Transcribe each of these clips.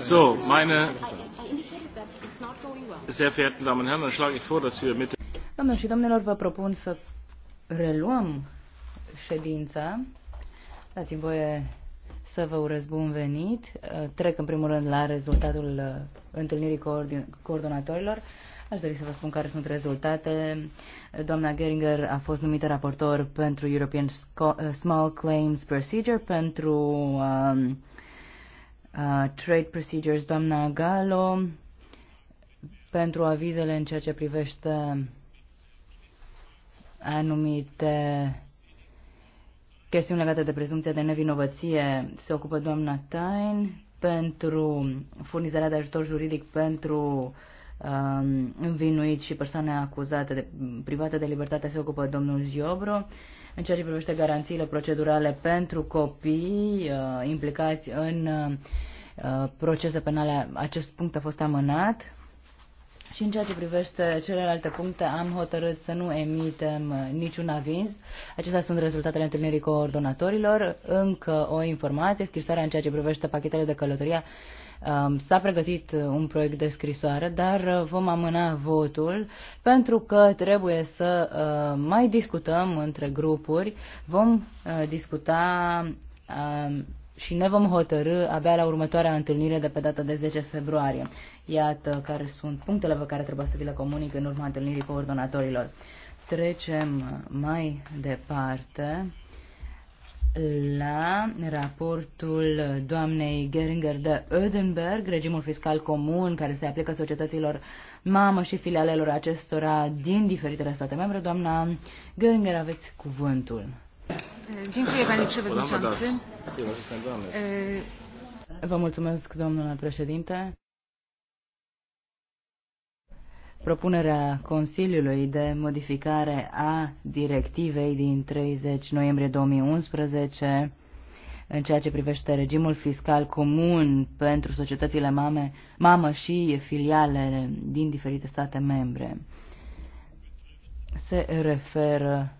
So, meine sehr verehrten Damen und Herren, dann schlage ich vor, dass wir mit Doamnelor și domnilor, vă propun să reluăm ședința. Dați-mi voie să vă urez bun venit. Trec în primul rând la rezultatul uh, întâlnirii coordonatorilor. Aș dori să vă spun care sunt rezultate. Doamna Geringer a fost numită raportor pentru European uh, Small Claims Procedure pentru um, uh, Trade Procedures, doamna Galo, pentru avizele în ceea ce privește anumite chestiuni legate de prezumția de nevinovăție se ocupă doamna Tain pentru furnizarea de ajutor juridic pentru um, învinuiți și persoane acuzate de, private de libertate se ocupă domnul Ziobro în ceea ce privește garanțiile procedurale pentru copii uh, implicați în uh, procese penale, acest punct a fost amânat. Și în ceea ce privește celelalte puncte, am hotărât să nu emitem uh, niciun aviz. Acestea sunt rezultatele întâlnirii coordonatorilor. Încă o informație, scrisoarea în ceea ce privește pachetele de călătoria Um, s-a pregătit uh, un proiect de scrisoare, dar uh, vom amâna votul pentru că trebuie să uh, mai discutăm între grupuri. Vom discuta um, și ne vom hotărâ abia la următoarea întâlnire de pe data de 10 februarie. Iată care sunt punctele pe care trebuie să vi le comunic în urma întâlnirii coordonatorilor. Trecem mai departe la raportul doamnei Geringer de Ödenberg, regimul fiscal comun care se aplică societăților mamă și filialelor acestora din diferitele state membre. Doamna Geringer, aveți cuvântul. Păi, Vă mulțumesc, domnule președinte propunerea Consiliului de modificare a directivei din 30 noiembrie 2011 în ceea ce privește regimul fiscal comun pentru societățile mame, mamă și filiale din diferite state membre. Se referă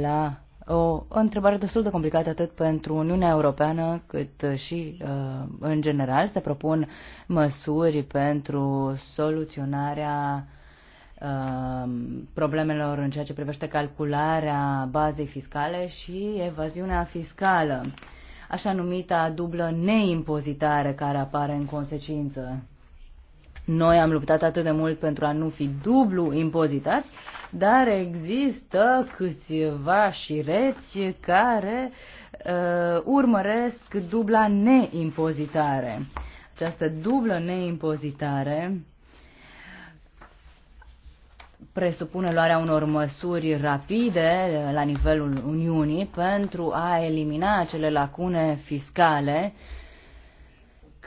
la o întrebare destul de complicată atât pentru Uniunea Europeană cât și uh, în general. Se propun măsuri pentru soluționarea uh, problemelor în ceea ce privește calcularea bazei fiscale și evaziunea fiscală, așa numita dublă neimpozitare care apare în consecință. Noi am luptat atât de mult pentru a nu fi dublu impozitați, dar există câțiva șireți care uh, urmăresc dubla neimpozitare. Această dublă neimpozitare presupune luarea unor măsuri rapide la nivelul Uniunii pentru a elimina acele lacune fiscale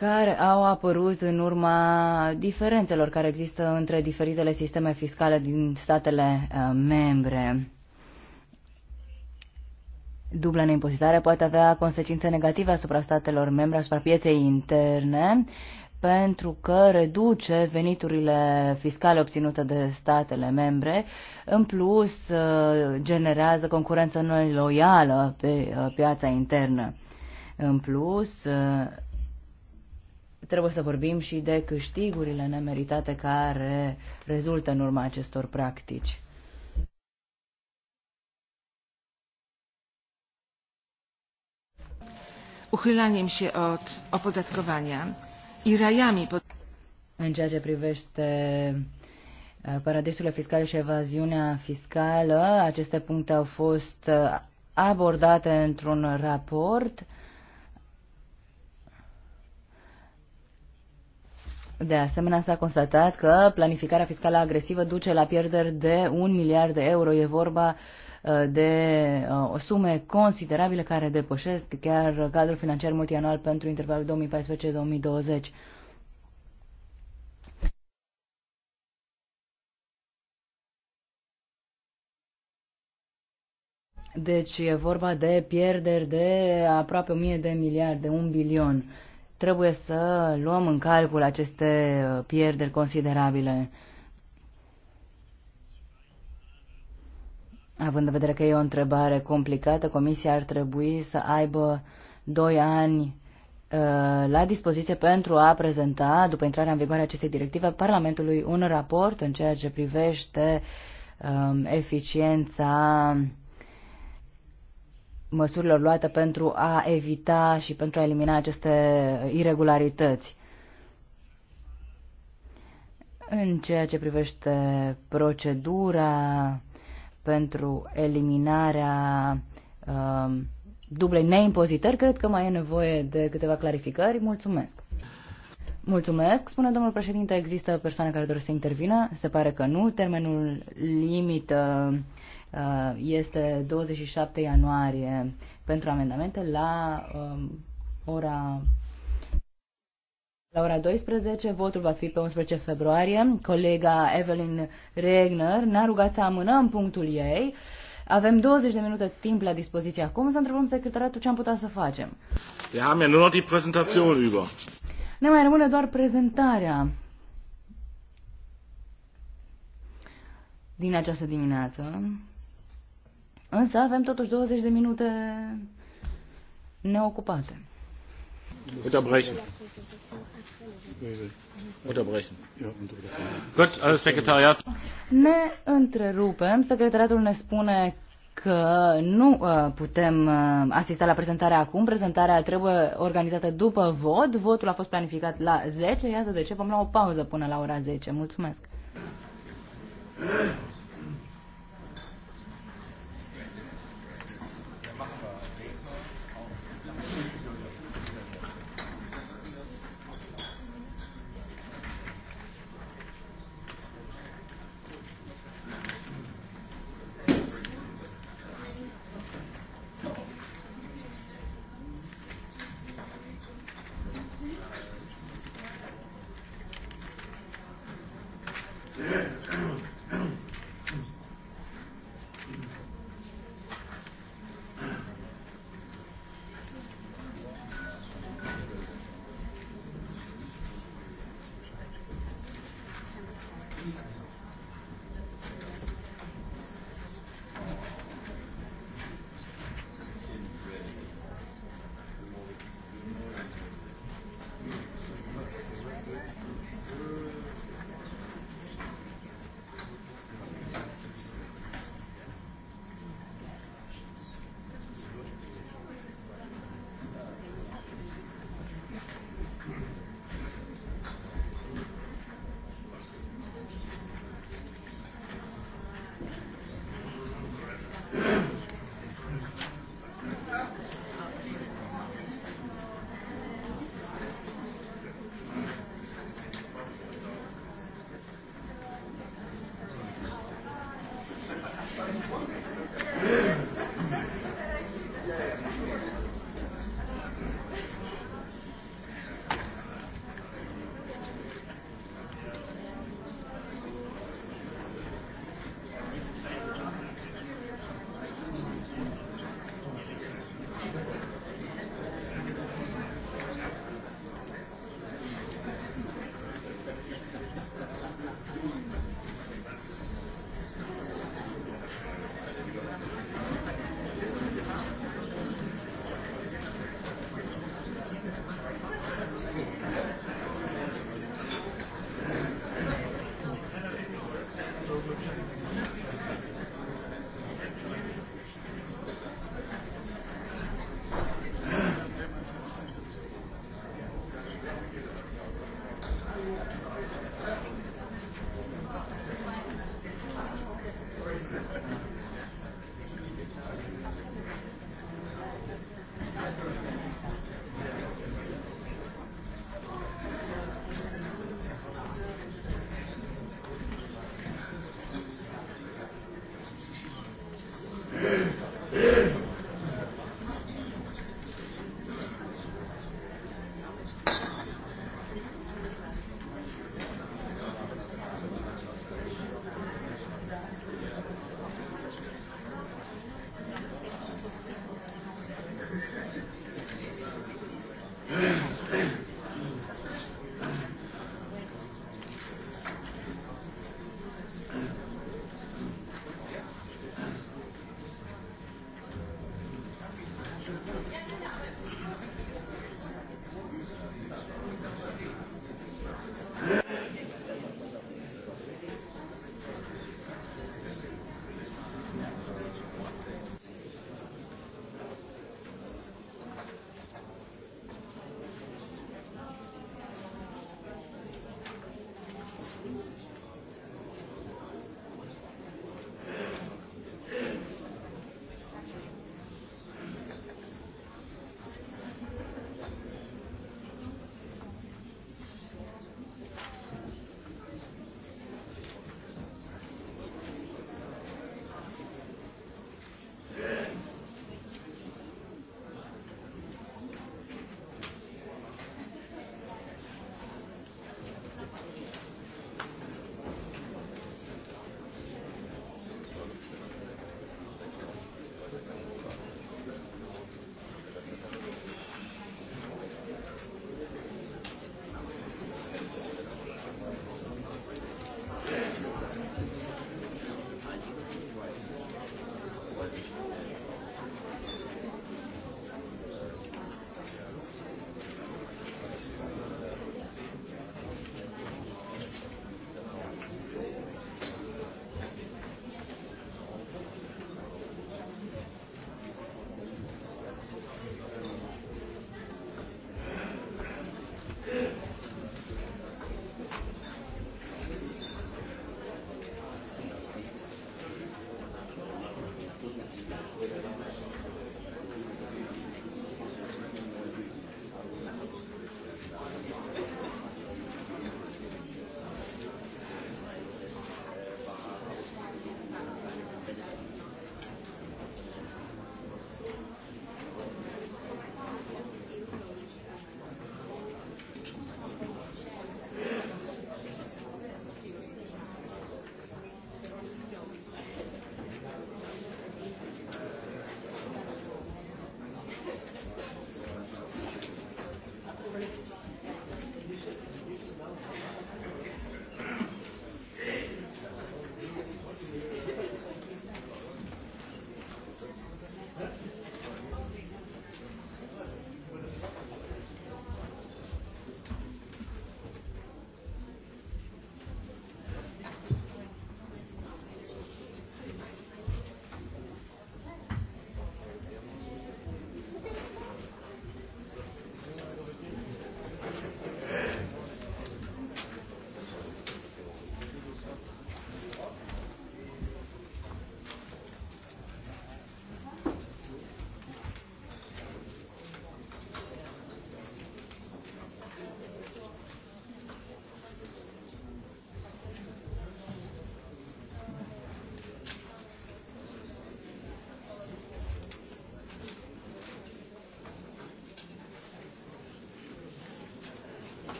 care au apărut în urma diferențelor care există între diferitele sisteme fiscale din statele uh, membre. Dubla neimpozitare poate avea consecințe negative asupra statelor membre, asupra pieței interne, pentru că reduce veniturile fiscale obținute de statele membre, în plus uh, generează concurență neloială pe uh, piața internă. În plus, trebuie să vorbim și de câștigurile nemeritate care rezultă în urma acestor practici. Uchylaniem się od opodatkowania i rajami pod... În ceea ce privește paradisurile fiscale și evaziunea fiscală, aceste puncte au fost abordate într-un raport De asemenea, s-a constatat că planificarea fiscală agresivă duce la pierderi de un miliard de euro. E vorba uh, de uh, o sume considerabile care depășesc chiar cadrul financiar multianual pentru intervalul 2014-2020. Deci e vorba de pierderi de aproape 1000 de miliarde, un bilion. Trebuie să luăm în calcul aceste uh, pierderi considerabile. Având în vedere că e o întrebare complicată, Comisia ar trebui să aibă doi ani uh, la dispoziție pentru a prezenta, după intrarea în vigoare a acestei directive, Parlamentului un raport în ceea ce privește um, eficiența măsurilor luate pentru a evita și pentru a elimina aceste irregularități. În ceea ce privește procedura pentru eliminarea uh, dublei neimpozitări, cred că mai e nevoie de câteva clarificări. Mulțumesc! Mulțumesc, spune domnul președinte. Există persoane care doresc să intervină? Se pare că nu. Termenul limită Uh, este 27 ianuarie pentru amendamente la um, ora la ora 12, votul va fi pe 11 februarie. Colega Evelyn Regner ne-a rugat să amânăm punctul ei. Avem 20 de minute timp la dispoziție acum să întrebăm secretariatul ce am putea să facem. Wir haben ja nur noch die Präsentation über. Ne mai rămâne doar prezentarea din această dimineață. Însă avem totuși 20 de minute neocupate. Unterbrechen. Unterbrechen. Gut, alles secretariat. Ne întrerupem. Secretariatul ne spune că nu uh, putem uh, asista la prezentarea acum. Prezentarea trebuie organizată după vot. Votul a fost planificat la 10. Iată de ce vom lua o pauză până la ora 10. Mulțumesc.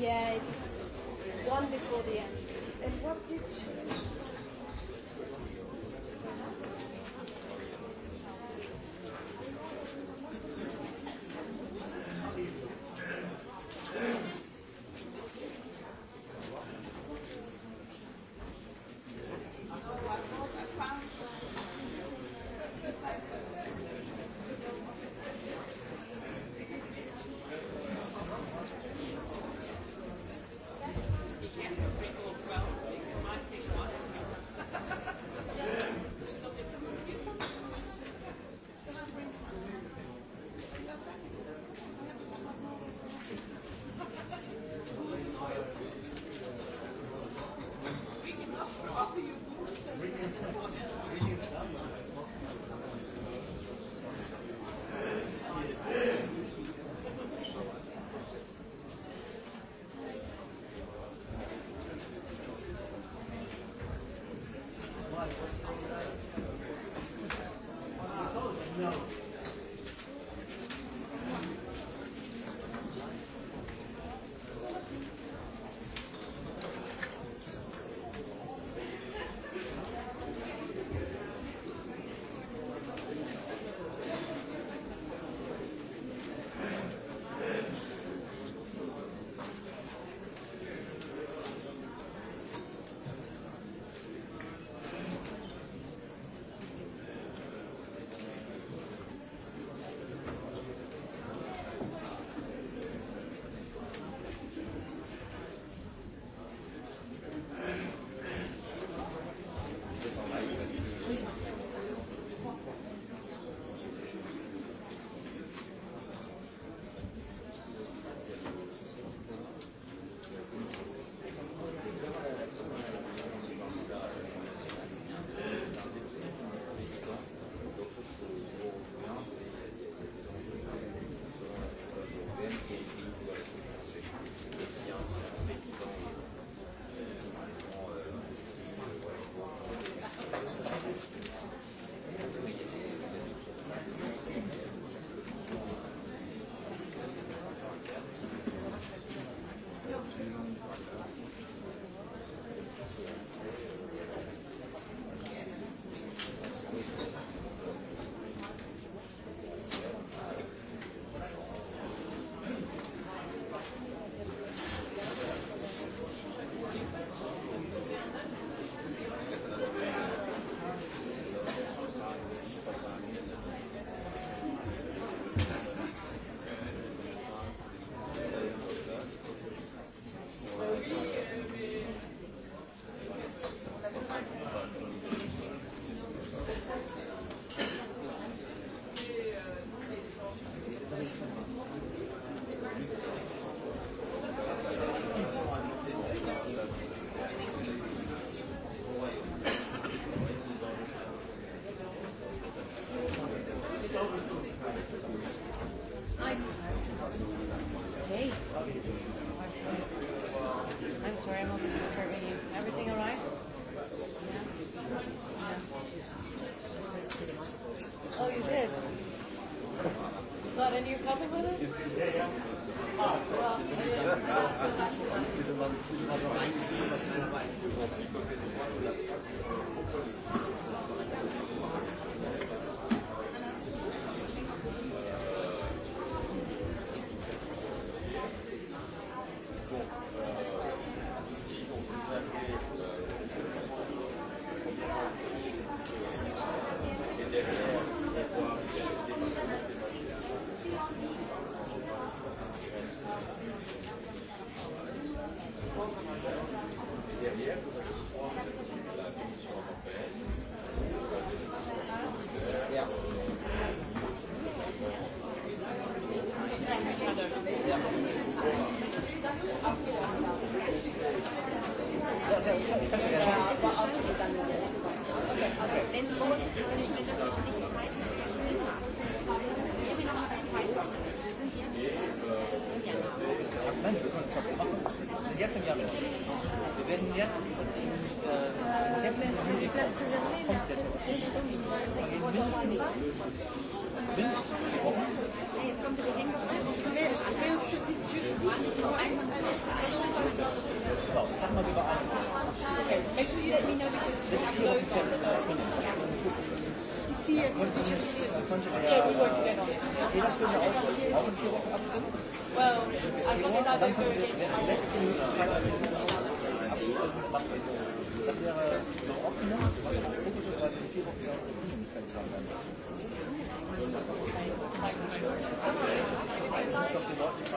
Yeah, it's one before the end.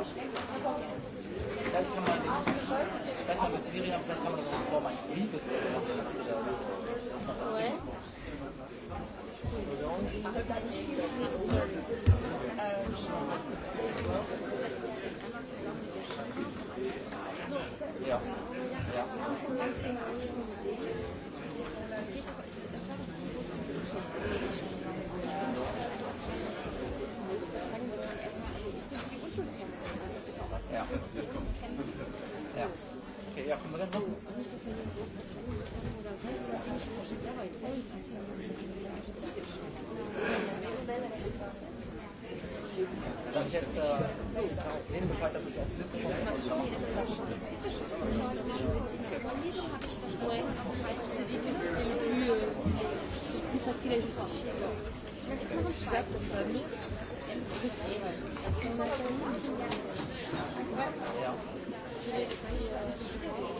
Vielleicht haben wir das, vielleicht haben wir das Miriam, vielleicht haben wir das in Form eines Briefes oder was, wenn das wieder Ja, ja. Dann ich jetzt äh, den Bescheid, dass ich auf Liste komme. Plus facile à justifier. Tout ça pour famille. Ouais. Je l'ai pris. Euh,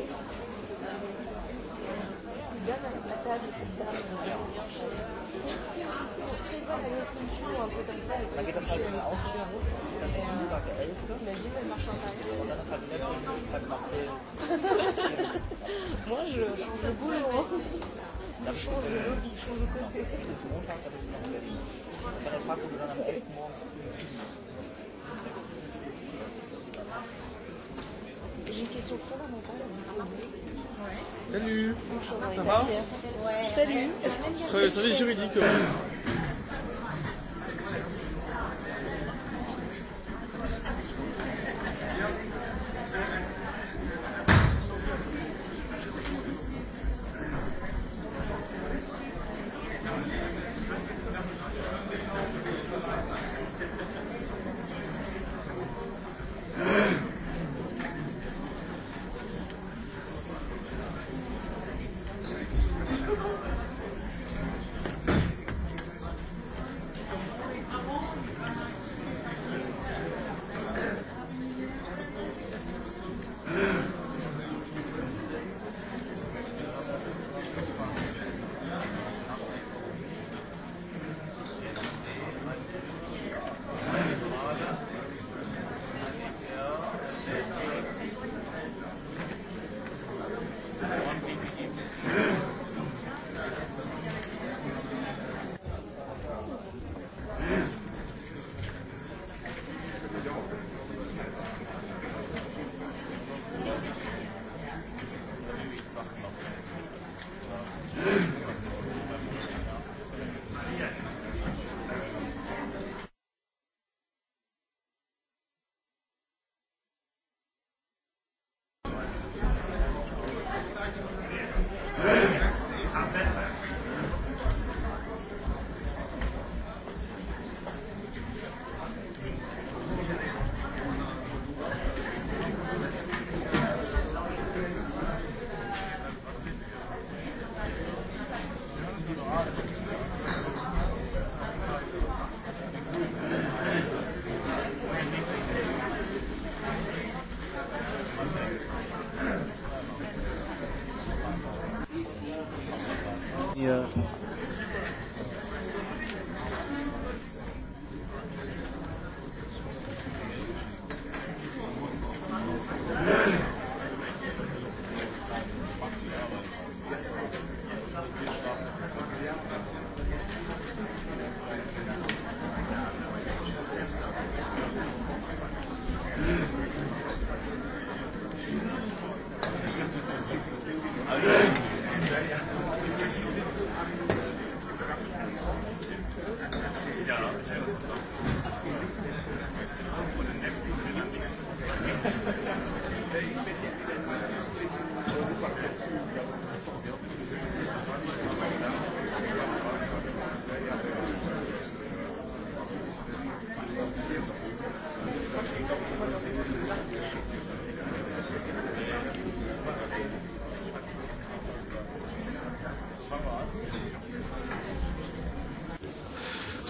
Dann geht das halt in den Ausschuss wieder hoch, dann ist Dienstag der 11. Und dann ist halt die letzte Möglichkeit nach dem. Moi, je change le boulot. Dann change le lobby, change le côté. Montag, dann ist es nach Berlin. Und dann fragst du dann am 11. morgens J'ai une question fondamentale. Salut. Ça va Salut. Salut. Salut. Sal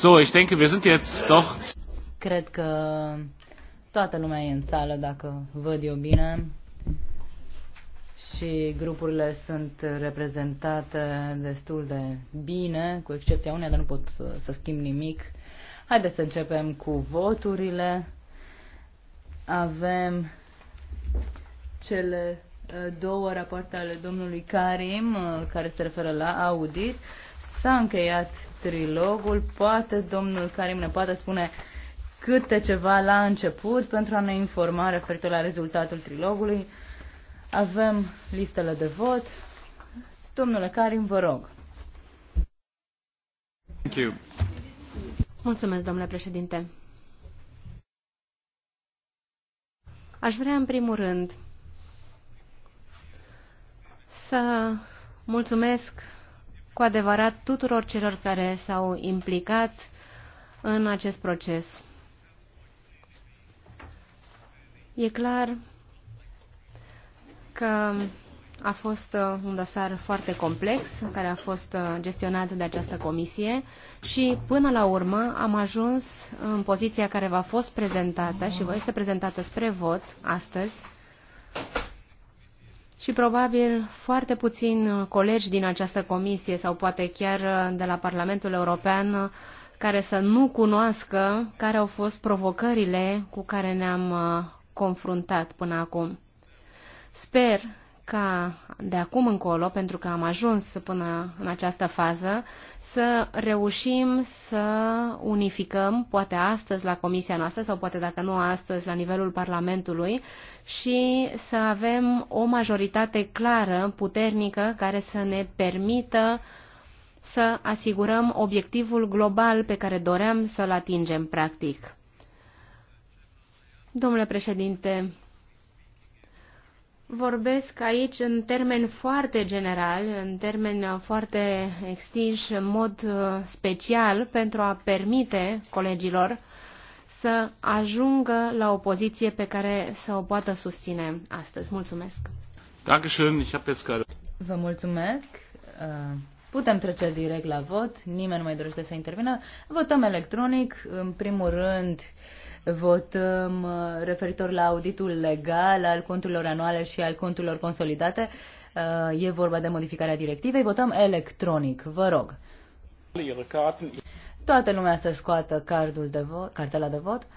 So, ich denke, wir sind jetzt doch... Cred că toată lumea e în sală, dacă văd eu bine. Și grupurile sunt reprezentate destul de bine, cu excepția unei, dar nu pot să, să schimb nimic. Haideți să începem cu voturile. Avem cele uh, două rapoarte ale domnului Karim, uh, care se referă la audit. S-a încheiat trilogul, poate domnul Karim ne poate spune câte ceva la început pentru a ne informa referitor la rezultatul trilogului. Avem listele de vot. Domnule Karim, vă rog. Thank you. Mulțumesc, domnule președinte. Aș vrea, în primul rând, să mulțumesc cu adevărat tuturor celor care s-au implicat în acest proces. E clar că a fost uh, un dosar foarte complex care a fost uh, gestionat de această comisie și până la urmă am ajuns în poziția care v-a fost prezentată și vă este prezentată spre vot astăzi și probabil foarte puțin uh, colegi din această comisie sau poate chiar uh, de la Parlamentul European uh, care să nu cunoască care au fost provocările cu care ne-am confruntat până acum. Sper ca de acum încolo, pentru că am ajuns până în această fază, să reușim să unificăm, poate astăzi la comisia noastră sau poate dacă nu astăzi la nivelul Parlamentului și să avem o majoritate clară, puternică, care să ne permită să asigurăm obiectivul global pe care doream să-l atingem practic. Domnule președinte, Vorbesc aici în termen foarte general, în termen foarte extins, în mod uh, special, pentru a permite colegilor să ajungă la o poziție pe care să o poată susține astăzi. Mulțumesc! Vă mulțumesc! Uh, putem trece direct la vot, nimeni nu mai dorește să intervină. Votăm electronic, în primul rând, uh, votăm uh, referitor la auditul legal al conturilor anuale și al conturilor consolidate. Uh, e vorba de modificarea directivei. Votăm electronic. Vă rog. Toată lumea să scoată cardul de vot, cartela de vot.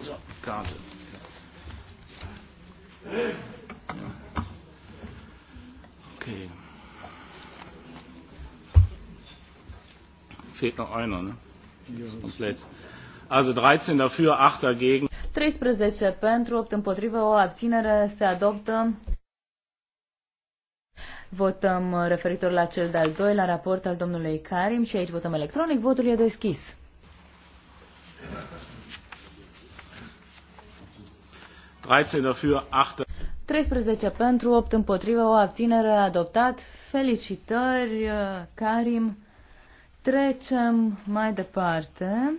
So, Okay. Fehlt noch einer, ne? Ist komplett. Also 13 dafür, 8 dagegen. 13 pentru, 8 împotrivă, o abținere se adoptă. Votăm referitor la cel de-al doilea raport al domnului Karim și aici votăm electronic. Votul e deschis. Dafür, 8. 13 pentru, 8 împotrivă, o abținere adoptat. Felicitări, Karim. Trecem mai departe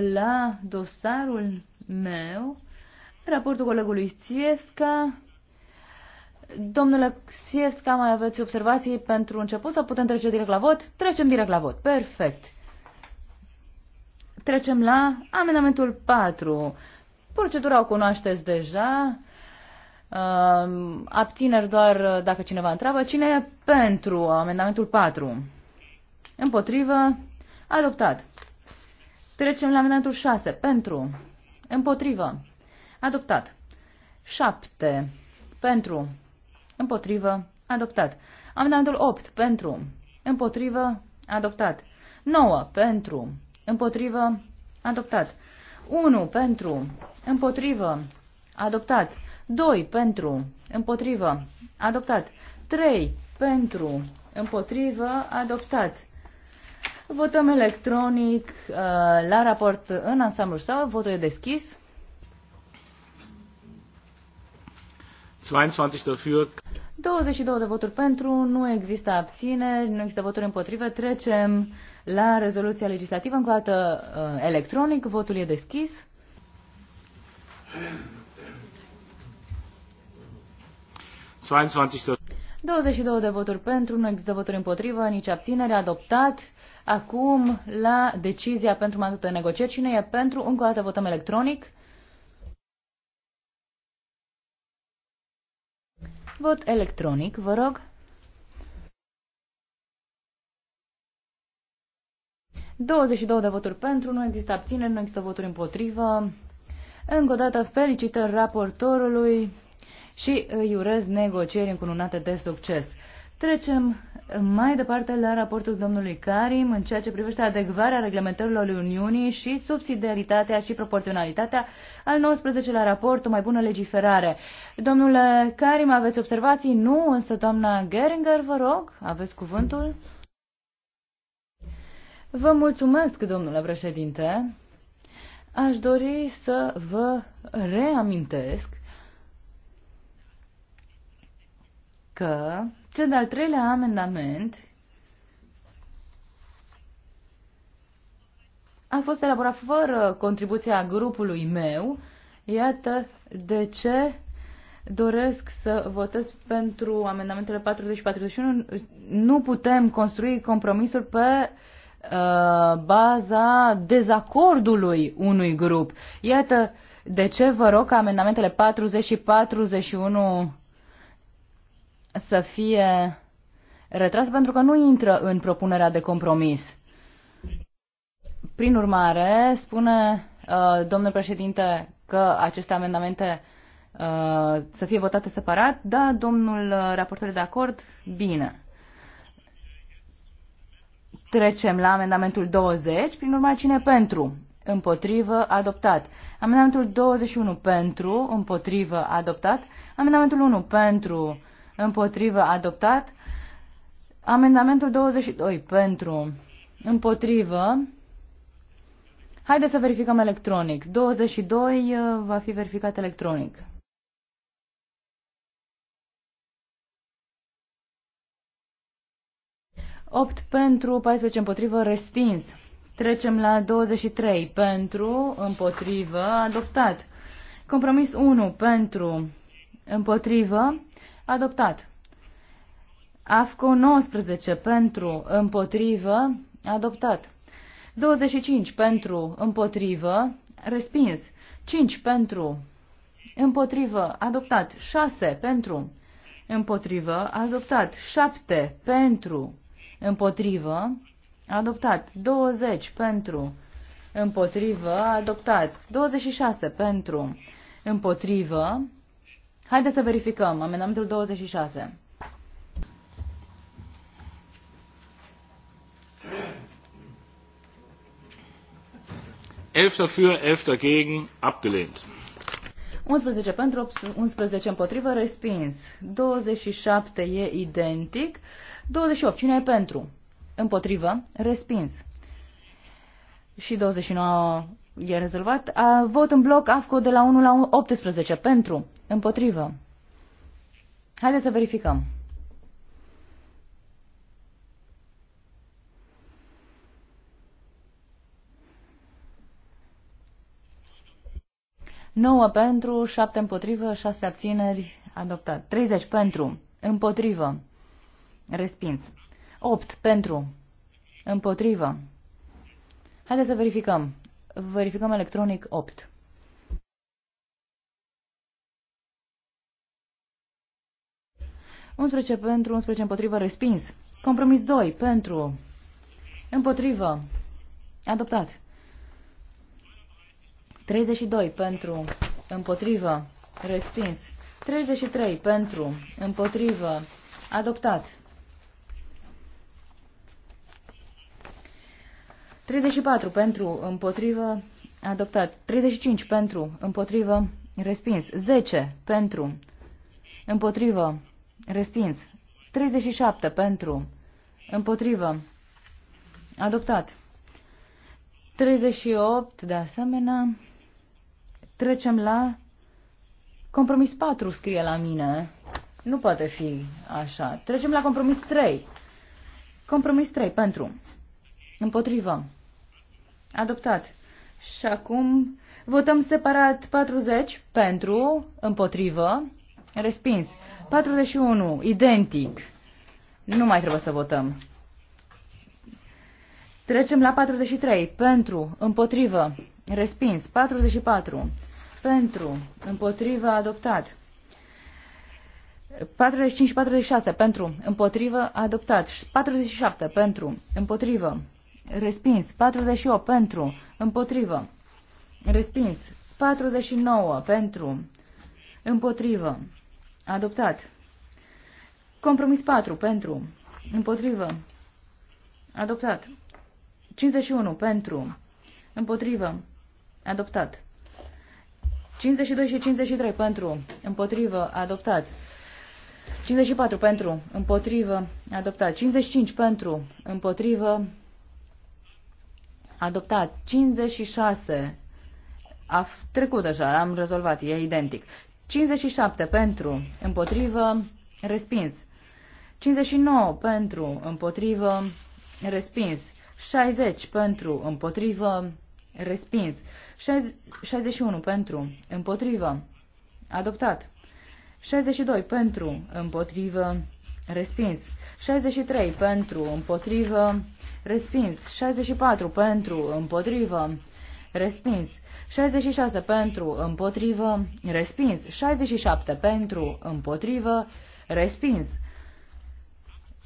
la dosarul meu, raportul colegului Siesca. Domnule Siesca, mai aveți observații pentru început sau putem trece direct la vot? Trecem direct la vot. Perfect. Trecem la amendamentul 4. Procedura o cunoașteți deja. Uh, abțineri doar dacă cineva întreabă. Cine e pentru amendamentul 4? Împotrivă. Adoptat. Trecem la amendamentul 6. Pentru. Împotrivă. Adoptat. 7. Pentru. Împotrivă. Adoptat. Amendamentul 8. Pentru. Împotrivă. Adoptat. 9. Pentru. Împotrivă. Adoptat. 1. Pentru. Împotrivă. Adoptat. 2. Pentru. Împotrivă. Adoptat. 3. Pentru. Împotrivă. Adoptat. Votăm electronic uh, la raport în ansamblu sau votul e deschis. 22 dafür. 22 de voturi pentru, nu există abțineri, nu există voturi împotrivă. Trecem la rezoluția legislativă încă o dată uh, electronic, votul e deschis. 22 de voturi pentru, nu există voturi împotrivă, nici abținere, adoptat. Acum, la decizia pentru mandatul de negocieri, cine e pentru? Încă o dată votăm electronic. Vot electronic, vă rog. 22 de voturi pentru, nu există abțineri, nu există voturi împotrivă. Încă o dată felicitări raportorului și îi urez negocieri încununate de succes. Trecem mai departe la raportul domnului Karim în ceea ce privește adecvarea reglementărilor Uniunii și subsidiaritatea și proporționalitatea al 19-lea raport, o mai bună legiferare. Domnule Karim, aveți observații? Nu, însă doamna Geringer, vă rog, aveți cuvântul. Vă mulțumesc, domnule președinte. Aș dori să vă reamintesc că cel de-al treilea amendament a fost elaborat fără contribuția grupului meu. Iată de ce doresc să votez pentru amendamentele 40 și 41. Nu putem construi compromisuri pe uh, baza dezacordului unui grup. Iată de ce vă rog ca amendamentele 40 și 41 să fie retras pentru că nu intră în propunerea de compromis. Prin urmare, spune uh, domnul președinte că aceste amendamente uh, să fie votate separat. Da, domnul uh, raportor de acord? Bine. Trecem la amendamentul 20. Prin urmare, cine pentru? Împotrivă, adoptat. Amendamentul 21 pentru, împotrivă, adoptat. Amendamentul 1 pentru, împotrivă, adoptat. Amendamentul 22 pentru, împotrivă. Haideți să verificăm electronic. 22 uh, va fi verificat electronic. Opt pentru, 14 împotrivă, respins. Trecem la 23 pentru, împotrivă, adoptat. Compromis 1 pentru, împotrivă, adoptat. AFCO 19 pentru, împotrivă, adoptat. 25 pentru, împotrivă, respins. 5 pentru, împotrivă, adoptat. 6 pentru, împotrivă, adoptat. 7 pentru, împotrivă, adoptat. 20 pentru, împotrivă, adoptat. 26 pentru, împotrivă, Haideți să verificăm. Amendamentul 26. Elfter für, elfter gegen, abgelehnt. 11 pentru, 11 împotrivă, respins. 27 e identic. 28, cine e pentru? Împotrivă, respins. Și 29 E rezolvat. A, vot în bloc AFCO de la 1 la 18. Pentru. Împotrivă. Haideți să verificăm. Nouă pentru, șapte împotrivă, șase abțineri, adoptat. 30 pentru, împotrivă, respins. 8 pentru, împotrivă. Haideți să verificăm. Verificăm electronic 8. Unsprezece pentru, 11 împotrivă, respins. Compromis 2 pentru, împotrivă, adoptat. 32 pentru, împotrivă, respins. 33 pentru, împotrivă, adoptat. 34 pentru, împotrivă, adoptat. 35 pentru, împotrivă, respins. 10 pentru, împotrivă, respins. 37 pentru, împotrivă, adoptat. 38 de asemenea. Trecem la compromis 4, scrie la mine. Nu poate fi așa. Trecem la compromis 3. Compromis 3 pentru Împotrivă. Adoptat. Și acum votăm separat 40 pentru, împotrivă, respins. 41, identic. Nu mai trebuie să votăm. Trecem la 43, pentru, împotrivă, respins. 44, pentru, împotrivă, adoptat. 45 46, pentru, împotrivă, adoptat. 47, pentru, împotrivă, Respins. 48 pentru. Împotrivă. Respins. 49 pentru. Împotrivă. Adoptat. Compromis 4 pentru. Împotrivă. Adoptat. 51 pentru. Împotrivă. Adoptat. 52 și 53 pentru. Împotrivă. Adoptat. 54 pentru. Împotrivă. Adoptat. 55 pentru. Împotrivă. Adoptat. 56. A trecut deja, am rezolvat, e identic. 57 pentru, împotrivă, respins. 59 pentru, împotrivă, respins. 60 pentru, împotrivă, respins. 61 pentru, împotrivă, adoptat. 62 pentru, împotrivă, respins. 63 pentru, împotrivă, respins. 64 pentru, împotrivă, respins. 66 pentru, împotrivă, respins. 67 pentru, împotrivă, respins.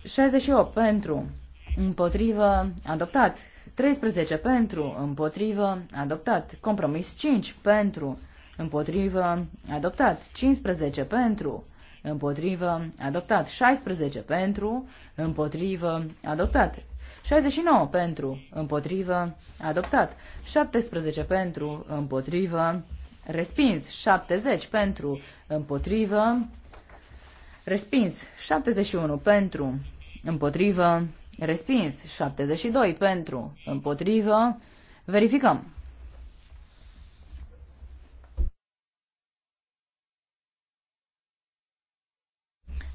68 pentru, împotrivă, adoptat. 13 pentru, împotrivă, adoptat. Compromis 5 pentru, împotrivă, adoptat. 15 pentru, împotrivă, adoptat. 16 pentru, împotrivă, adoptat. 69 pentru, împotrivă, adoptat. 17 pentru, împotrivă, respins. 70 pentru, împotrivă, respins. 71 pentru, împotrivă, respins. 72 pentru, împotrivă, verificăm.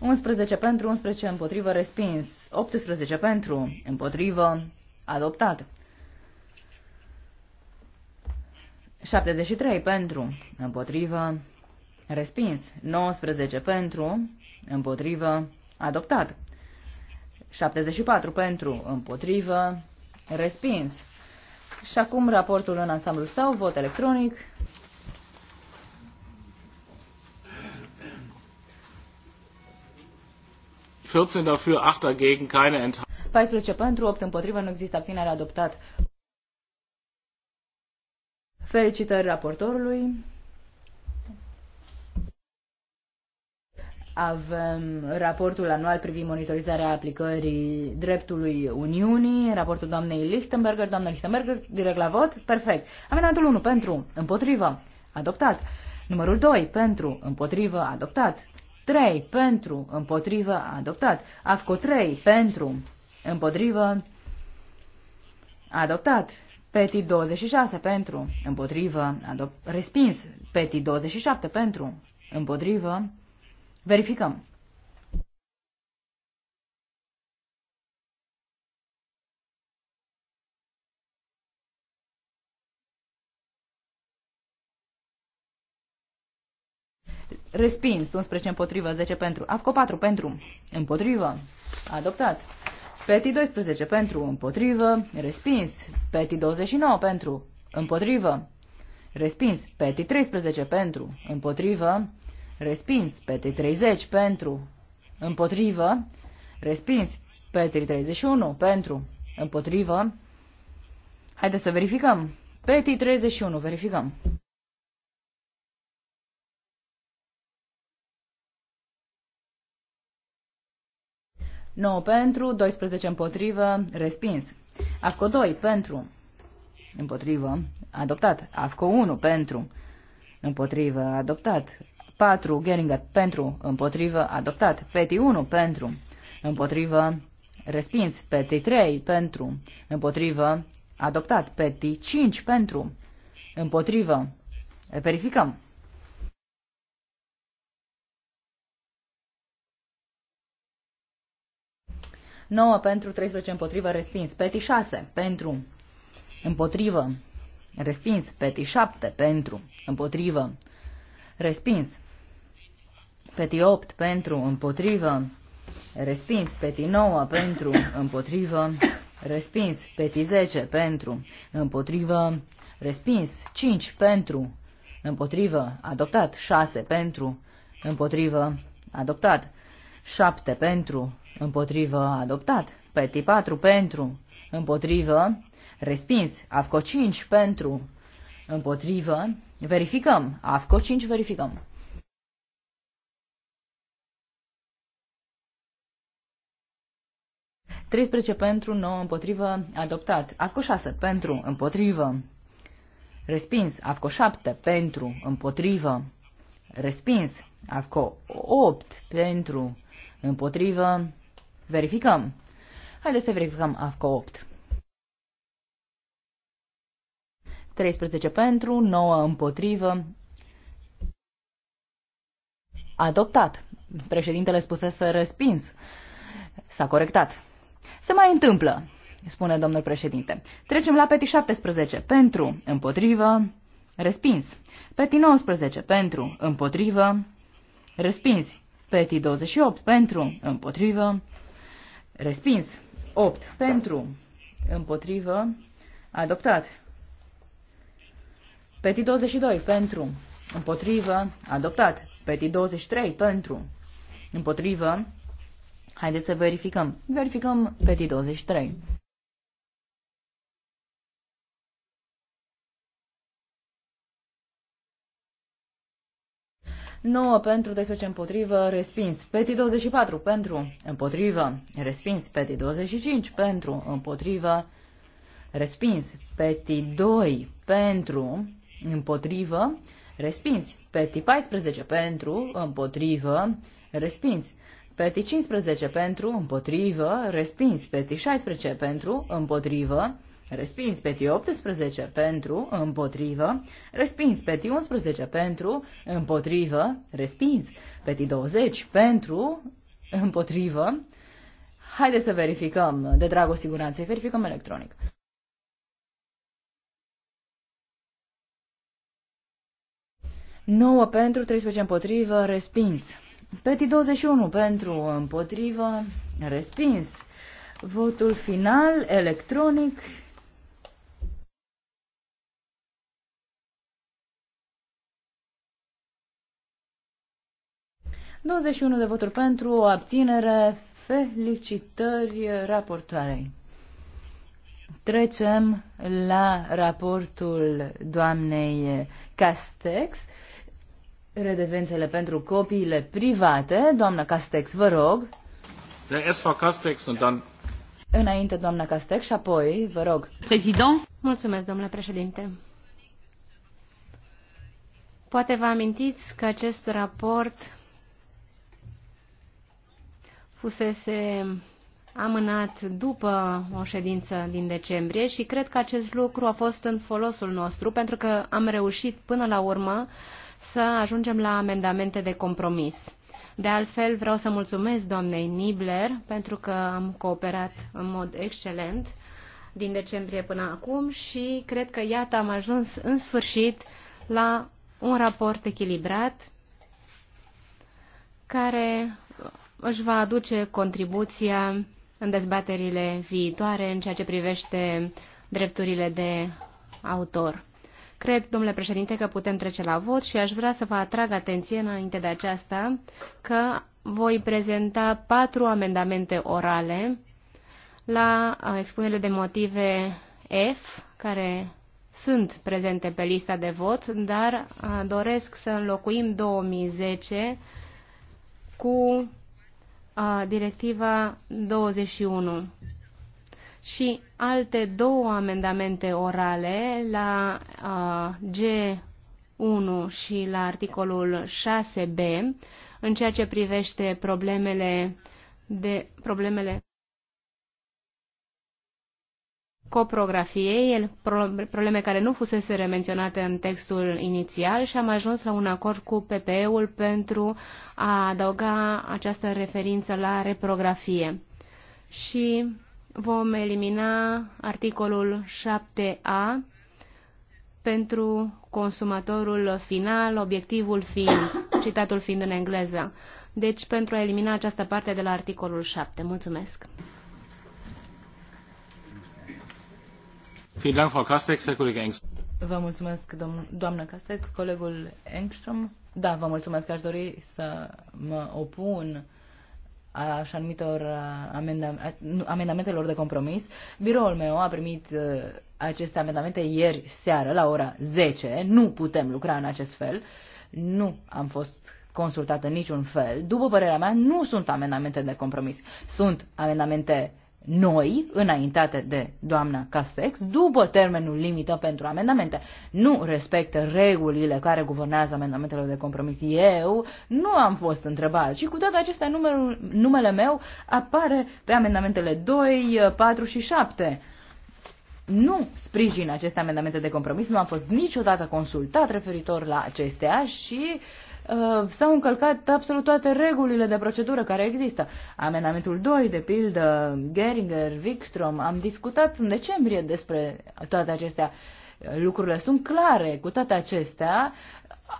11 pentru, 11 împotrivă, respins. 18 pentru, împotrivă, adoptat. 73 pentru, împotrivă, respins. 19 pentru, împotrivă, adoptat. 74 pentru, împotrivă, respins. Și acum raportul în ansamblul său, vot electronic. 14 dafür, 8 dagegen, keine Enthaltung. 14 pentru, 8 împotrivă, nu există abținere adoptat. Felicitări raportorului. Avem raportul anual privind monitorizarea aplicării dreptului Uniunii, raportul doamnei Lichtenberger. Doamna Lichtenberger, direct la vot? Perfect. Amendamentul 1 pentru, împotrivă, adoptat. Numărul 2 pentru, împotrivă, adoptat. 3 pentru, împotrivă, adoptat. AFCO 3 pentru, împotrivă, adoptat. PETI 26 pentru, împotrivă, adop- respins. PETI 27 pentru, împotrivă, verificăm. Respins. 11 împotrivă. 10 pentru. AFCO 4 pentru. Împotrivă. Adoptat. Peti 12 pentru. Împotrivă. Respins. Peti 29 pentru. Împotrivă. Respins. Peti 13 pentru. Împotrivă. Respins. Peti 30 pentru. Împotrivă. Respins. Petri 31 pentru. Împotrivă. Haideți să verificăm. Peti 31. Verificăm. 9 pentru, 12 împotrivă, respins. AFCO 2 pentru, împotrivă, adoptat. AFCO 1 pentru, împotrivă, adoptat. 4 Geringer pentru, împotrivă, adoptat. Peti 1 pentru, împotrivă, respins. Peti 3 pentru, împotrivă, adoptat. Peti 5 pentru, împotrivă, verificăm. 9 pentru, 13 împotrivă, respins. Peti 6 pentru, împotrivă, respins. Peti 7 pentru, împotrivă, respins. Peti 8 pentru, împotrivă, respins. Peti 9 pentru, împotrivă, respins. Peti 10 pentru, împotrivă, respins. 5 pentru, împotrivă, adoptat. 6 pentru, împotrivă, adoptat. 7 pentru, împotrivă, adoptat. Peti 4 pentru, împotrivă, respins. AFCO 5 pentru, împotrivă, verificăm. AFCO 5 verificăm. Treisprezece pentru, 9 împotrivă, adoptat. AFCO 6 pentru, împotrivă, respins. AFCO 7 pentru, împotrivă, respins. AFCO 8 pentru, împotrivă, Verificăm. Haideți să verificăm AFCO 8. 13 pentru, 9 împotrivă. Adoptat. Președintele spusese respins. S-a corectat. Se mai întâmplă, spune domnul președinte. Trecem la peti 17. Pentru, împotrivă, respins. Peti 19. Pentru, împotrivă, respins. Peti 28. Pentru, împotrivă, Respins. 8. Pentru. Împotrivă. Adoptat. Petit 22. Pentru. Împotrivă. Adoptat. Petit 23. Pentru. Împotrivă. Haideți să verificăm. Verificăm petit 23. 9 pentru, 12 împotrivă, respins. Peti 24 pentru, împotrivă, respins. Peti 25 pentru, împotrivă, respins. Peti 2 pentru, împotrivă, respins. Peti 14 pentru, împotrivă, respins. Peti 15 pentru, împotrivă, respins. Peti 16 pentru, împotrivă, respins Respins peti 18 pentru, împotrivă. Respins peti 11 pentru, împotrivă. Respins peti 20 pentru, împotrivă. Haideți să verificăm, de dragul siguranței, verificăm electronic. Nouă pentru, 13 împotrivă, respins. Peti 21 pentru, împotrivă, respins. Votul final electronic 21 de voturi pentru, o abținere, felicitări raportoarei. Trecem la raportul doamnei Castex, redevențele pentru copiile private. Doamna Castex, vă rog. Der SV Castex und dann Înainte, doamna Castex, și apoi, vă rog. Prezident. Mulțumesc, domnule președinte. Poate vă amintiți că acest raport fusese amânat după o ședință din decembrie și cred că acest lucru a fost în folosul nostru pentru că am reușit până la urmă să ajungem la amendamente de compromis. De altfel, vreau să mulțumesc doamnei Nibler pentru că am cooperat în mod excelent din decembrie până acum și cred că iată am ajuns în sfârșit la un raport echilibrat care își va aduce contribuția în dezbaterile viitoare în ceea ce privește drepturile de autor. Cred, domnule președinte, că putem trece la vot și aș vrea să vă atrag atenție înainte de aceasta că voi prezenta patru amendamente orale la expunerile de motive F, care sunt prezente pe lista de vot, dar doresc să înlocuim 2010 cu a directiva 21 și alte două amendamente orale la uh, G1 și la articolul 6b în ceea ce privește problemele de problemele coprografiei, probleme care nu fusese menționate în textul inițial și am ajuns la un acord cu PPE-ul pentru a adăuga această referință la reprografie. Și vom elimina articolul 7a pentru consumatorul final, obiectivul fiind, citatul fiind în engleză. Deci pentru a elimina această parte de la articolul 7. Mulțumesc! Vă mulțumesc, doamnă Castex. Colegul Engström. Da, vă mulțumesc. Aș dori să mă opun așa anumitor amendamentelor de compromis. Biroul meu a primit uh, aceste amendamente ieri seară la ora 10. Nu putem lucra în acest fel. Nu am fost consultată niciun fel. După părerea mea, nu sunt amendamente de compromis. Sunt amendamente noi, înaintate de doamna Castex, după termenul limită pentru amendamente. Nu respectă regulile care guvernează amendamentele de compromis. Eu nu am fost întrebat și cu toate acestea numele, numele meu apare pe amendamentele 2, 4 și 7. Nu sprijin aceste amendamente de compromis, nu am fost niciodată consultat referitor la acestea și uh, Uh, s-au încălcat absolut toate regulile de procedură care există. Amendamentul 2, de pildă, Geringer, Wikström, am discutat în decembrie despre toate acestea. Lucrurile sunt clare. Cu toate acestea,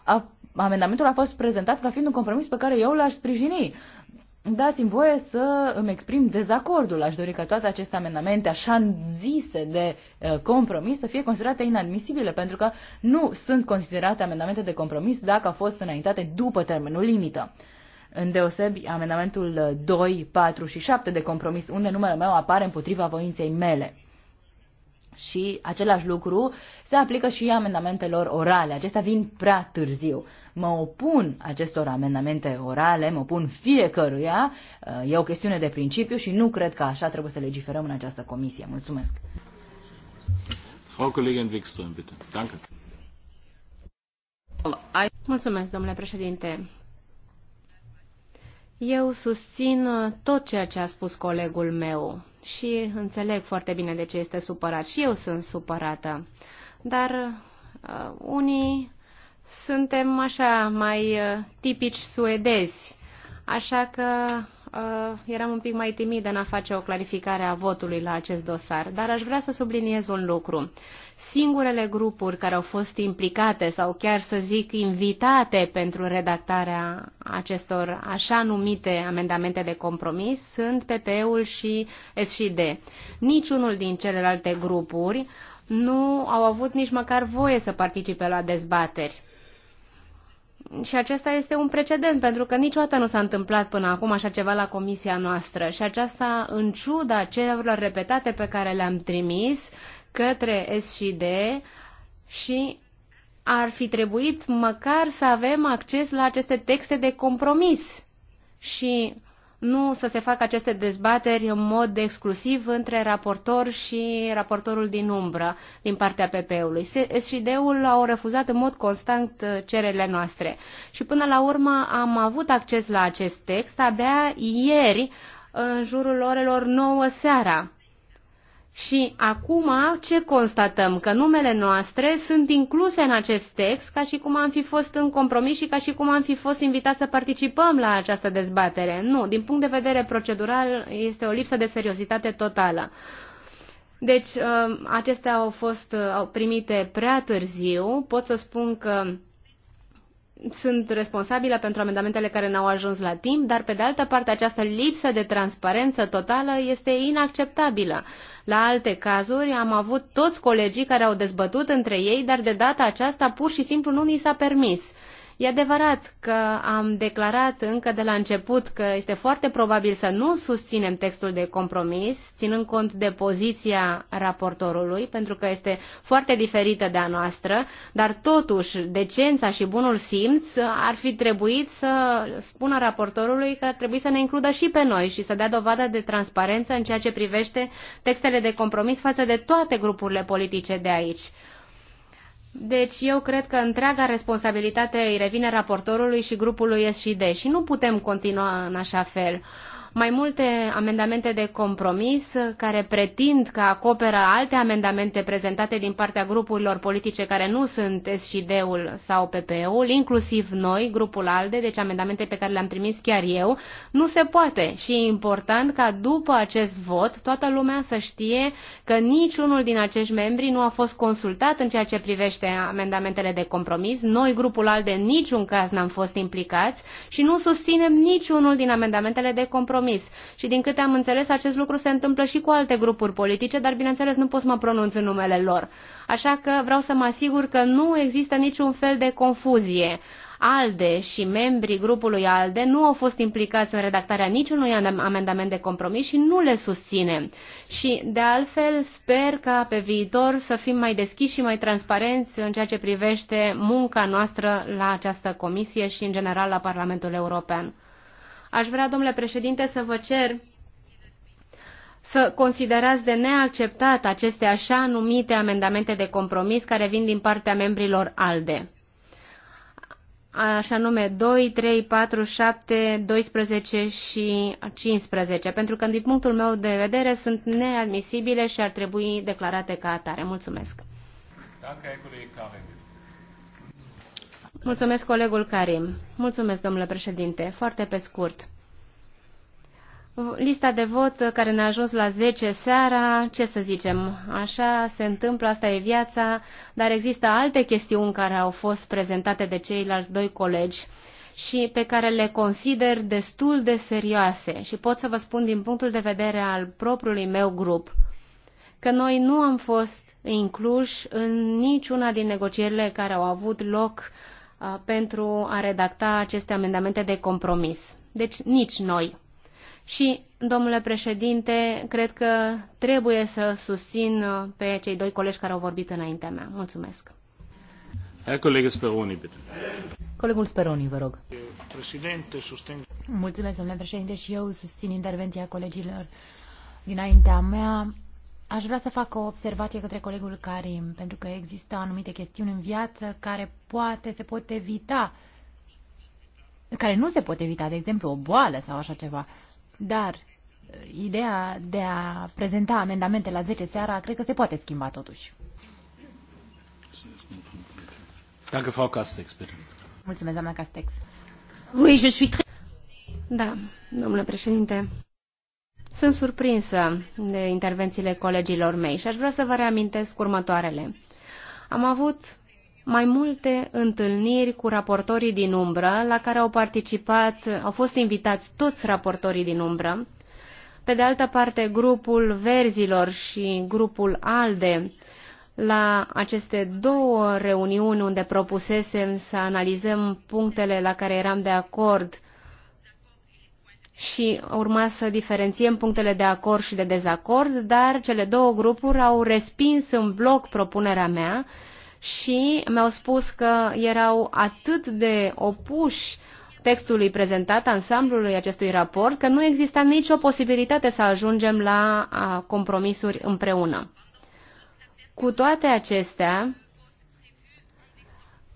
a, amendamentul a fost prezentat ca fiind un compromis pe care eu l-aș sprijini dați-mi voie să îmi exprim dezacordul. Aș dori ca toate aceste amendamente așa zise de compromis să fie considerate inadmisibile, pentru că nu sunt considerate amendamente de compromis dacă au fost înaintate după termenul limită. În deosebi, amendamentul 2, 4 și 7 de compromis, unde numele meu apare împotriva voinței mele. Și același lucru se aplică și amendamentelor orale. Acestea vin prea târziu. Mă opun acestor amendamente orale, mă opun fiecăruia. Uh, e o chestiune de principiu și nu cred că așa trebuie să legiferăm în această comisie. Mulțumesc. Frau Kollegin Wikström, bitte. Danke. Mulțumesc, domnule președinte. Eu susțin tot ceea ce a spus colegul meu și înțeleg foarte bine de ce este supărat și eu sunt supărată. Dar uh, unii suntem așa mai uh, tipici suedezi, așa că uh, eram un pic mai timidă în a face o clarificare a votului la acest dosar, dar aș vrea să subliniez un lucru. Singurele grupuri care au fost implicate sau chiar să zic invitate pentru redactarea acestor așa numite amendamente de compromis sunt PPE-ul și SD. Niciunul din celelalte grupuri nu au avut nici măcar voie să participe la dezbateri și acesta este un precedent, pentru că niciodată nu s-a întâmplat până acum așa ceva la comisia noastră. Și aceasta, în ciuda cererilor repetate pe care le-am trimis către D și ar fi trebuit măcar să avem acces la aceste texte de compromis. Și nu să se facă aceste dezbateri în mod exclusiv între raportor și raportorul din umbră din partea PP-ului. SID-ul au refuzat în mod constant uh, cererile noastre și până la urmă am avut acces la acest text abia ieri în jurul orelor 9 seara. Și acum ce constatăm? Că numele noastre sunt incluse în acest text ca și cum am fi fost în compromis și ca și cum am fi fost invitați să participăm la această dezbatere. Nu, din punct de vedere procedural este o lipsă de seriozitate totală. Deci, ă, acestea au fost ă, au primite prea târziu. Pot să spun că sunt responsabilă pentru amendamentele care n-au ajuns la timp, dar pe de altă parte această lipsă de transparență totală este inacceptabilă. La alte cazuri am avut toți colegii care au dezbătut între ei, dar de data aceasta pur și simplu nu ni s-a permis. E adevărat că am declarat încă de la început că este foarte probabil să nu susținem textul de compromis, ținând cont de poziția raportorului, pentru că este foarte diferită de a noastră, dar totuși decența și bunul simț ar fi trebuit să spună raportorului că ar trebui să ne includă și pe noi și să dea dovadă de transparență în ceea ce privește textele de compromis față de toate grupurile politice de aici. Deci eu cred că întreaga responsabilitate îi revine raportorului și grupului SD și nu putem continua în așa fel. Uh, mai multe amendamente de compromis care pretind că acoperă alte amendamente prezentate din partea grupurilor politice care nu sunt SD-ul sau PPE-ul, inclusiv noi, grupul ALDE, deci amendamente pe care le-am trimis chiar eu, nu se poate și e important ca după acest vot toată lumea să știe că niciunul din acești membri nu a fost consultat în ceea ce privește amendamentele de compromis. Noi, grupul ALDE, în niciun caz n-am fost implicați și nu susținem niciunul din amendamentele de compromis compromis. Și din câte am înțeles, acest lucru se întâmplă și cu alte grupuri politice, dar bineînțeles nu pot să mă pronunț în numele lor. Așa că vreau să mă asigur că nu există niciun fel de confuzie. ALDE și membrii grupului ALDE nu au fost implicați în redactarea niciunui amendament de compromis și nu le susținem. Și, de altfel, sper ca pe viitor să fim mai deschiși și mai transparenți în ceea ce privește munca noastră la această comisie și, în general, la Parlamentul European. Aș vrea, domnule președinte, să vă cer să considerați de neacceptat aceste așa numite amendamente de compromis care vin din partea membrilor ALDE. Așa nume 2, 3, 4, 7, 12 și 15, pentru că din punctul meu de vedere sunt neadmisibile și ar trebui declarate ca atare. Mulțumesc! Danke, Herr Mulțumesc, colegul Karim. Mulțumesc, domnule președinte. Foarte pe scurt. Lista de vot care ne-a ajuns la 10 seara, ce să zicem, așa se întâmplă, asta e viața, dar există alte chestiuni care au fost prezentate de ceilalți doi colegi și pe care le consider destul de serioase și pot să vă spun din punctul de vedere al propriului meu grup că noi nu am fost incluși în niciuna din negocierile care au avut loc uh, Uh, pentru a redacta aceste amendamente de compromis. Deci nici noi. Și, domnule președinte, cred că trebuie să susțin uh, pe cei doi colegi care au vorbit înaintea mea. Mulțumesc. Colegul Speroni, Colegul Speroni, vă rog. Președinte, susțin... Mulțumesc, domnule președinte, și eu susțin intervenția colegilor dinaintea mea. Aș vrea să fac o observație către colegul Karim, pentru că există anumite chestiuni în viață care poate se pot evita, care nu se pot evita, de exemplu o boală sau așa ceva. Dar uh, ideea de a prezenta amendamente la 10 seara cred că se poate schimba totuși. Dacă fac Castex, Mulțumesc, doamna Castex. Oui, je suis très... Da, domnule președinte. Sunt surprinsă de intervențiile colegilor mei și aș vrea să vă reamintesc următoarele. Am avut mai multe întâlniri cu raportorii din umbră, la care au participat, au fost invitați toți raportorii din umbră. Pe de altă parte, grupul Verzilor și grupul ALDE la aceste două reuniuni unde propusesem să analizăm punctele la care eram de acord și urma să diferențiem punctele de acord și de dezacord, dar cele două grupuri au respins în bloc propunerea mea și mi-au spus că erau atât de opuși textului prezentat, ansamblului acestui raport, că nu exista nicio posibilitate să ajungem la compromisuri împreună. Cu toate acestea,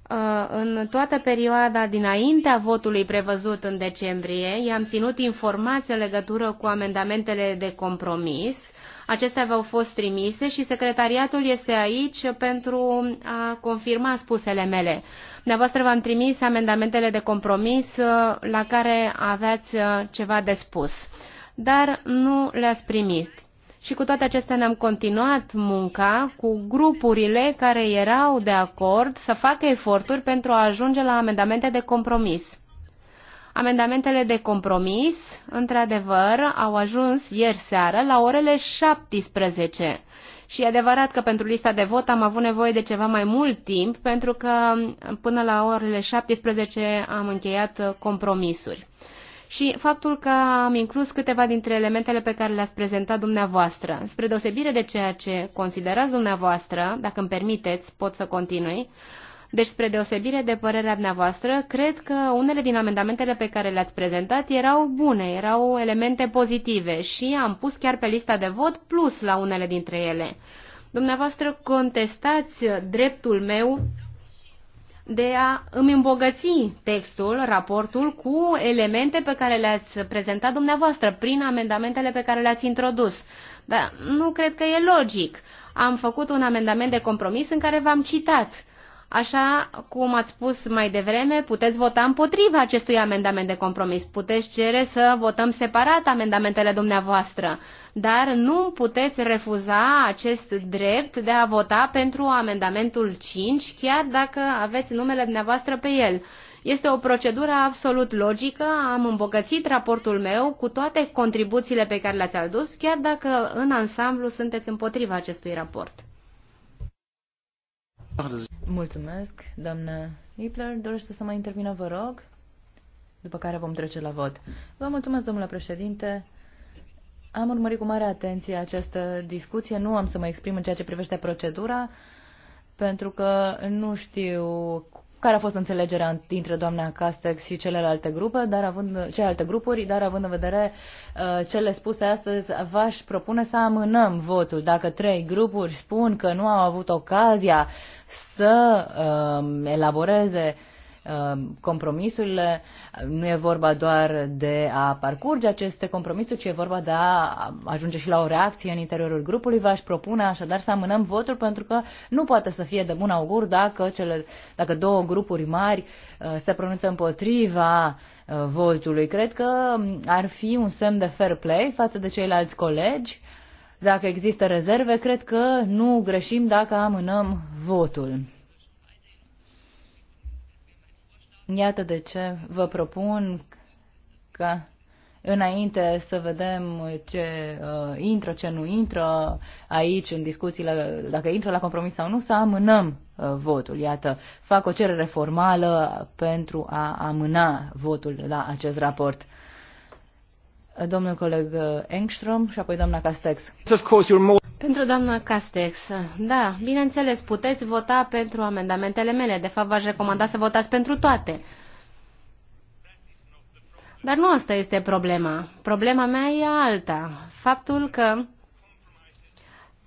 Uh, în toată perioada dinaintea votului prevăzut în decembrie, i-am ținut informații în legătură cu amendamentele de compromis. Acestea v-au fost trimise și secretariatul este aici pentru a confirma spusele mele. Dumneavoastră v-am trimis amendamentele de compromis uh, la care aveați uh, ceva de spus, dar nu le-ați primit. Și cu toate acestea ne-am continuat munca cu grupurile care erau de acord să facă eforturi pentru a ajunge la amendamente de compromis. Amendamentele de compromis, într-adevăr, au ajuns ieri seară la orele 17. Și e adevărat că pentru lista de vot am avut nevoie de ceva mai mult timp, pentru că până la orele 17 am încheiat compromisuri și faptul că am inclus câteva dintre elementele pe care le-ați prezentat dumneavoastră. Spre deosebire de ceea ce considerați dumneavoastră, dacă îmi permiteți, pot să continui, deci, spre deosebire de părerea dumneavoastră, cred că unele din amendamentele pe care le-ați prezentat erau bune, erau elemente pozitive și am pus chiar pe lista de vot plus la unele dintre ele. Dumneavoastră contestați dreptul meu de a îmi îmbogăți textul, raportul, cu elemente pe care le-ați prezentat dumneavoastră, prin amendamentele pe care le-ați introdus. Dar nu cred că e logic. Am făcut un amendament de compromis în care v-am citat uh, Așa cum ați spus mai devreme, puteți vota împotriva acestui amendament de compromis. Puteți cere să votăm separat amendamentele dumneavoastră, dar nu puteți refuza acest drept de a vota pentru amendamentul 5, chiar dacă aveți numele dumneavoastră pe el. Este o procedură absolut logică, am îmbogățit raportul meu cu toate contribuțiile pe care le-ați adus, chiar dacă în ansamblu sunteți împotriva acestui raport. Mulțumesc, doamnă Ipler. Dorește să mai intervină, vă rog, după care vom trece la vot. Vă mulțumesc, domnule președinte. Am urmărit cu mare atenție această discuție. Nu am să mă exprim în ceea ce privește procedura, pentru că nu știu care a fost înțelegerea dintre doamna Castex și celelalte grupe, dar având, celelalte grupuri, dar având în vedere uh, cele spuse astăzi, v-aș propune să amânăm votul. Dacă trei grupuri spun că nu au avut ocazia să uh, elaboreze uh, Um, compromisurile. Nu e vorba doar de a parcurge aceste compromisuri, ci e vorba de a ajunge și la o reacție în interiorul grupului. V-aș propune așadar să amânăm votul pentru că nu poate să fie de bun augur dacă, cele, dacă două grupuri mari uh, se pronunță împotriva uh, votului. Cred că um, ar fi un semn de fair play față de ceilalți colegi. Dacă există rezerve, cred că nu greșim dacă amânăm votul. Iată de ce vă propun ca înainte să vedem ce uh, intră, ce nu intră aici în discuțiile, dacă intră la compromis sau nu, să amânăm uh, votul. Iată, fac o cerere formală pentru a amâna votul la acest raport. Domnul coleg uh, Engström și apoi doamna Castex. Of course, you're more... Pentru doamna Castex, da, bineînțeles, puteți vota pentru amendamentele mele. De fapt, v-aș recomanda să votați pentru toate. Dar nu asta este problema. Problema mea e alta. Faptul că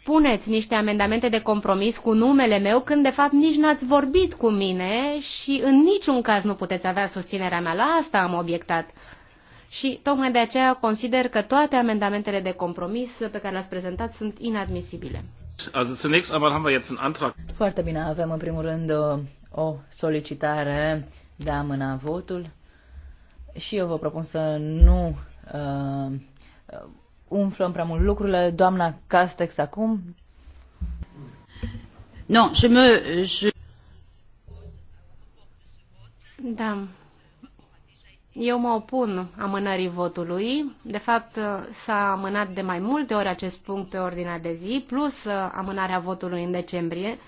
puneți niște amendamente de compromis cu numele meu când de fapt nici n-ați vorbit cu mine și în niciun caz nu puteți avea susținerea mea. La asta am obiectat și tocmai de aceea consider că toate amendamentele de compromis pe care le-ați prezentat sunt inadmisibile. Foarte bine, avem în primul rând o solicitare de a amâna votul și eu vă propun să nu uh, umflăm prea mult lucrurile. Doamna Castex acum. no, je me, je... Da, eu mă opun amânării votului. De fapt, s-a amânat de mai multe ori acest punct pe ordinea de zi, plus uh, amânarea votului în decembrie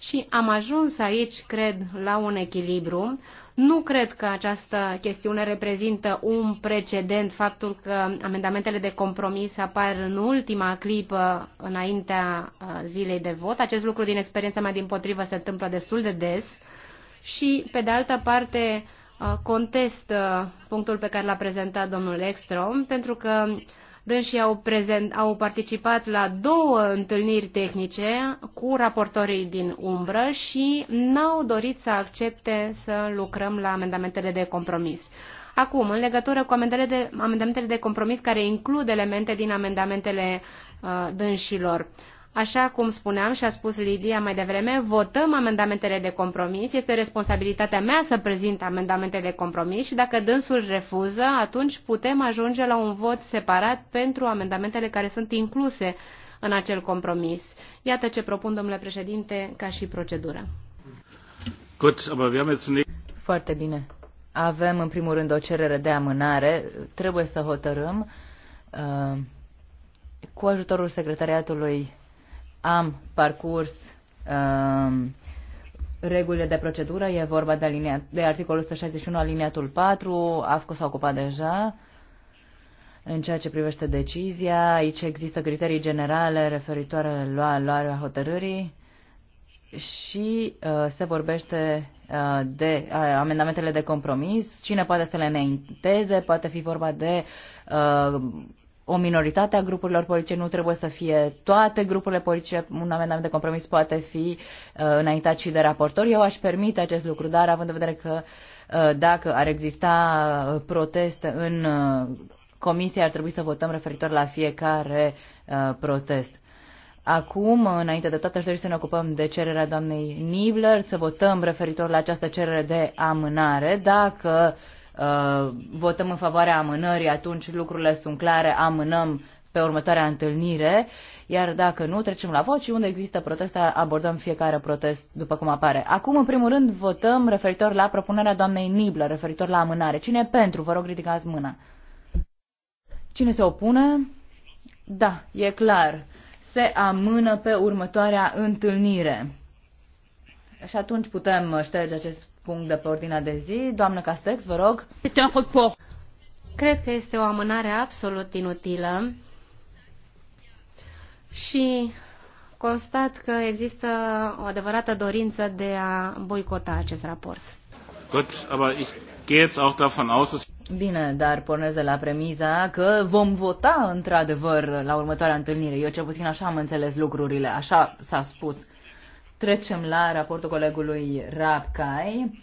și am ajuns aici, cred, la un echilibru. Nu cred că această chestiune reprezintă un precedent, faptul că amendamentele de compromis apar în ultima clipă înaintea uh, zilei de vot. Acest lucru, din experiența mea din potrivă, se întâmplă destul de des. Și, pe de altă parte, Uh, contest uh, punctul pe care l-a prezentat domnul Ekstrom, pentru că dânsii au, prezent, au participat la două întâlniri tehnice cu raportorii din umbră și n-au dorit să accepte să lucrăm la amendamentele de compromis. Acum, în legătură cu amendamentele de, amendamentele de compromis care includ elemente din amendamentele uh, dânșilor, uh, Așa cum spuneam și a spus Lidia mai devreme, votăm amendamentele de compromis. Este responsabilitatea mea să prezint amendamentele de compromis și dacă dânsul refuză, atunci putem ajunge la un vot separat pentru amendamentele care sunt incluse în acel compromis. Iată ce propun, domnule președinte, ca și procedură. Foarte bine. Avem, în primul rând, o cerere de amânare. Trebuie să hotărâm. Uh, cu ajutorul secretariatului am parcurs uh, regulile de procedură, e vorba de, alinea, de articolul 161 aliniatul 4, AFCO s-a ocupat deja. În ceea ce privește decizia, aici există criterii generale referitoare la luarea hotărârii și uh, se vorbește uh, de uh, amendamentele de compromis. Cine poate să le înainteze? Poate fi vorba de uh, o minoritate a grupurilor politice, nu trebuie să fie toate grupurile politice. Un amendament de compromis poate fi uh, înaintat și de raportor. Eu aș permite acest lucru, dar având în vedere că uh, dacă ar exista uh, protest în uh, comisie, ar trebui să votăm referitor la fiecare uh, protest. Acum, înainte de toate, aș dori să ne ocupăm de cererea doamnei Nibler, să votăm referitor la această cerere de amânare. Dacă uh, Uh, votăm în favoarea amânării, atunci lucrurile sunt clare, amânăm pe următoarea întâlnire, iar dacă nu, trecem la vot și unde există proteste, abordăm fiecare protest după cum apare. Acum, în primul rând, votăm referitor la propunerea doamnei Niblă, referitor la amânare. Cine pentru? Vă rog, ridicați mâna. Cine se opune? Da, e clar. Se amână pe următoarea întâlnire. Și atunci putem șterge acest punct de pe ordinea de zi. Doamnă Castex, vă rog. Cred că este o amânare absolut inutilă și constat că există o adevărată dorință de a boicota acest raport. Gut, aber ich gehe jetzt auch davon aus, dass Bine, dar pornesc de la premiza că vom vota într-adevăr la următoarea întâlnire. Eu cel puțin așa am înțeles lucrurile, așa s-a spus. Trecem la raportul colegului Rapcai.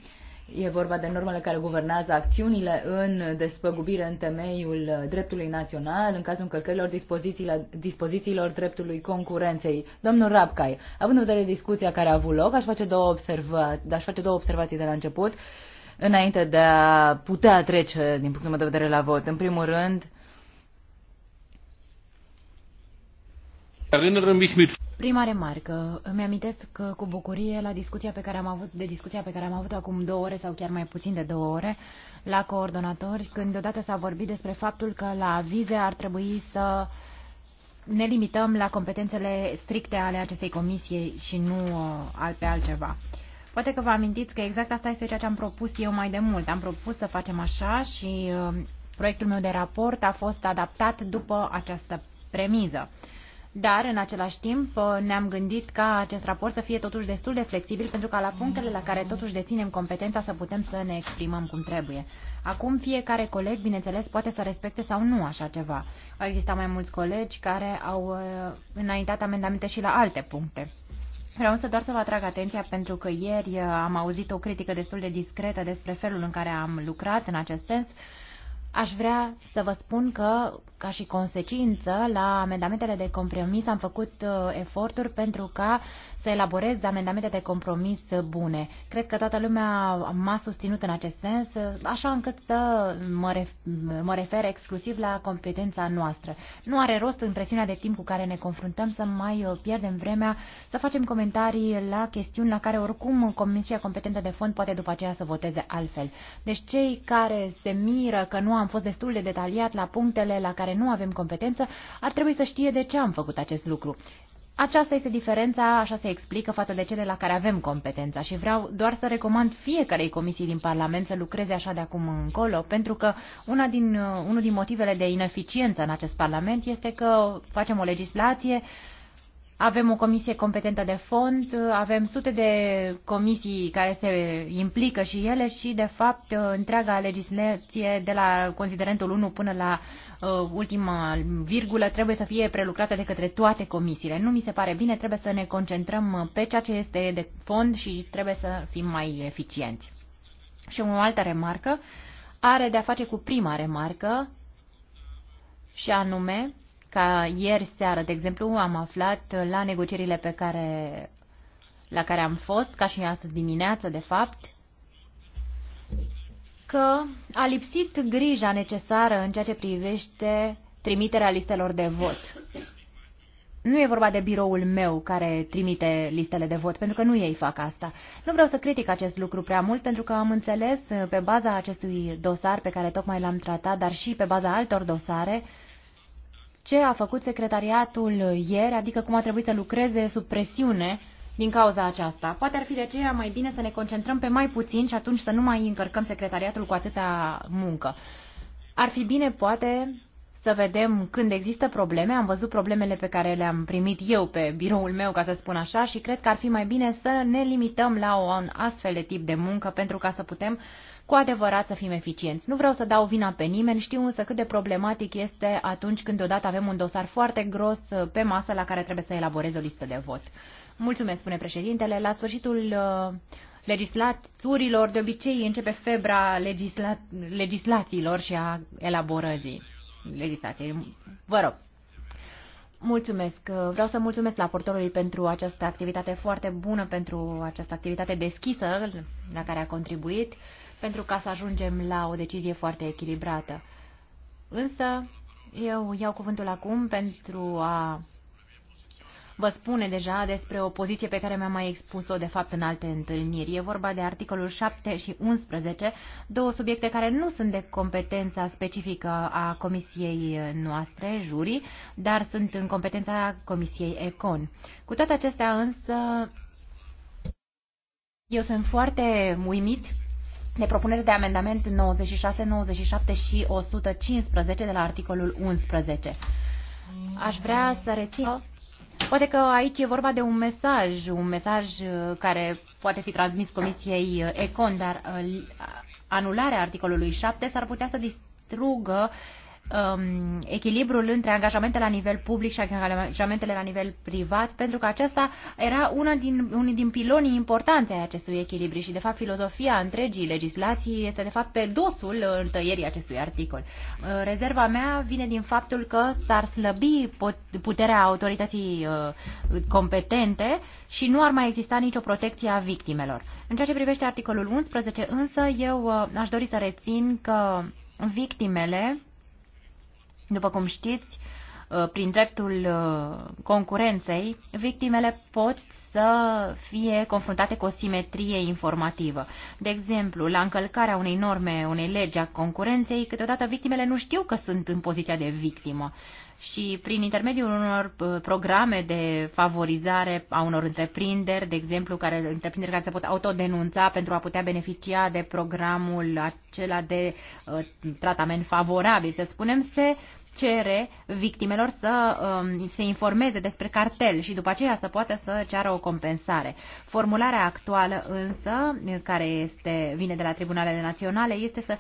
E vorba de normele care guvernează acțiunile în despăgubire în temeiul dreptului național, în cazul încălcărilor dispozițiilor, dispozițiilor dreptului concurenței. Domnul Rabcai, având în vedere discuția care a avut loc, aș face două, observa- aș face două observații de la început, înainte de a putea trece, din punctul meu de vedere, la vot. În primul rând, Prima remarcă. Îmi amintesc că cu bucurie la discuția pe care am avut, de discuția pe care am avut acum două ore sau chiar mai puțin de două ore la coordonatori, când deodată s-a vorbit despre faptul că la avize ar trebui să ne limităm la competențele stricte ale acestei comisie și nu uh, al pe altceva. Poate că vă amintiți că exact asta este ceea ce am propus eu mai de mult. Am propus să facem așa și uh, proiectul meu de raport a fost adaptat după această premiză. Uh, dar, în același timp, uh, ne-am gândit ca acest raport să fie totuși destul de flexibil, pentru ca la punctele la care totuși deținem competența să putem să ne exprimăm cum trebuie. Acum, fiecare coleg, bineînțeles, poate să respecte sau nu așa ceva. Au existat mai mulți colegi care au uh, înaintat amendamente și la alte puncte. Vreau însă doar să vă atrag atenția pentru că ieri uh, am auzit o critică destul de discretă despre felul în care am lucrat în acest sens Aș vrea să vă spun că, ca și consecință, la amendamentele de compromis am făcut uh, eforturi pentru ca să elaborez amendamente de compromis bune. Cred că toată lumea m-a susținut în acest sens, așa încât să mă, ref- mă refer exclusiv la competența noastră. Nu are rost în presiunea de timp cu care ne confruntăm să mai pierdem vremea, să facem comentarii la chestiuni la care oricum Comisia Competentă de Fond poate după aceea să voteze altfel. Deci cei care se miră că nu am fost destul de detaliat la punctele la care nu avem competență, ar trebui să știe de ce am făcut acest lucru. Aceasta este diferența, așa se explică, față de cele la care avem competența și vreau doar să recomand fiecarei comisii din Parlament să lucreze așa de acum încolo, pentru că una din, unul din motivele de ineficiență în acest Parlament este că facem o legislație uh, avem o comisie competentă de fond, avem sute de comisii care se implică și ele și, de fapt, întreaga legislație de la considerentul 1 până la uh, ultima virgulă trebuie să fie prelucrată de către toate comisiile. Nu mi se pare bine, trebuie să ne concentrăm pe ceea ce este de fond și trebuie să fim mai eficienți. Și o altă remarcă are de a face cu prima remarcă și anume ca ieri seară, de exemplu, am aflat la negocierile pe care, la care am fost, ca și astăzi dimineață, de fapt, că a lipsit grija necesară în ceea ce privește trimiterea listelor de vot. Nu e vorba de biroul meu care trimite listele de vot, pentru că nu ei fac asta. Nu vreau să critic acest lucru prea mult, pentru că am înțeles pe baza acestui dosar pe care tocmai l-am tratat, dar și pe baza altor dosare, uh, ce a făcut secretariatul ieri, adică cum a trebuit să lucreze sub presiune din cauza aceasta. Poate ar fi de aceea mai bine să ne concentrăm pe mai puțin și atunci să nu mai încărcăm secretariatul cu atâta muncă. Ar fi bine, poate, să vedem când există probleme. Am văzut problemele pe care le-am primit eu pe biroul meu, ca să spun așa, și cred că ar fi mai bine să ne limităm la un astfel de tip de muncă pentru ca să putem uh, cu adevărat să fim eficienți. Nu vreau să dau vina pe nimeni, știu însă cât de problematic este atunci când deodată avem un dosar foarte gros uh, pe masă la care trebuie să elaborez o listă de vot. Mulțumesc, spune președintele. La sfârșitul uh, legislaturilor, de obicei începe febra legisla legislațiilor și a elaborării legislației. Vă rog. Mulțumesc. Uh, vreau să mulțumesc portorului pentru această activitate foarte bună, pentru această activitate deschisă la care a contribuit pentru ca să ajungem la o decizie foarte echilibrată. Însă, eu iau cuvântul acum pentru a vă spune deja despre o poziție pe care mi-am mai expus-o de fapt în alte întâlniri. E vorba de articolul 7 și 11, două subiecte care nu sunt de competența specifică a comisiei noastre, jurii, dar sunt în competența comisiei ECON. Cu toate acestea însă, eu sunt foarte uimit de propunere de amendament 96, 97 și 115 de la articolul 11. Aș vrea să rețin... Poate că aici e vorba de un mesaj, un mesaj uh, care poate fi transmis Comisiei uh, Econ, dar uh, anularea articolului 7 s-ar putea să distrugă uh, um, echilibrul între angajamentele la nivel public și angajamentele la nivel privat, pentru că aceasta era una din, unul din pilonii importante ai acestui echilibru și, de fapt, filozofia întregii legislații este, de fapt, pe dosul întăierii acestui articol. Uh, rezerva mea vine din faptul că s-ar slăbi puterea autorității uh, competente și nu ar mai exista nicio protecție a victimelor. În ceea ce privește articolul 11, însă, eu uh, aș dori să rețin că victimele după cum știți, uh, prin dreptul uh, concurenței, victimele pot să fie confruntate cu o simetrie informativă. De exemplu, la încălcarea unei norme, unei legi a concurenței, câteodată victimele nu știu că sunt în poziția de victimă și prin intermediul unor uh, programe de favorizare a unor întreprinderi, de exemplu, care, întreprinderi care se pot autodenunța pentru a putea beneficia de programul acela de uh, tratament favorabil, să spunem, se cere victimelor să um, se informeze despre cartel și după aceea să poată să ceară o compensare. Formularea actuală însă, care este, vine de la tribunalele naționale, este să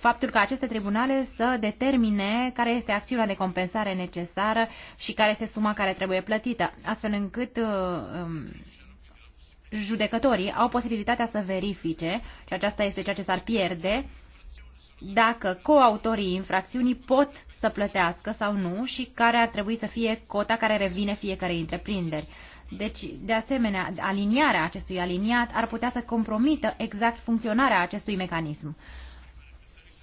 faptul că aceste tribunale să determine care este acțiunea de compensare necesară și care este suma care trebuie plătită, astfel încât uh, um, judecătorii au posibilitatea să verifice, și aceasta este ceea ce s-ar pierde, dacă coautorii infracțiunii pot să plătească sau nu și care ar trebui să fie cota care revine fiecare întreprinderi. Deci, de asemenea, aliniarea acestui aliniat ar putea să compromită exact funcționarea acestui mecanism.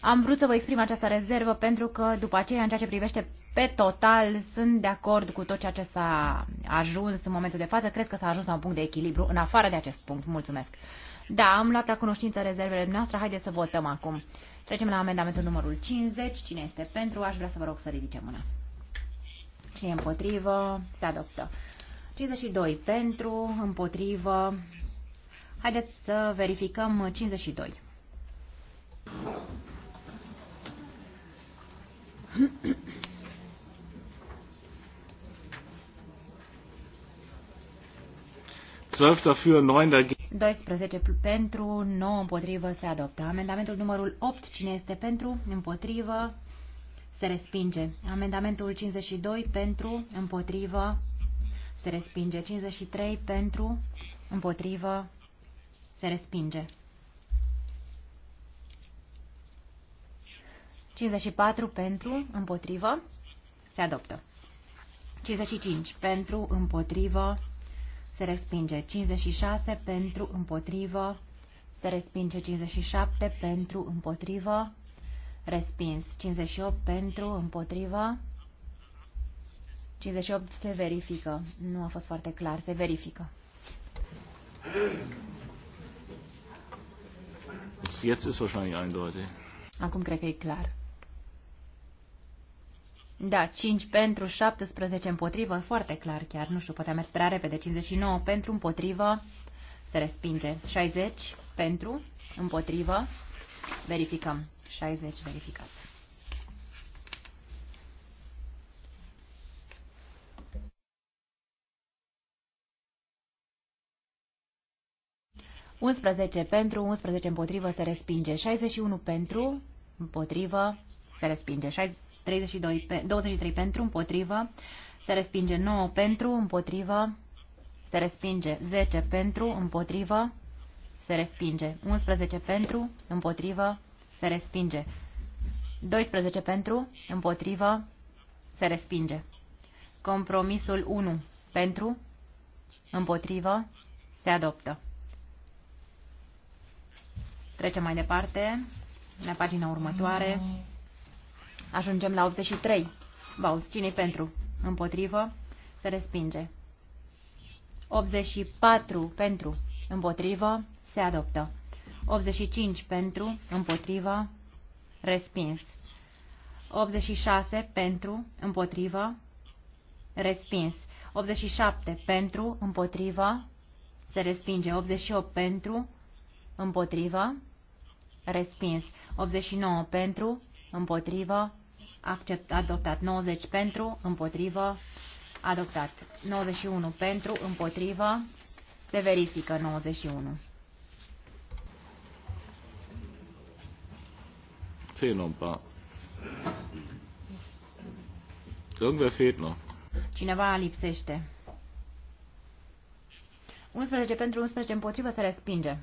Am vrut să vă exprim această rezervă pentru că după aceea, în ceea ce privește pe total, sunt de acord cu tot ceea ce s-a ajuns în momentul de față. Cred că s-a ajuns la un punct de echilibru în afară de acest punct. Mulțumesc. Da, am luat la cunoștință rezervele noastre. Haideți să votăm acum. Trecem la amendamentul numărul 50. Cine este pentru? Aș vrea să vă rog să ridice mâna. Cine e împotrivă? Se adoptă. 52 pentru, împotrivă. Haideți să verificăm 52. 12 pentru, 9 împotrivă se adoptă. Amendamentul numărul 8, cine este pentru, împotrivă, se respinge. Amendamentul 52 pentru, împotrivă, se respinge. 53 pentru, împotrivă, se respinge. 54 pentru, împotrivă, se adoptă. 55 pentru, împotrivă, se respinge. 56 pentru, împotrivă, se respinge. 57 pentru, împotrivă, respins. 58 pentru, împotrivă, 58 se verifică. Nu a fost foarte clar. Se verifică. Jetzt ist wahrscheinlich eindeutig. Acum cred că e clar. Da, 5 pentru, 17 împotrivă, foarte clar chiar, nu știu, poate a mers prea repede, 59 pentru, împotrivă, se respinge, 60 pentru, împotrivă, verificăm, 60 verificat. Unsprezece pentru, unsprezece împotrivă se respinge, Șaizeci și unu pentru, împotrivă se respinge, 32 pe, 23 pentru, împotrivă, se respinge 9 pentru, împotrivă, se respinge 10 pentru, împotrivă, se respinge 11 pentru, împotrivă, se respinge 12 pentru, împotrivă, se respinge. Compromisul 1 pentru, împotrivă, se adoptă. Trecem mai departe, la pagina următoare. Mm. Ajungem la 83. Bauz, cine pentru? Împotrivă. Se respinge. 84 pentru. Împotrivă. Se adoptă. 85 pentru. Împotrivă. Respins. 86 pentru. Împotrivă. Respins. 87 pentru. Împotrivă. Se respinge. 88 pentru. Împotrivă. Respins. 89 pentru împotrivă, accept, adoptat 90 pentru, împotrivă, adoptat 91 pentru, împotrivă, se verifică 91. Fehlen ein paar. Irgendwer fehlt noch. Cineva lipsește. 11 pentru 11 împotrivă se respinge.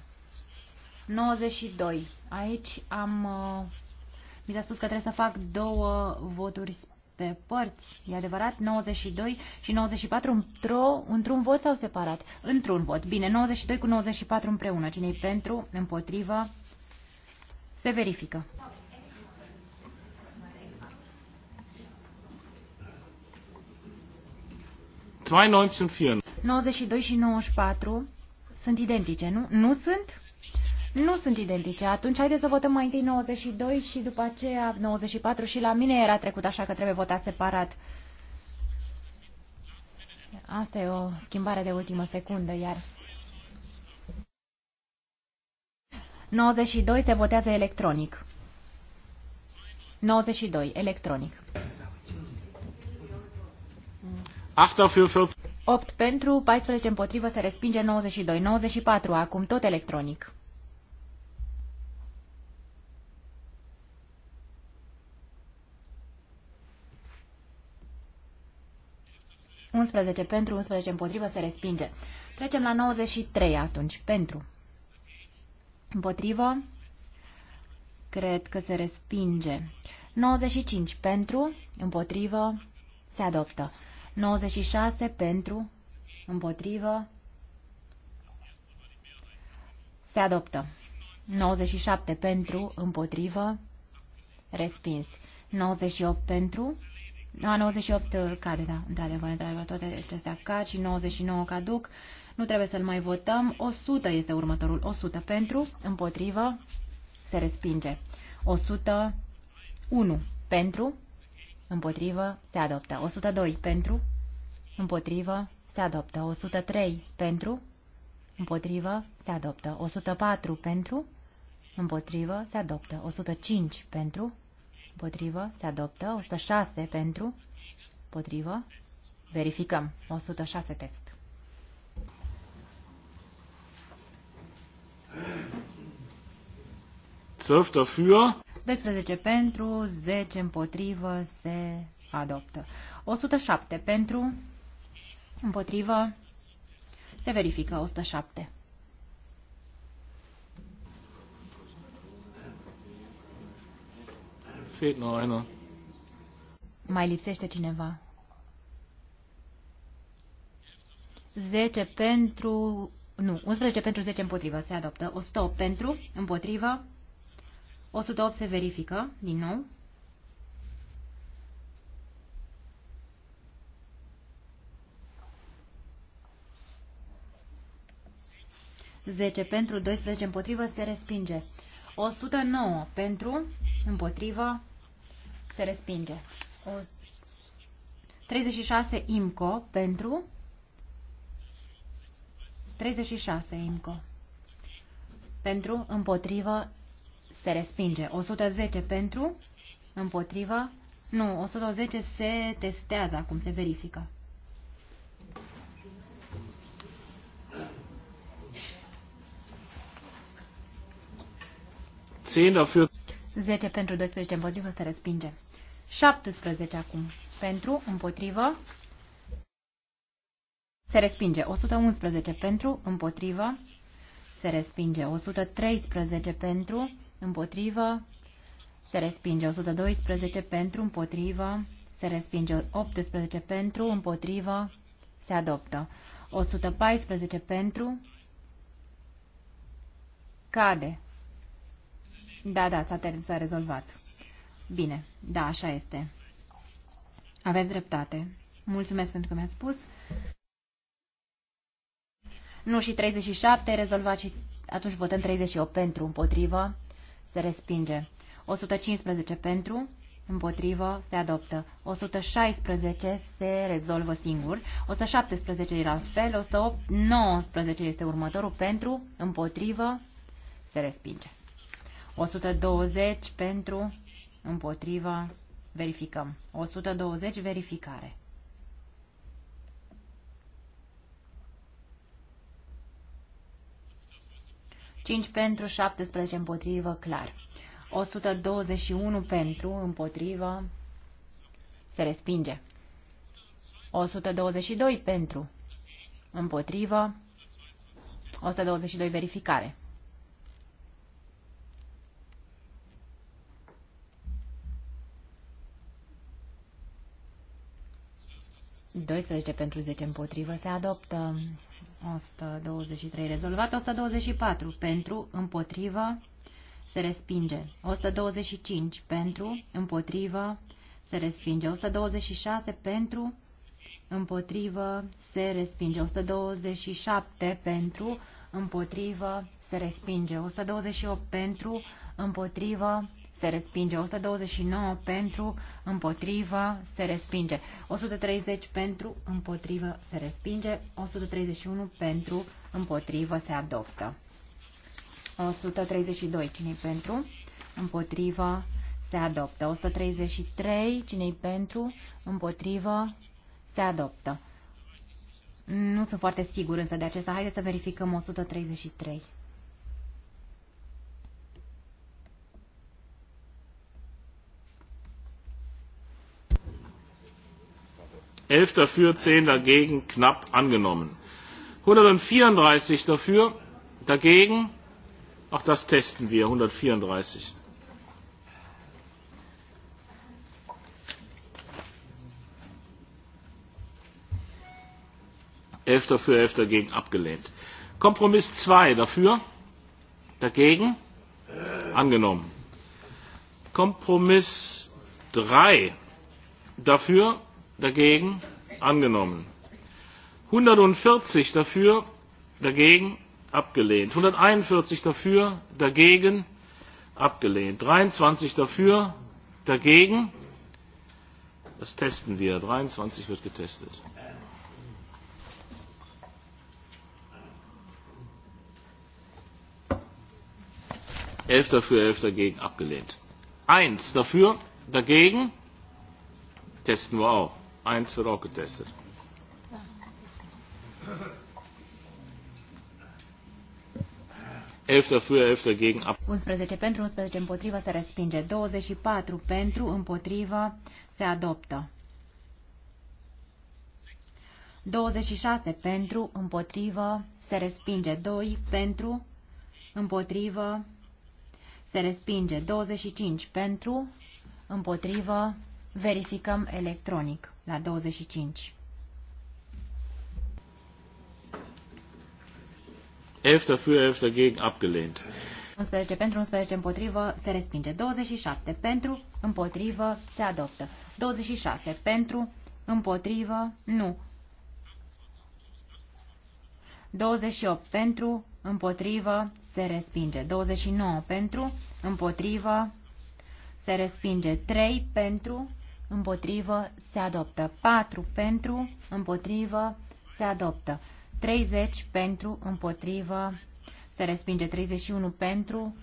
92. Aici am uh, mi s-a spus că trebuie să fac două voturi pe părți, e adevărat, 92 și 94 într-un într vot sau separat? Într-un vot. Bine, 92 cu 94 împreună. cine pentru, împotrivă, se verifică. 92 și 94 sunt identice, nu? Nu sunt? nu sunt identice. Atunci haideți să votăm mai întâi 92 și după aceea 94 și la mine era trecut așa că trebuie votat separat. Asta e o schimbare de ultimă secundă, iar 92 se votează electronic. 92, electronic. 8 pentru, 14 împotrivă, se respinge 92. 94, acum tot electronic. 11 pentru, 11 împotrivă, se respinge. Trecem la 93 atunci, pentru. Împotrivă, cred că se respinge. 95 pentru, împotrivă, se adoptă. 96 pentru, împotrivă, se adoptă. 97 pentru, împotrivă, respins. 98 pentru, a, 98 uh, cade, da, într-adevăr, într-adevăr, toate acestea cad și 99 caduc. Nu trebuie să-l mai votăm. 100 este următorul. 100 pentru, împotrivă, se respinge. 101 pentru, împotrivă, se adoptă. 102 pentru, împotrivă, se adoptă. 103 pentru, împotrivă, se adoptă. 104 pentru, împotrivă, se adoptă. 105 pentru, Împotrivă. Se adoptă. 106 pentru. Împotrivă. Verificăm. 106 text. Dafür. 12 pentru, 10 împotrivă, se adoptă. 107 pentru, împotrivă, se verifică 107. Fehlt einer. Mai lipsește cineva. zece pentru... Nu, 11 pentru 10 împotrivă. Se adoptă. 108 pentru, împotrivă. 108 se verifică, din nou. Zece pentru, 12 împotrivă, se respinge. 109 pentru, împotrivă, se respinge. 36 IMCO pentru, 36 IMCO pentru, împotrivă, se respinge. 110 pentru, împotrivă, nu, 110 se testează acum, se verifică. 10 pentru 12 împotrivă se respinge. 17 acum. Pentru, împotrivă, se respinge. 111 pentru, împotrivă, se respinge. 113 pentru, împotrivă, se respinge. 112 pentru, împotrivă, se respinge. 18 pentru, împotrivă, se adoptă. 114 pentru, cade. Da, da, s-a rezolvat. Bine, da, așa este. Aveți dreptate. Mulțumesc pentru că mi-ați spus. Nu și 37, rezolvat și atunci votăm 38 pentru, împotrivă, se respinge. 115 pentru, împotrivă, se adoptă. 116 se rezolvă singur. 117 e la fel, 119 este următorul pentru, împotrivă, se respinge. 120 pentru, împotrivă, verificăm. 120 verificare. Cinci pentru, 17 împotrivă, clar. 121 pentru, împotrivă, se respinge. 122 pentru, împotrivă, 122 verificare. 12 pentru 10 împotrivă se adoptă. 123 rezolvat, 124 pentru, împotrivă, se respinge. 125 pentru, împotrivă, se respinge. 126 pentru, împotrivă, se respinge. 127 pentru, împotrivă, se respinge. 128 pentru, împotrivă, se respinge, 129 pentru, împotrivă, se respinge, 130 pentru, împotrivă, se respinge, 131 pentru, împotrivă, se adoptă. 132, cine pentru? Împotrivă, se adoptă. 133, cine pentru? Împotrivă, se adoptă. Nu sunt foarte sigur însă de acesta. Haideți să verificăm 133. 11 dafür 10 dagegen knapp angenommen. 134 dafür dagegen auch das testen wir 134. Elf dafür, elf dagegen abgelehnt. Kompromiss 2 dafür, dagegen angenommen. Kompromiss 3 dafür, dagegen angenommen. einhundertvierzig dafür, dagegen abgelehnt. einhunderteinundvierzig dafür, dagegen abgelehnt. dreiundzwanzig dafür, dagegen. Das testen wir. dreiundzwanzig wird getestet. elf dafür, elf dagegen abgelehnt. Eins dafür, dagegen testen wir auch. Eins wird auch dafür, elf 11 pentru, 11 împotriva se respinge. 24 pentru, împotriva se adoptă. 26 pentru, împotrivă, se respinge. 2 pentru, împotrivă, se respinge. 25 pentru, împotrivă, verificăm electronic la 25. Elfter für Elfter gegen abgelehnt. 11 pentru, 11 împotrivă, se respinge. 27 pentru, împotrivă, se adoptă. 26 pentru, împotrivă, nu. 28 pentru, împotrivă, se respinge. 29 pentru, împotrivă, se respinge. 3 pentru, împotrivă, se adoptă. 4 pentru, împotrivă, se adoptă. 30 pentru, împotrivă, se respinge. 31 pentru,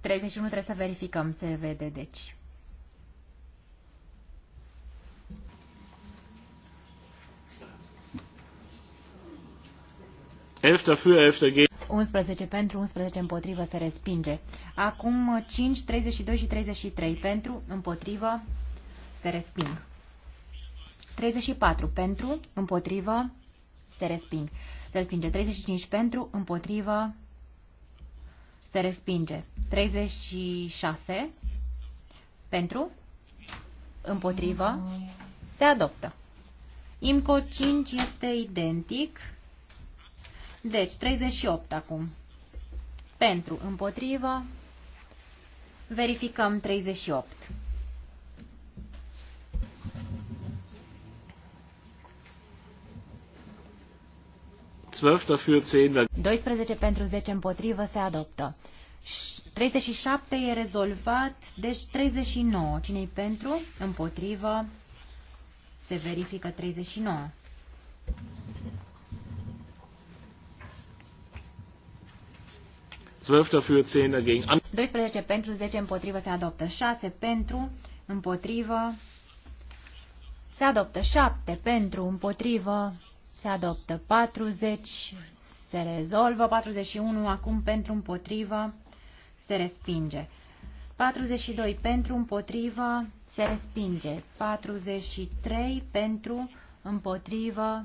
31 trebuie să verificăm, se vede, deci. Dafür, 11 gegen. 11 pentru, 11 împotrivă se respinge. Acum 5, 32 și 33 pentru, împotrivă se resping. 34 pentru, împotrivă, se resping. Se respinge 35 pentru, împotrivă, se respinge. 36 pentru, împotrivă, se adoptă. IMCO 5 este identic. Deci, 38 acum. Pentru, împotrivă, verificăm 38. 12 dafür, 10 12 pentru 10 împotrivă se adoptă. 37 e rezolvat, deci 39. Cine-i pentru? Împotrivă. Se verifică 39. Dafür, 10 dagegen. 12 pentru, 10 împotrivă se adoptă. 6 pentru, împotrivă. Se adoptă 7 pentru, împotrivă se adoptă. 40 se rezolvă, 41 acum pentru împotrivă se respinge. 42 pentru împotrivă se respinge. 43 pentru împotrivă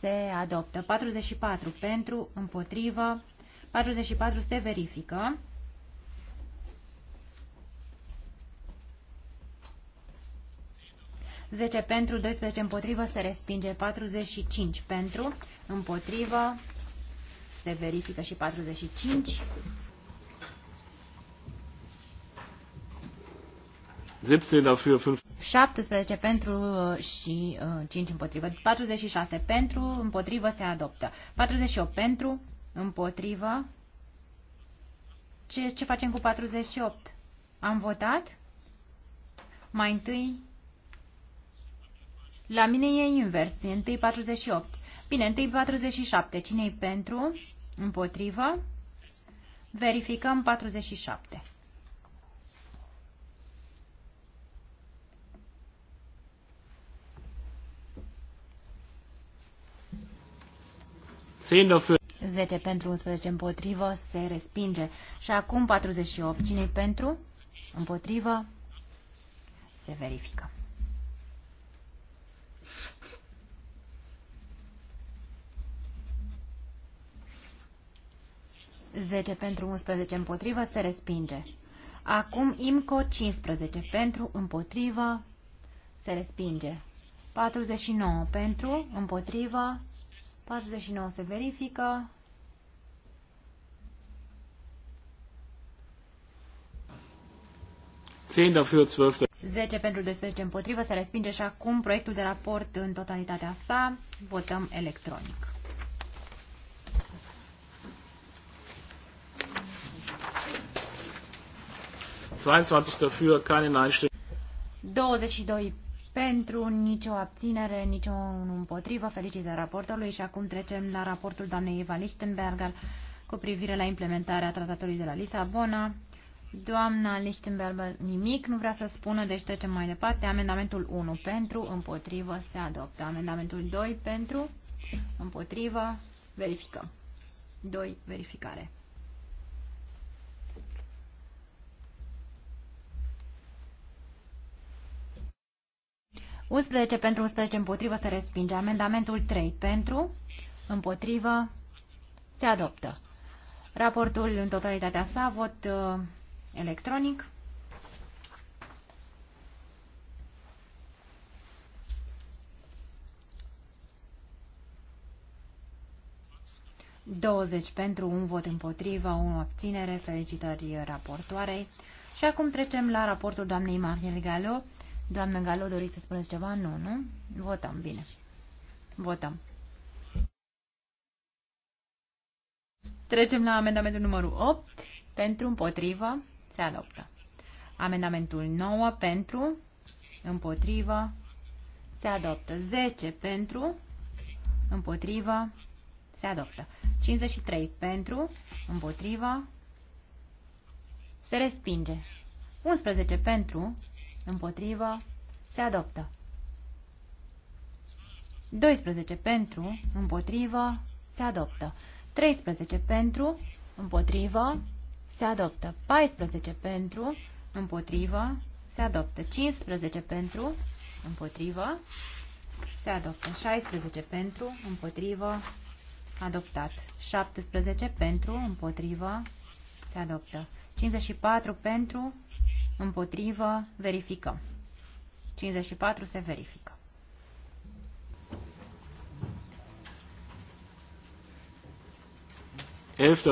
se adoptă. 44 pentru împotrivă. 44 se verifică. 10 pentru, 12 împotrivă, se respinge. 45 pentru, împotrivă, se verifică și 45. 17 pentru uh, și 5 uh, împotrivă. 46 pentru, împotrivă se adoptă. 48 pentru, împotrivă. Ce, ce facem cu 48? Am votat? Mai întâi la mine e invers, e întâi 48. Bine, întâi 47. Cine-i pentru? Împotrivă. Verificăm 47. Dafür. 10 pentru 11 împotrivă se respinge. Și acum 48. Cine-i pentru? Împotrivă se verifică. 10 pentru 11 împotrivă se respinge. Acum IMCO 15 pentru împotrivă se respinge. 49 pentru împotrivă 49 se verifică. Dafür, 10 pentru 12 împotrivă se respinge și acum proiectul de raport în totalitatea sa. Votăm electronic. 22 dafür, keine Nein-Stimmen. 22 pentru, nicio abținere, nicio împotrivă. Felicitări raportului și acum trecem la raportul doamnei Eva Lichtenberger cu privire la implementarea tratatului de la Lisabona. Doamna Lichtenberger nimic nu vrea să spună, deci trecem mai departe. Amendamentul 1 pentru, împotrivă, se adoptă. Amendamentul 2 pentru, împotrivă, verificăm. 2. Verificare. 11 pentru, 11 împotrivă, se respinge. Amendamentul 3 pentru, împotrivă, se adoptă. Raportul în totalitatea sa, vot uh, electronic. Douăzeci pentru un vot împotrivă, o abținere, felicitări raportoarei. Și acum trecem la raportul doamnei Mariel Galo, Doamnă Galo, doriți să spuneți ceva? Nu, nu? Votăm, bine. Votăm. Trecem la amendamentul numărul 8. Pentru, împotrivă, se adoptă. Amendamentul 9 pentru, împotrivă, se adoptă. 10 pentru, împotrivă, se adoptă. 53 pentru, împotrivă, se respinge. 11 pentru, Împotrivă. Se adoptă. 12 pentru, împotrivă, se adoptă. 13 pentru, împotrivă, se adoptă. 14 pentru, împotrivă, se adoptă. 15 pentru, împotrivă, se adoptă. 16 pentru, împotrivă, adoptat. 17 pentru, împotrivă, se adoptă. 54 pentru, Împotrivă. Verificăm. 54 se verifică.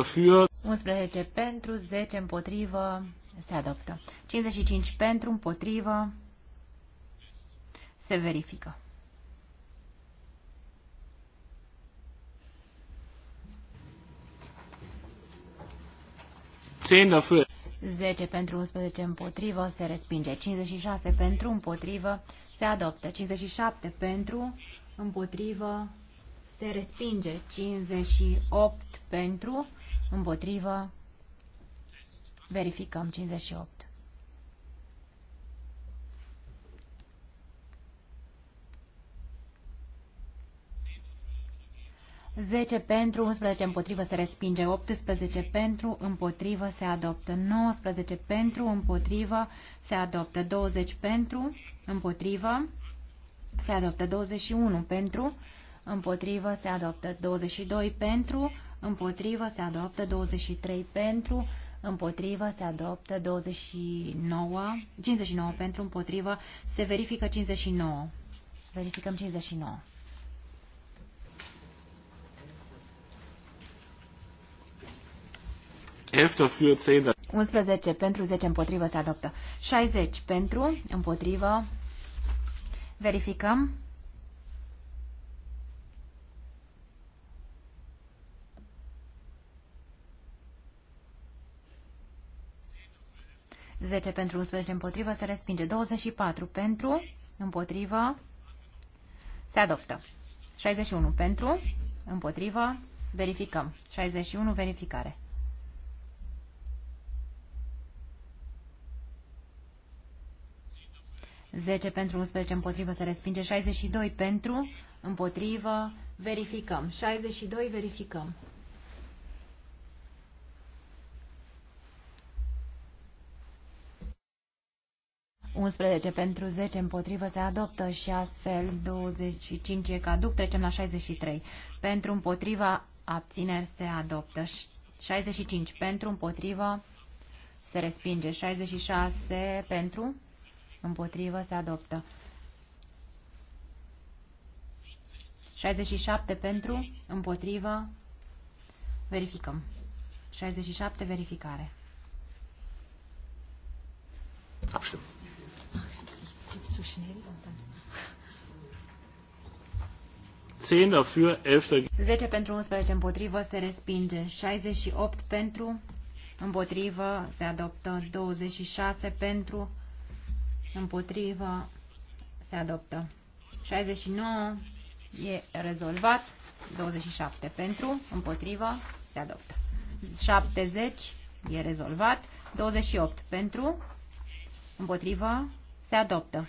Für... 11 pentru, 10 împotrivă, se adoptă. 55 pentru, împotrivă, se verifică. Dafür. 10 pentru 11 împotrivă se respinge. 56 pentru împotrivă se adoptă. 57 pentru împotrivă se respinge. 58 pentru împotrivă verificăm 58. 10 pentru, 11 împotrivă se respinge, 18 pentru, împotrivă se adoptă, 19 pentru, împotrivă se adoptă, 20 pentru, împotrivă se adoptă, 21 pentru, împotrivă se adoptă, 22 pentru, împotrivă se adoptă, 23 pentru, împotrivă se adoptă, 29, 59 pentru, împotrivă se verifică 59. Verificăm 59. 11 pentru, 10 împotrivă se adoptă. 60 pentru, împotrivă. Verificăm. Zece pentru 11 împotrivă se respinge. 24 pentru împotrivă se adoptă. 61 pentru împotrivă verificăm. 61 verificare. 10 pentru, 11 împotrivă, se respinge. 62 pentru, împotrivă, verificăm. 62 verificăm. Unsprezece pentru 10 împotrivă se adoptă și astfel 25 e caduc, trecem la 63. Pentru împotriva abțineri se adoptă. 65 pentru împotrivă se respinge. 66 pentru Împotrivă se adoptă. 67 pentru, împotrivă, verificăm. 67 verificare. Absolut. 10 11 10 pentru 11 împotrivă se respinge, 68 pentru împotrivă se adoptă, 26 pentru împotrivă, se adoptă. 69 e rezolvat, 27 pentru, împotrivă, se adoptă. 70 e rezolvat, 28 pentru, împotrivă, se adoptă.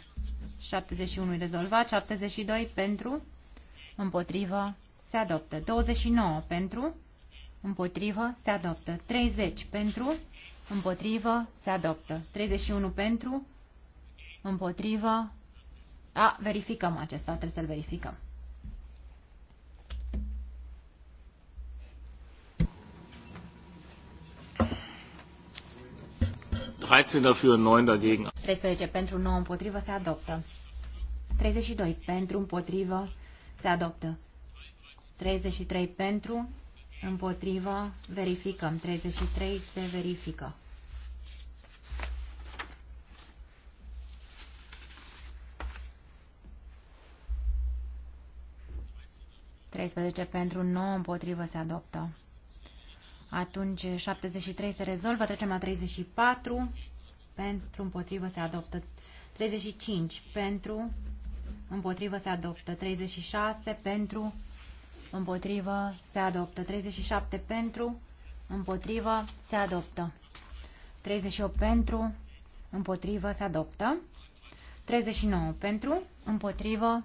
71 e rezolvat, 72 pentru, împotrivă, se adoptă. 29 pentru, împotrivă, se adoptă. 30 pentru, împotrivă, se adoptă. 31 pentru, împotrivă. A, verificăm acesta, trebuie să-l verificăm. dafür, 9 13 pentru 9 împotrivă se adoptă. 32 pentru împotrivă se adoptă. 33 pentru împotrivă verificăm. 33 se verifică. 13 pentru 9 împotrivă se adoptă. Atunci 73 se rezolvă, trecem la 34 pentru împotrivă se adoptă. 35 pentru împotrivă se adoptă. 36 pentru împotrivă se adoptă. 37 pentru împotrivă se adoptă. 38 pentru împotrivă se adoptă. 39 pentru împotrivă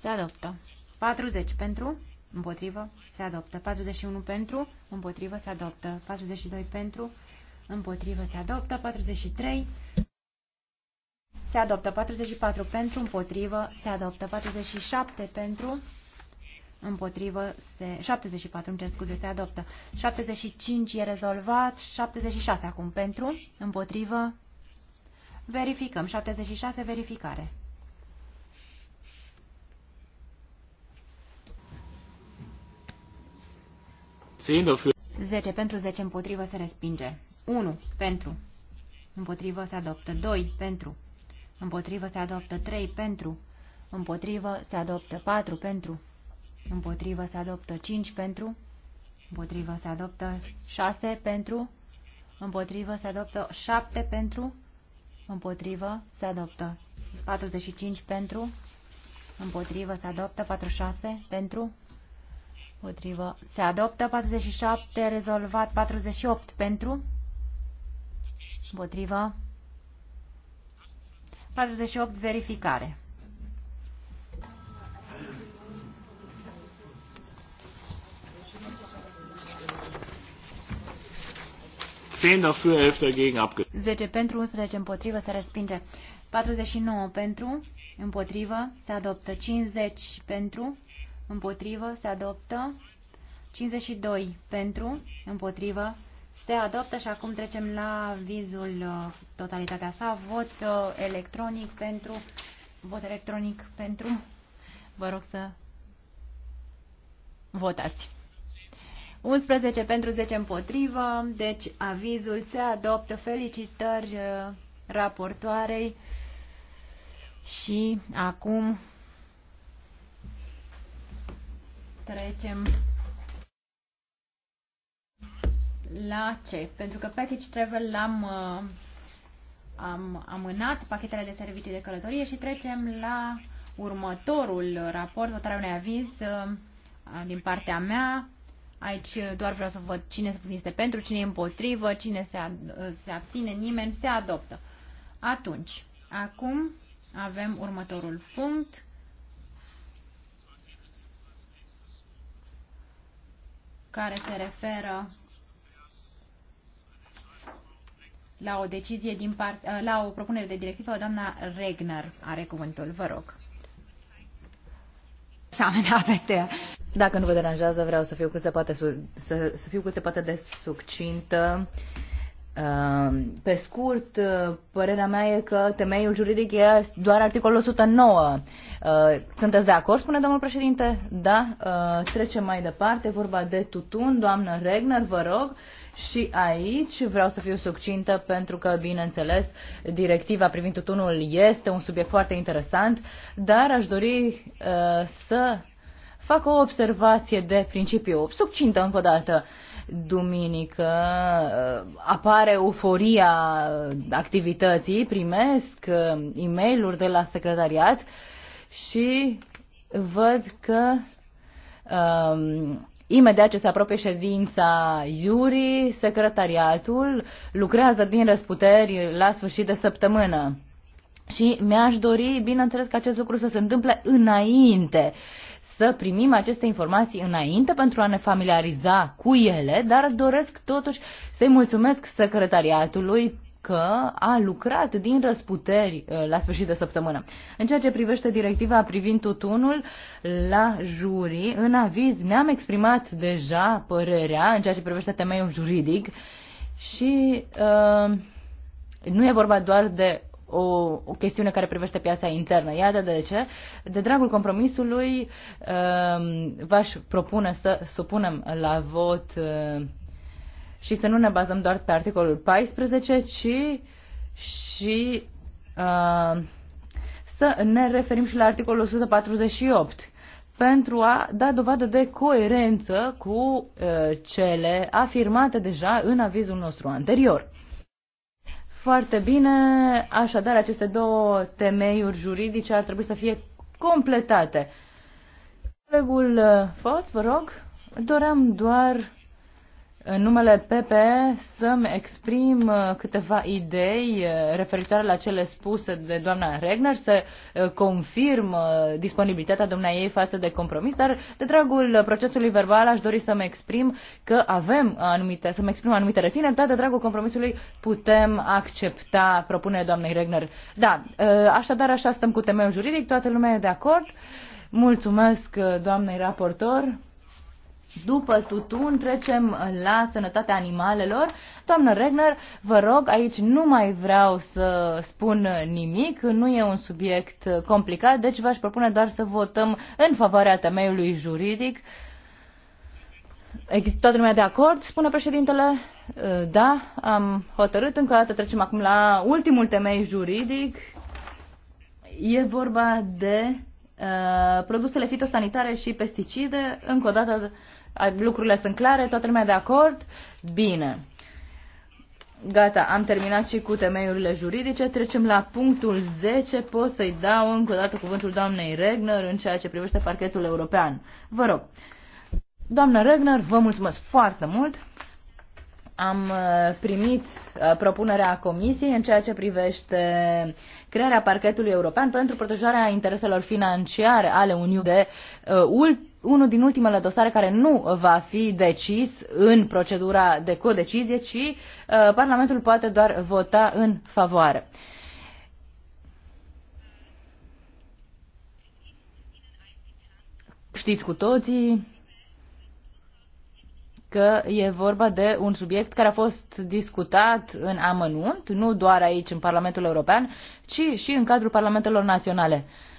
se adoptă. 40 pentru, împotrivă, se adoptă. 41 pentru, împotrivă, se adoptă. 42 pentru, împotrivă, se adoptă. 43 se adoptă. 44 pentru, împotrivă, se adoptă. 47 pentru, împotrivă, se, 74, îmi cer scuze, se adoptă. 75 e rezolvat, 76 acum pentru, împotrivă, verificăm. 76, verificare. 10 pentru 10 împotrivă se respinge. 1 pentru împotrivă se adoptă. 2 pentru împotrivă se adoptă. 3 pentru împotrivă se adoptă. 4 pentru împotrivă se adoptă. 5 pentru împotrivă se adoptă. 6 pentru împotrivă se adoptă. 7 pentru împotrivă se adoptă. 45 pentru împotrivă se adoptă. 46 pentru Împotrivă. Se adoptă 47, rezolvat 48 pentru. Împotrivă. 48, verificare. Dafür, 11 dagegen abgelehnt. 10 pentru, 11 împotrivă, se respinge. 49 pentru, împotrivă, se adoptă. 50 pentru, împotrivă, se adoptă. 52 pentru, împotrivă, se adoptă și acum trecem la vizul uh, totalitatea sa. Vot uh, electronic pentru, vot electronic pentru, vă rog să votați. 11 pentru 10 împotrivă, deci avizul se adoptă. Felicitări uh, raportoarei și acum trecem la ce? Pentru că package travel l-am uh, am amânat, pachetele de servicii de călătorie și trecem la următorul raport, votarea unui aviz uh, din partea mea. Aici doar vreau să văd cine este pentru, cine e împotrivă, cine se, uh, se abține, nimeni se adoptă. Atunci, acum avem următorul punct care se referă la o decizie din part, uh, la o propunere de directivă, doamna Regner are cuvântul, vă rog. Dacă nu vă deranjează, vreau să fiu cât se poate, să, să fiu cât se poate de succintă. Uh, Uh, pe scurt, uh, părerea mea e că temeiul juridic e doar articolul 109. Uh, sunteți de acord, spune domnul președinte? Da. Trecem mai departe, vorba de tutun. Doamnă Regner, vă rog. Și aici vreau să fiu succintă pentru că, bineînțeles, directiva privind tutunul este un subiect foarte interesant, dar aș dori să fac o observație de principiu, succintă încă o dată duminică uh, apare euforia activității, primesc uh, e mail de la secretariat și văd că um, Imediat ce se apropie ședința Iuri, secretariatul lucrează din răsputeri la sfârșit de săptămână. Și mi-aș dori, bineînțeles, că acest lucru să se întâmple înainte uh, să primim aceste informații înainte pentru a ne familiariza cu ele, dar doresc totuși să-i mulțumesc secretariatului că a lucrat din răsputeri uh, la sfârșit de săptămână. În ceea ce privește directiva privind tutunul, la juri, în aviz ne-am exprimat deja părerea în ceea ce privește temeiul juridic și uh, nu e vorba doar de o, o chestiune care privește piața internă. Iată de ce. De dragul compromisului um, v-aș propune să supunem la vot uh, și să nu ne bazăm doar pe articolul 14, ci și uh, să ne referim și la articolul 148 pentru a da dovadă de coerență cu uh, cele afirmate deja în avizul nostru anterior. Foarte bine, așadar aceste două temeiuri juridice ar trebui să fie completate. Colegul uh, Fost, vă rog, doream doar în numele PP să-mi exprim uh, câteva idei uh, referitoare la cele spuse de doamna Regner, să uh, confirm disponibilitatea doamna ei față de compromis, dar de dragul procesului verbal aș dori să-mi exprim că avem anumite, să-mi exprim anumite rețineri, dar de dragul compromisului putem accepta propunerea doamnei Regner. Da, așadar așa stăm cu temeiul juridic, toată lumea e de acord. Mulțumesc doamnei raportor. După tutun trecem la sănătatea animalelor. Doamnă Regner, vă rog, aici nu mai vreau să spun nimic, nu e un subiect complicat, deci v-aș propune doar să votăm în favoarea temeiului juridic. Există toată lumea de acord, spune președintele? Uh, da, am hotărât. Încă o dată trecem acum la ultimul temei juridic. E vorba de uh, produsele fitosanitare și pesticide. Încă o dată Lucrurile sunt clare, toată lumea de acord? Bine. Gata, am terminat și cu temeiurile juridice. Trecem la punctul 10. Pot să-i dau încă o dată cuvântul doamnei Regner în ceea ce privește parchetul european. Vă rog. Doamna Regner, vă mulțumesc foarte mult. Am uh, primit uh, propunerea Comisiei în ceea ce privește crearea parchetului european pentru protejarea intereselor financiare ale Uniunii de uh, unul din ultimele dosare care nu va fi decis în procedura de codecizie, ci uh, Parlamentul poate doar vota în favoare. Știți cu toții că e vorba de un subiect care a fost discutat în amănunt, nu doar aici în Parlamentul European, ci și în cadrul Parlamentelor Naționale. Uh,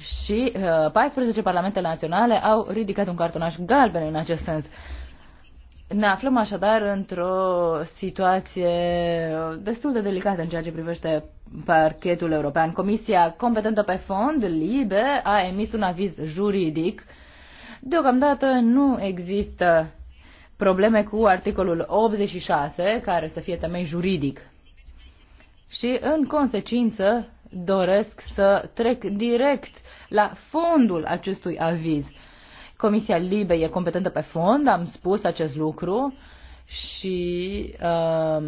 și uh, 14 parlamente naționale au ridicat un cartonaș galben în acest sens. Ne aflăm așadar într-o situație uh, destul de delicată în ceea ce privește parchetul european. Comisia competentă pe fond, LIBE, a emis un aviz juridic. Deocamdată nu există probleme cu articolul 86, care să fie temei juridic. Și, în consecință, doresc să trec direct la fondul acestui aviz. Comisia Libe e competentă pe fond, am spus acest lucru și uh,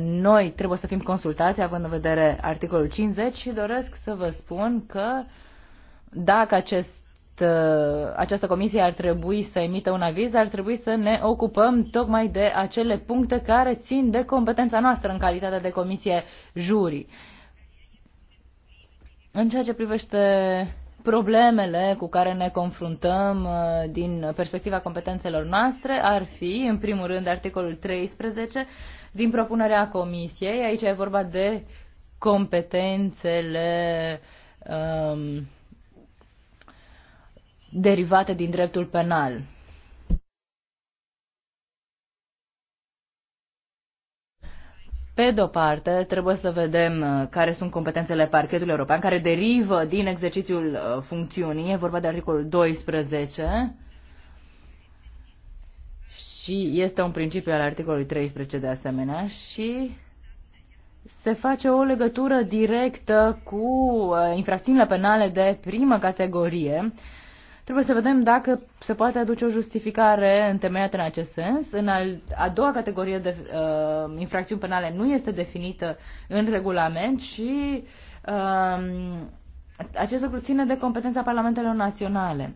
noi trebuie să fim consultați având în vedere articolul 50 și doresc să vă spun că dacă acest uh, această comisie ar trebui să emită un aviz, ar trebui să ne ocupăm tocmai de acele puncte care țin de competența noastră în calitate de comisie jurii. În ceea ce privește problemele cu care ne confruntăm uh, din perspectiva competențelor noastre ar fi, în primul rând, articolul 13 din propunerea Comisiei. Aici e vorba de competențele um, derivate din dreptul penal. Pe de-o parte, trebuie să vedem uh, care sunt competențele parchetului european, care derivă din exercițiul uh, funcțiunii, e vorba de articolul 12, și este un principiu al articolului 13 de asemenea, și se face o legătură directă cu uh, infracțiunile penale de primă categorie, Trebuie să vedem dacă se poate aduce o justificare întemeiată în acest sens. În al, a doua categorie de uh, infracțiuni penale nu este definită în regulament și uh, acest lucru ține de competența parlamentelor naționale.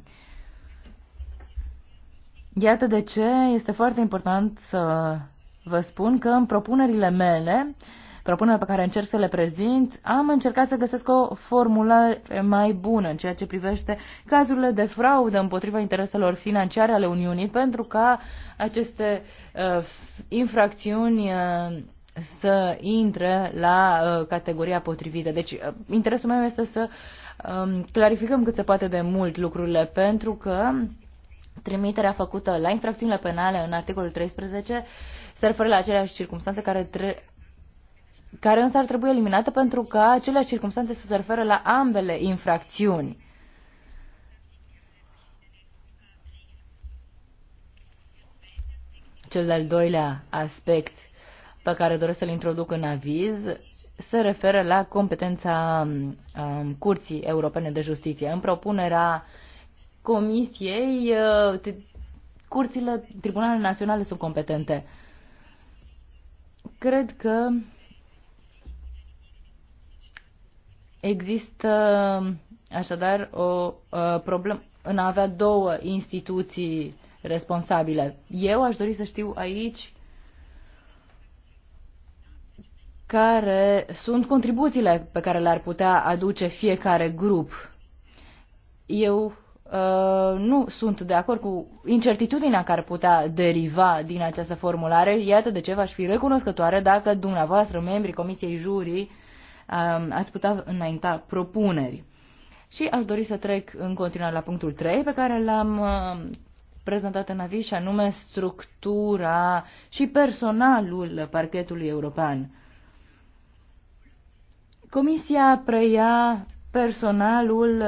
Iată de ce este foarte important să vă spun că în propunerile mele uh, propuneri pe care încerc să le prezint, am încercat să găsesc o formulare mai bună în ceea ce privește cazurile de fraudă împotriva intereselor financiare ale Uniunii, pentru ca aceste uh, infracțiuni uh, să intre la uh, categoria potrivită. Deci, uh, interesul meu este să um, clarificăm cât se poate de mult lucrurile, pentru că trimiterea făcută la infracțiunile penale în articolul 13 se referă la aceleași circunstanțe care tre- care însă ar trebui eliminată pentru ca aceleași circunstanțe să se referă la ambele infracțiuni. Cel de-al doilea aspect pe care doresc să-l introduc în aviz se referă la competența um, Curții Europene de Justiție. În propunerea Comisiei, uh, curțile, tribunalele naționale sunt competente. Cred că Există așadar o uh, problemă în a avea două instituții responsabile. Eu aș dori să știu aici care sunt contribuțiile pe care le-ar putea aduce fiecare grup. Eu uh, nu sunt de acord cu incertitudinea care putea deriva din această formulare. Iată de ce v-aș fi recunoscătoare dacă dumneavoastră, membrii Comisiei Jurii, Um, ați putea înainta propuneri. Și aș dori să trec în continuare la punctul 3 pe care l-am uh, prezentat în aviz și anume structura și personalul parchetului european. Comisia preia personalul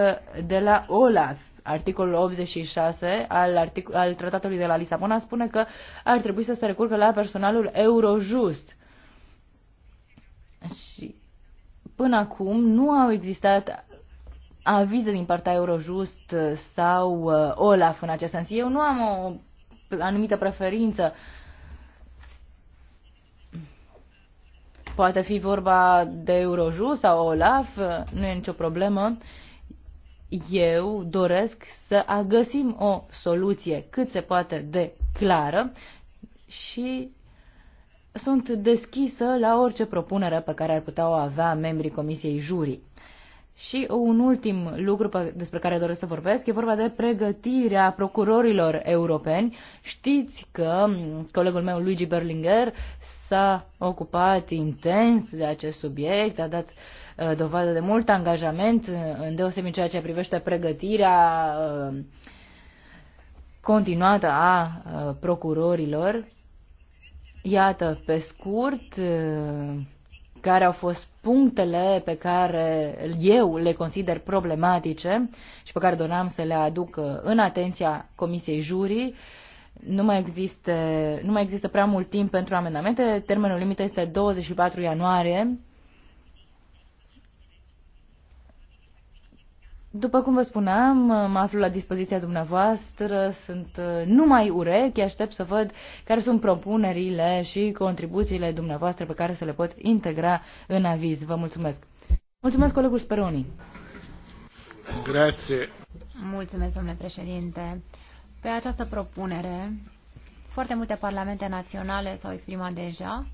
de la OLAF. Articolul 86 al, artic- al tratatului de la Lisabona spune că ar trebui să se recurgă la personalul Eurojust. Și până acum nu au existat avize din partea Eurojust sau uh, Olaf în acest sens. Eu nu am o anumită preferință. Poate fi vorba de Eurojust sau Olaf, nu e nicio problemă. Eu doresc să găsim o soluție cât se poate de clară și sunt deschisă la orice propunere pe care ar putea o avea membrii Comisiei Jurii. Și un ultim lucru despre care doresc să vorbesc e vorba de pregătirea procurorilor europeni. Știți că colegul meu, Luigi Berlinger, s-a ocupat intens de acest subiect, a dat uh, dovadă de mult angajament, uh, în deosebit ceea ce privește pregătirea uh, continuată a procurorilor Iată, pe scurt, uh, care au fost punctele pe care eu le consider problematice și pe care doream să le aduc uh, în atenția Comisiei Jurii. Nu mai, există, nu mai există prea mult timp pentru amendamente. Termenul limită este 24 ianuarie După cum vă spuneam, mă aflu la dispoziția dumneavoastră, sunt uh, numai urechi, aștept să văd care sunt propunerile și contribuțiile dumneavoastră pe care să le pot integra în aviz. Vă mulțumesc. Mulțumesc, colegul Speroni. Grație. Mulțumesc, domnule președinte. Pe această propunere, foarte multe parlamente naționale s-au exprimat deja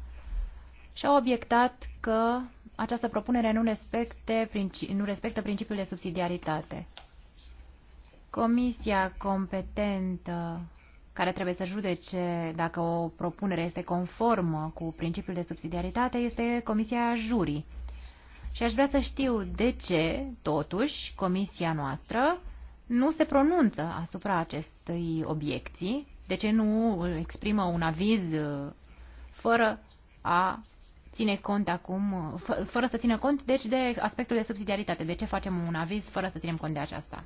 și au obiectat că această propunere nu, respecte, nu respectă principiul de subsidiaritate. Comisia competentă care trebuie să judece dacă o propunere este conformă cu principiul de subsidiaritate este Comisia Jurii. Și aș vrea să știu de ce, totuși, Comisia noastră nu se pronunță asupra acestei obiecții, de ce nu exprimă un aviz uh, fără a ține cont acum, fără să țină cont, deci, de aspectul de subsidiaritate. De ce facem un aviz fără să ținem cont de aceasta?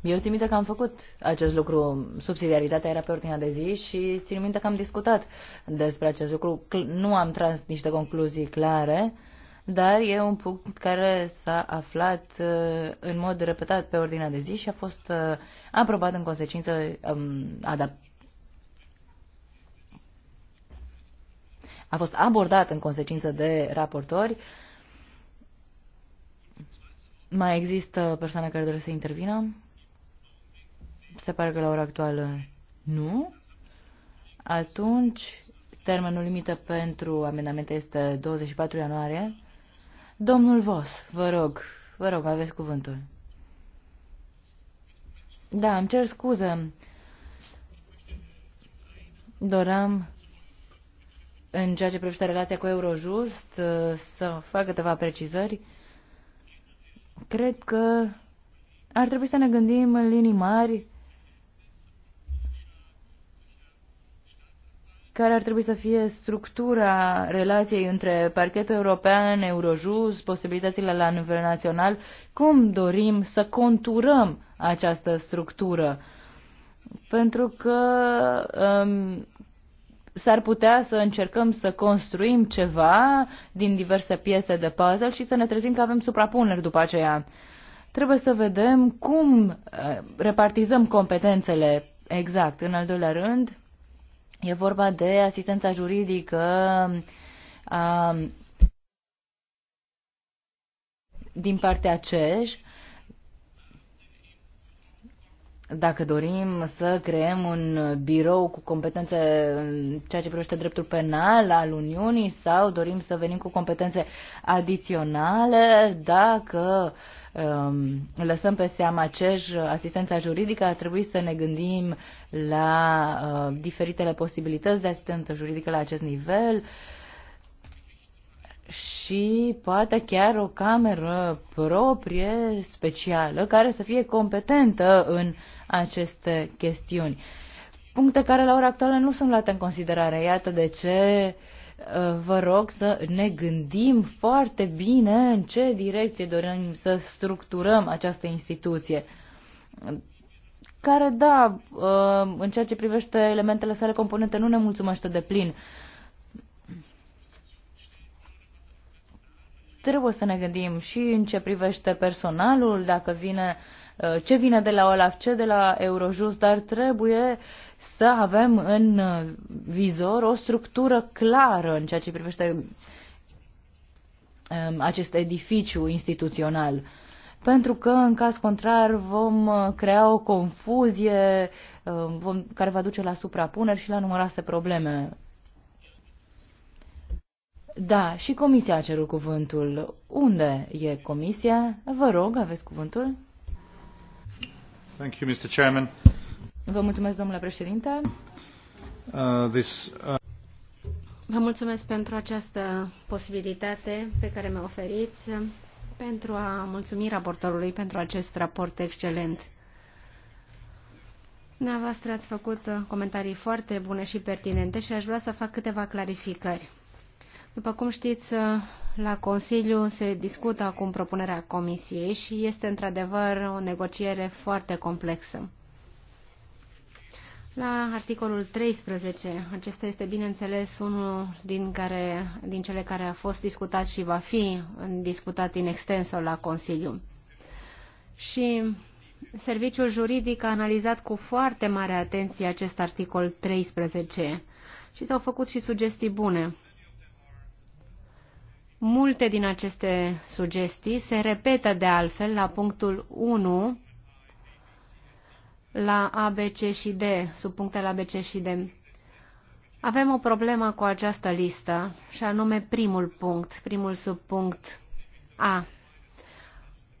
Eu țin minte că am făcut acest lucru, subsidiaritatea era pe ordinea de zi și țin minte că am discutat despre acest lucru. Nu am tras niște concluzii clare, dar e un punct care s-a aflat uh, în mod repetat pe ordinea de zi și a fost uh, aprobat în consecință, um, a fost abordat în consecință de raportori. Mai există persoane care doresc să intervină? Se pare că la ora actuală nu. Atunci, termenul limită pentru amendamente este 24 ianuarie. Domnul Vos, vă rog, vă rog, aveți cuvântul. Da, îmi cer scuze. Doram în ceea ce privește relația cu Eurojust, uh, să fac câteva precizări. Cred că ar trebui să ne gândim în linii mari care ar trebui să fie structura relației între parchetul european, Eurojust, posibilitățile la nivel național, cum dorim să conturăm această structură. Pentru că um, s-ar putea să încercăm să construim ceva din diverse piese de puzzle și să ne trezim că avem suprapuneri după aceea. Trebuie să vedem cum uh, repartizăm competențele exact. În al doilea rând, e vorba de asistența juridică a, um, din partea CEJ dacă dorim să creăm un birou cu competențe în ceea ce privește dreptul penal al Uniunii sau dorim să venim cu competențe adiționale, dacă um, lăsăm pe seama CEJ asistența juridică, ar trebui să ne gândim la uh, diferitele posibilități de asistență juridică la acest nivel și poate chiar o cameră proprie, specială, care să fie competentă în uh, aceste chestiuni. Puncte care la ora actuală nu sunt luate în considerare. Iată de ce uh, vă rog să ne gândim foarte bine în ce direcție dorim să structurăm această instituție care, da, uh, în ceea ce privește elementele sale componente, nu ne mulțumește de plin. Trebuie să ne gândim și în ce privește personalul, dacă vine uh, Uh, ce vine de la Olaf, ce de la Eurojust, dar trebuie să avem în uh, vizor o structură clară în ceea ce privește um, acest edificiu instituțional. Pentru că, în caz contrar, vom uh, crea o confuzie um, vom, care va duce la suprapuneri și la numeroase probleme. Da, și comisia a cerut cuvântul. Unde e comisia? Vă rog, aveți cuvântul. Vă mulțumesc, domnule președinte. Uh, uh, Vă mulțumesc pentru această posibilitate pe care mi-o oferiți, pentru a mulțumi raportorului pentru acest raport excelent. Dumneavoastră ați făcut comentarii foarte bune și pertinente și aș vrea să fac câteva clarificări. După cum știți, la Consiliu se discută acum propunerea Comisiei și este într-adevăr o negociere foarte complexă. La articolul 13, acesta este bineînțeles unul din, care, din cele care a fost discutat și va fi discutat în extenso la Consiliu. Și serviciul juridic a analizat cu foarte mare atenție acest articol 13 și s-au făcut și sugestii bune Multe din aceste sugestii se repetă de altfel la punctul 1, la ABC și D, sub punctele ABC și D. Avem o problemă cu această listă, și anume primul punct, primul subpunct A.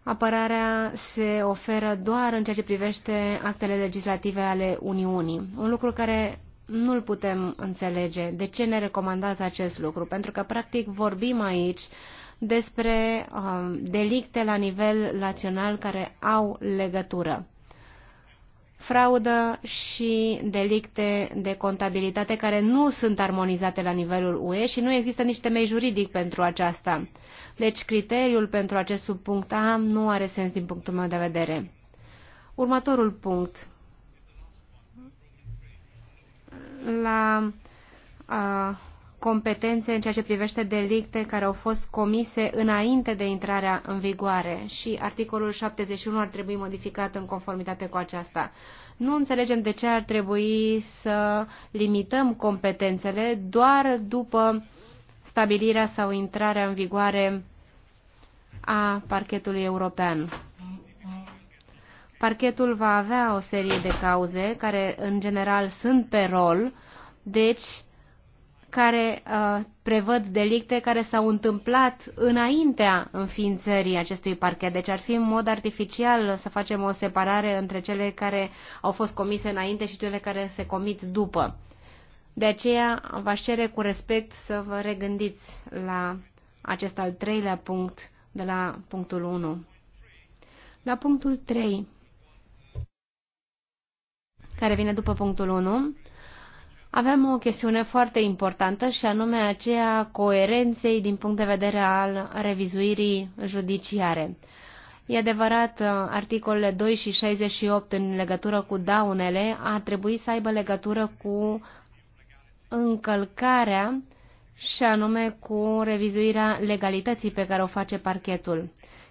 Apărarea se oferă doar în ceea ce privește actele legislative ale Uniunii, un lucru care nu-l putem înțelege. De ce ne recomandați acest lucru? Pentru că, practic, vorbim aici despre um, delicte la nivel național care au legătură. Fraudă și delicte de contabilitate care nu sunt armonizate la nivelul UE și nu există nici temei juridic pentru aceasta. Deci criteriul pentru acest subpunct A nu are sens din punctul meu de vedere. Următorul punct la uh, competențe în ceea ce privește delicte care au fost comise înainte de intrarea în vigoare și articolul 71 ar trebui modificat în conformitate cu aceasta. Nu înțelegem de ce ar trebui să limităm competențele doar după stabilirea sau intrarea în vigoare a parchetului european. Parchetul va avea o serie de cauze care, în general, sunt pe rol, deci care uh, prevăd delicte care s-au întâmplat înaintea înființării acestui parchet. Deci ar fi în mod artificial să facem o separare între cele care au fost comise înainte și cele care se comit după. De aceea v-aș cere cu respect să vă regândiți la acest al treilea punct de la punctul 1. La punctul 3 care vine după punctul 1, avem o chestiune foarte importantă și anume aceea coerenței din punct de vedere al revizuirii judiciare. E adevărat, articolele 2 și 68 în legătură cu daunele a trebuit să aibă legătură cu încălcarea și anume cu revizuirea legalității pe care o face parchetul.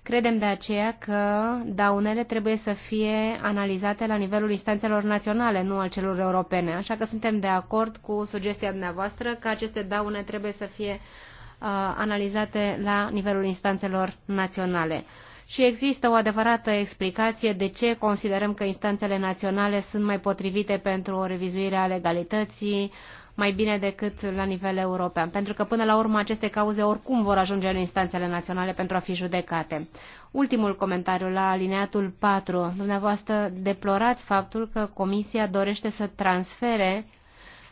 Credem de aceea că daunele trebuie să fie analizate la nivelul instanțelor naționale, nu al celor europene. Așa că suntem de acord cu sugestia dumneavoastră că aceste daune trebuie să fie uh, analizate la nivelul instanțelor naționale. Și există o adevărată explicație de ce considerăm că instanțele naționale sunt mai potrivite pentru o revizuire a legalității, mai bine decât la nivel european, pentru că până la urmă aceste cauze oricum vor ajunge în instanțele naționale pentru a fi judecate. Ultimul comentariu la alineatul 4. Dumneavoastră deplorați faptul că Comisia dorește să transfere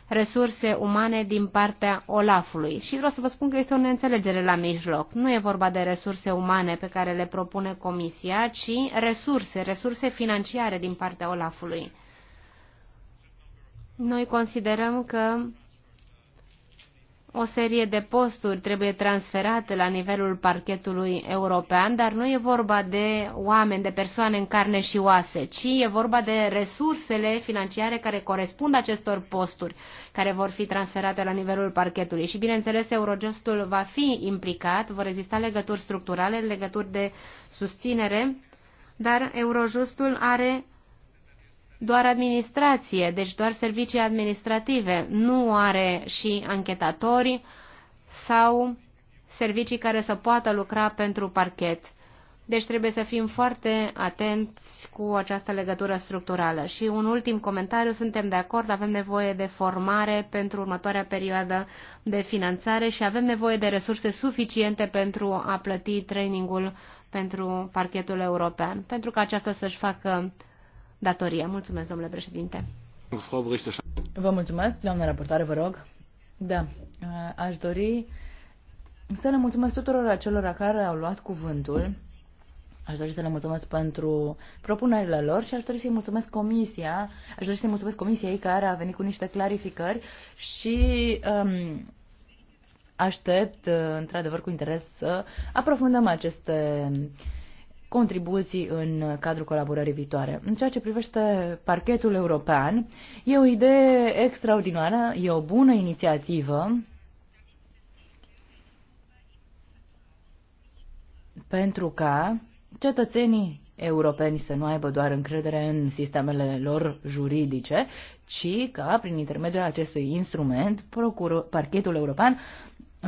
resurse umane din partea Olafului. Și vreau să vă spun că este o neînțelegere la mijloc. Nu e vorba de resurse umane pe care le propune Comisia, ci resurse, resurse financiare din partea Olafului. Noi considerăm că o serie de posturi trebuie transferate la nivelul parchetului european, dar nu e vorba de oameni, de persoane în carne și oase, ci e vorba de resursele financiare care corespund acestor posturi, care vor fi transferate la nivelul parchetului. Și, bineînțeles, Eurojustul va fi implicat, vor exista legături structurale, legături de susținere, dar Eurojustul are doar administrație, deci doar servicii administrative, nu are și anchetatori sau servicii care să poată lucra pentru parchet. Deci trebuie să fim foarte atenți cu această legătură structurală. Și un ultim comentariu, suntem de acord, avem nevoie de formare pentru următoarea perioadă de finanțare și avem nevoie de resurse suficiente pentru a plăti trainingul pentru parchetul european, pentru că aceasta să-și facă datorie. Mulțumesc, domnule președinte. Vă mulțumesc, doamnă raportare, vă rog. Da, aș dori să le mulțumesc tuturor acelora care au luat cuvântul. Aș dori să le mulțumesc pentru propunerile lor și aș dori să-i mulțumesc comisia, aș dori să-i mulțumesc comisiei care a venit cu niște clarificări și um, aștept, uh, într-adevăr, cu interes să aprofundăm aceste contribuții în cadrul colaborării viitoare. În ceea ce privește parchetul european, e o idee extraordinară, e o bună inițiativă pentru ca cetățenii europeni să nu aibă doar încredere în sistemele lor juridice, ci ca prin intermediul acestui instrument, procură, parchetul european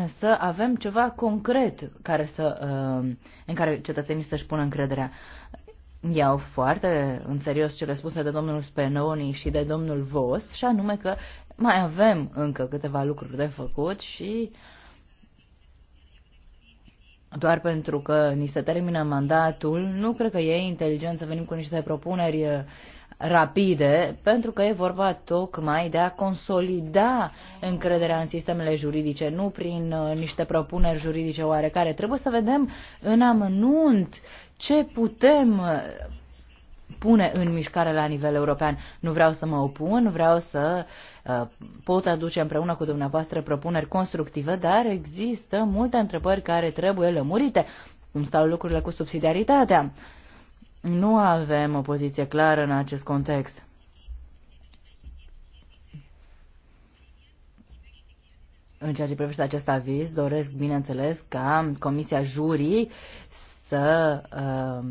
să avem ceva concret care să, uh, în care cetățenii să-și pună încrederea. Iau foarte în serios cele spuse de domnul Spenoni și de domnul Vos, și anume că mai avem încă câteva lucruri de făcut și doar pentru că ni se termină mandatul, nu cred că e inteligent să venim cu niște propuneri uh, rapide, pentru că e vorba tocmai de a consolida încrederea în sistemele juridice, nu prin uh, niște propuneri juridice oarecare. Trebuie să vedem în amănunt ce putem uh, pune în mișcare la nivel european. Nu vreau să mă opun, vreau să uh, pot aduce împreună cu dumneavoastră propuneri constructive, dar există multe întrebări care trebuie lămurite. Cum stau lucrurile cu subsidiaritatea? Nu avem o poziție clară în acest context. În ceea ce privește acest aviz, doresc, bineînțeles, ca Comisia Jurii să uh,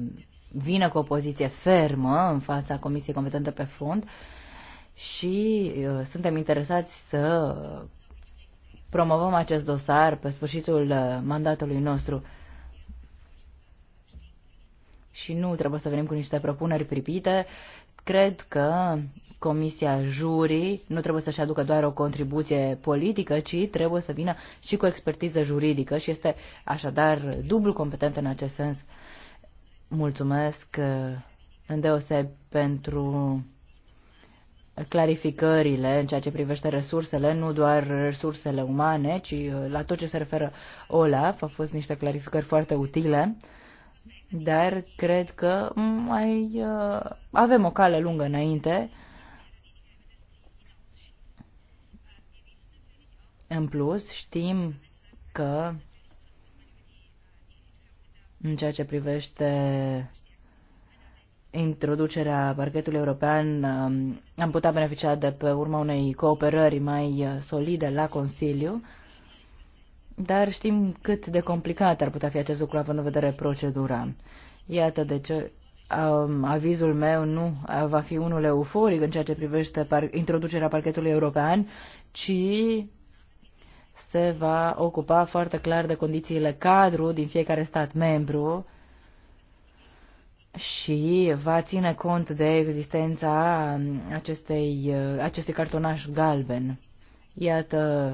vină cu o poziție fermă în fața Comisiei competente pe fond și uh, suntem interesați să promovăm acest dosar pe sfârșitul uh, mandatului nostru și nu trebuie să venim cu niște propuneri pripite. Cred că Comisia Jurii nu trebuie să-și aducă doar o contribuție politică, ci trebuie să vină și cu expertiză juridică și este așadar dublu competentă în acest sens. Mulțumesc uh, îndeoseb pentru clarificările în ceea ce privește resursele, nu doar resursele umane, ci uh, la tot ce se referă OLAF. Au fost niște clarificări foarte utile dar cred că mai uh, avem o cale lungă înainte. În plus, știm că în ceea ce privește introducerea parchetului european, um, am putea beneficia de pe urma unei cooperări mai uh, solide la Consiliu. Dar știm cât de complicat ar putea fi acest lucru având în vedere procedura. Iată de ce um, avizul meu nu uh, va fi unul euforic în ceea ce privește par- introducerea parchetului european, ci se va ocupa foarte clar de condițiile cadru din fiecare stat membru și va ține cont de existența um, acestei, uh, acestui cartonaș galben. Iată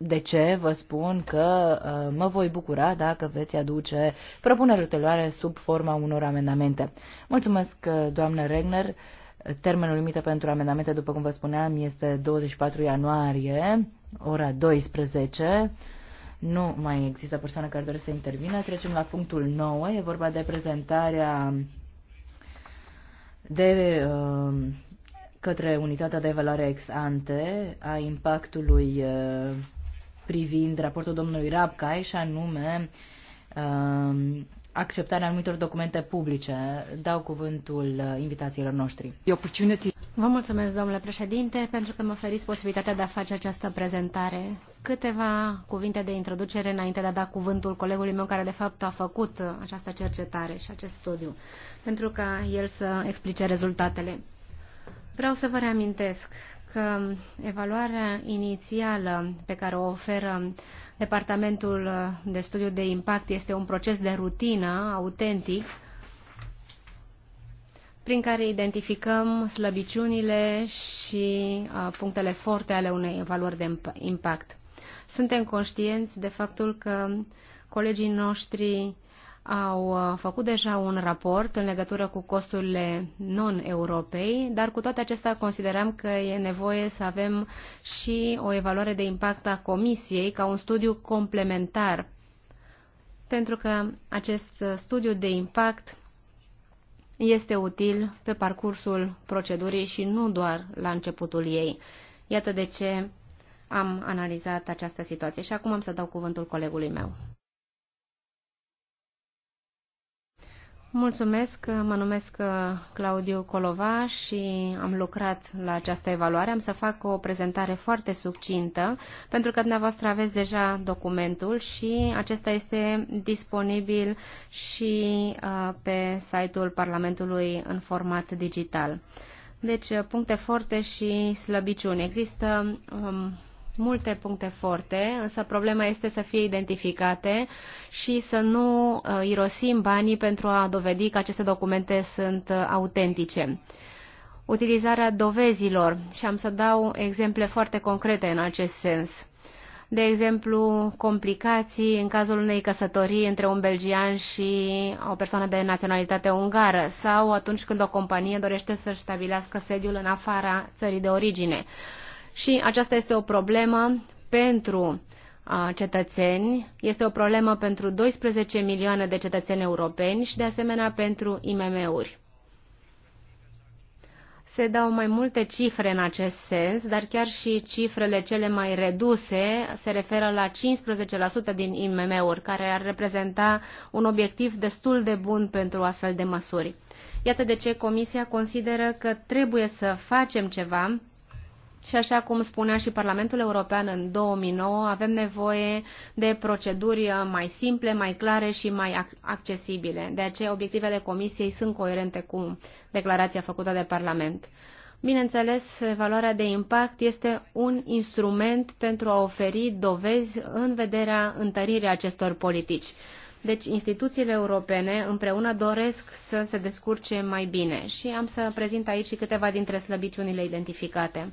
de ce vă spun că uh, mă voi bucura dacă veți aduce propuneri ulterioare sub forma unor amendamente. Mulțumesc, uh, doamnă Regner. Termenul limită pentru amendamente, după cum vă spuneam, este 24 ianuarie, ora 12. Nu mai există persoane care doresc să intervină. Trecem la punctul 9. E vorba de prezentarea de uh, către unitatea de evaluare ex ante a impactului uh, privind raportul domnului Rabcai și anume uh, acceptarea anumitor documente publice. Dau cuvântul uh, invitațiilor noștri. Vă mulțumesc, domnule președinte, pentru că mă oferiți posibilitatea de a face această prezentare. Câteva cuvinte de introducere înainte de a da cuvântul colegului meu care, de fapt, a făcut uh, această cercetare și acest studiu, pentru ca el să explice rezultatele. Vreau să vă reamintesc că evaluarea inițială pe care o oferă Departamentul de Studiu de Impact este un proces de rutină, autentic, prin care identificăm slăbiciunile și uh, punctele forte ale unei evaluări de impact. Suntem conștienți de faptul că colegii noștri au uh, făcut deja un raport în legătură cu costurile non-europei, dar cu toate acestea considerăm că e nevoie să avem și o evaluare de impact a Comisiei ca un studiu complementar, pentru că acest studiu de impact este util pe parcursul procedurii și nu doar la începutul ei. Iată de ce am analizat această situație și acum am să dau cuvântul colegului meu. Mulțumesc, mă numesc uh, Claudiu Colova și am lucrat la această evaluare. Am să fac o prezentare foarte succintă, pentru că dumneavoastră aveți deja documentul și acesta este disponibil și uh, pe site-ul Parlamentului în format digital. Deci, uh, puncte forte și slăbiciuni. Există um, multe puncte forte, însă problema este să fie identificate și să nu uh, irosim banii pentru a dovedi că aceste documente sunt uh, autentice. Utilizarea dovezilor și am să dau exemple foarte concrete în acest sens de exemplu, complicații în cazul unei căsătorii între un belgian și o persoană de naționalitate ungară sau atunci când o companie dorește să-și stabilească sediul în afara țării de origine și aceasta este o problemă pentru cetățeni, este o problemă pentru 12 milioane de cetățeni europeni și de asemenea pentru IMM-uri. Se dau mai multe cifre în acest sens, dar chiar și cifrele cele mai reduse se referă la 15% din IMM-uri, care ar reprezenta un obiectiv destul de bun pentru astfel de măsuri. Iată de ce Comisia consideră că trebuie să facem ceva și așa cum spunea și Parlamentul European în 2009, avem nevoie de proceduri uh, mai simple, mai clare și mai accesibile. De aceea, obiectivele Comisiei sunt coerente cu declarația făcută de Parlament. Bineînțeles, valoarea de impact este un instrument pentru a oferi dovezi în vederea întăririi acestor politici. Deci instituțiile europene împreună doresc să se descurce mai bine și am să prezint aici și câteva dintre slăbiciunile identificate.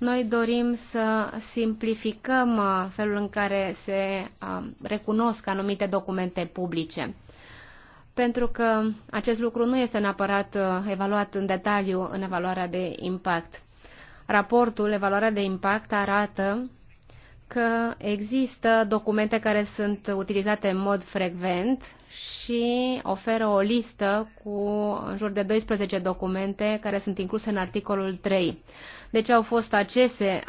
Noi dorim să simplificăm uh, felul în care se uh, recunosc anumite documente publice pentru că acest lucru nu este neapărat uh, evaluat în detaliu în evaluarea de impact. Raportul, evaluarea de impact, arată că există documente care sunt utilizate în mod frecvent și oferă o listă cu în jur de 12 documente care sunt incluse în articolul 3 de deci ce au fost, acese,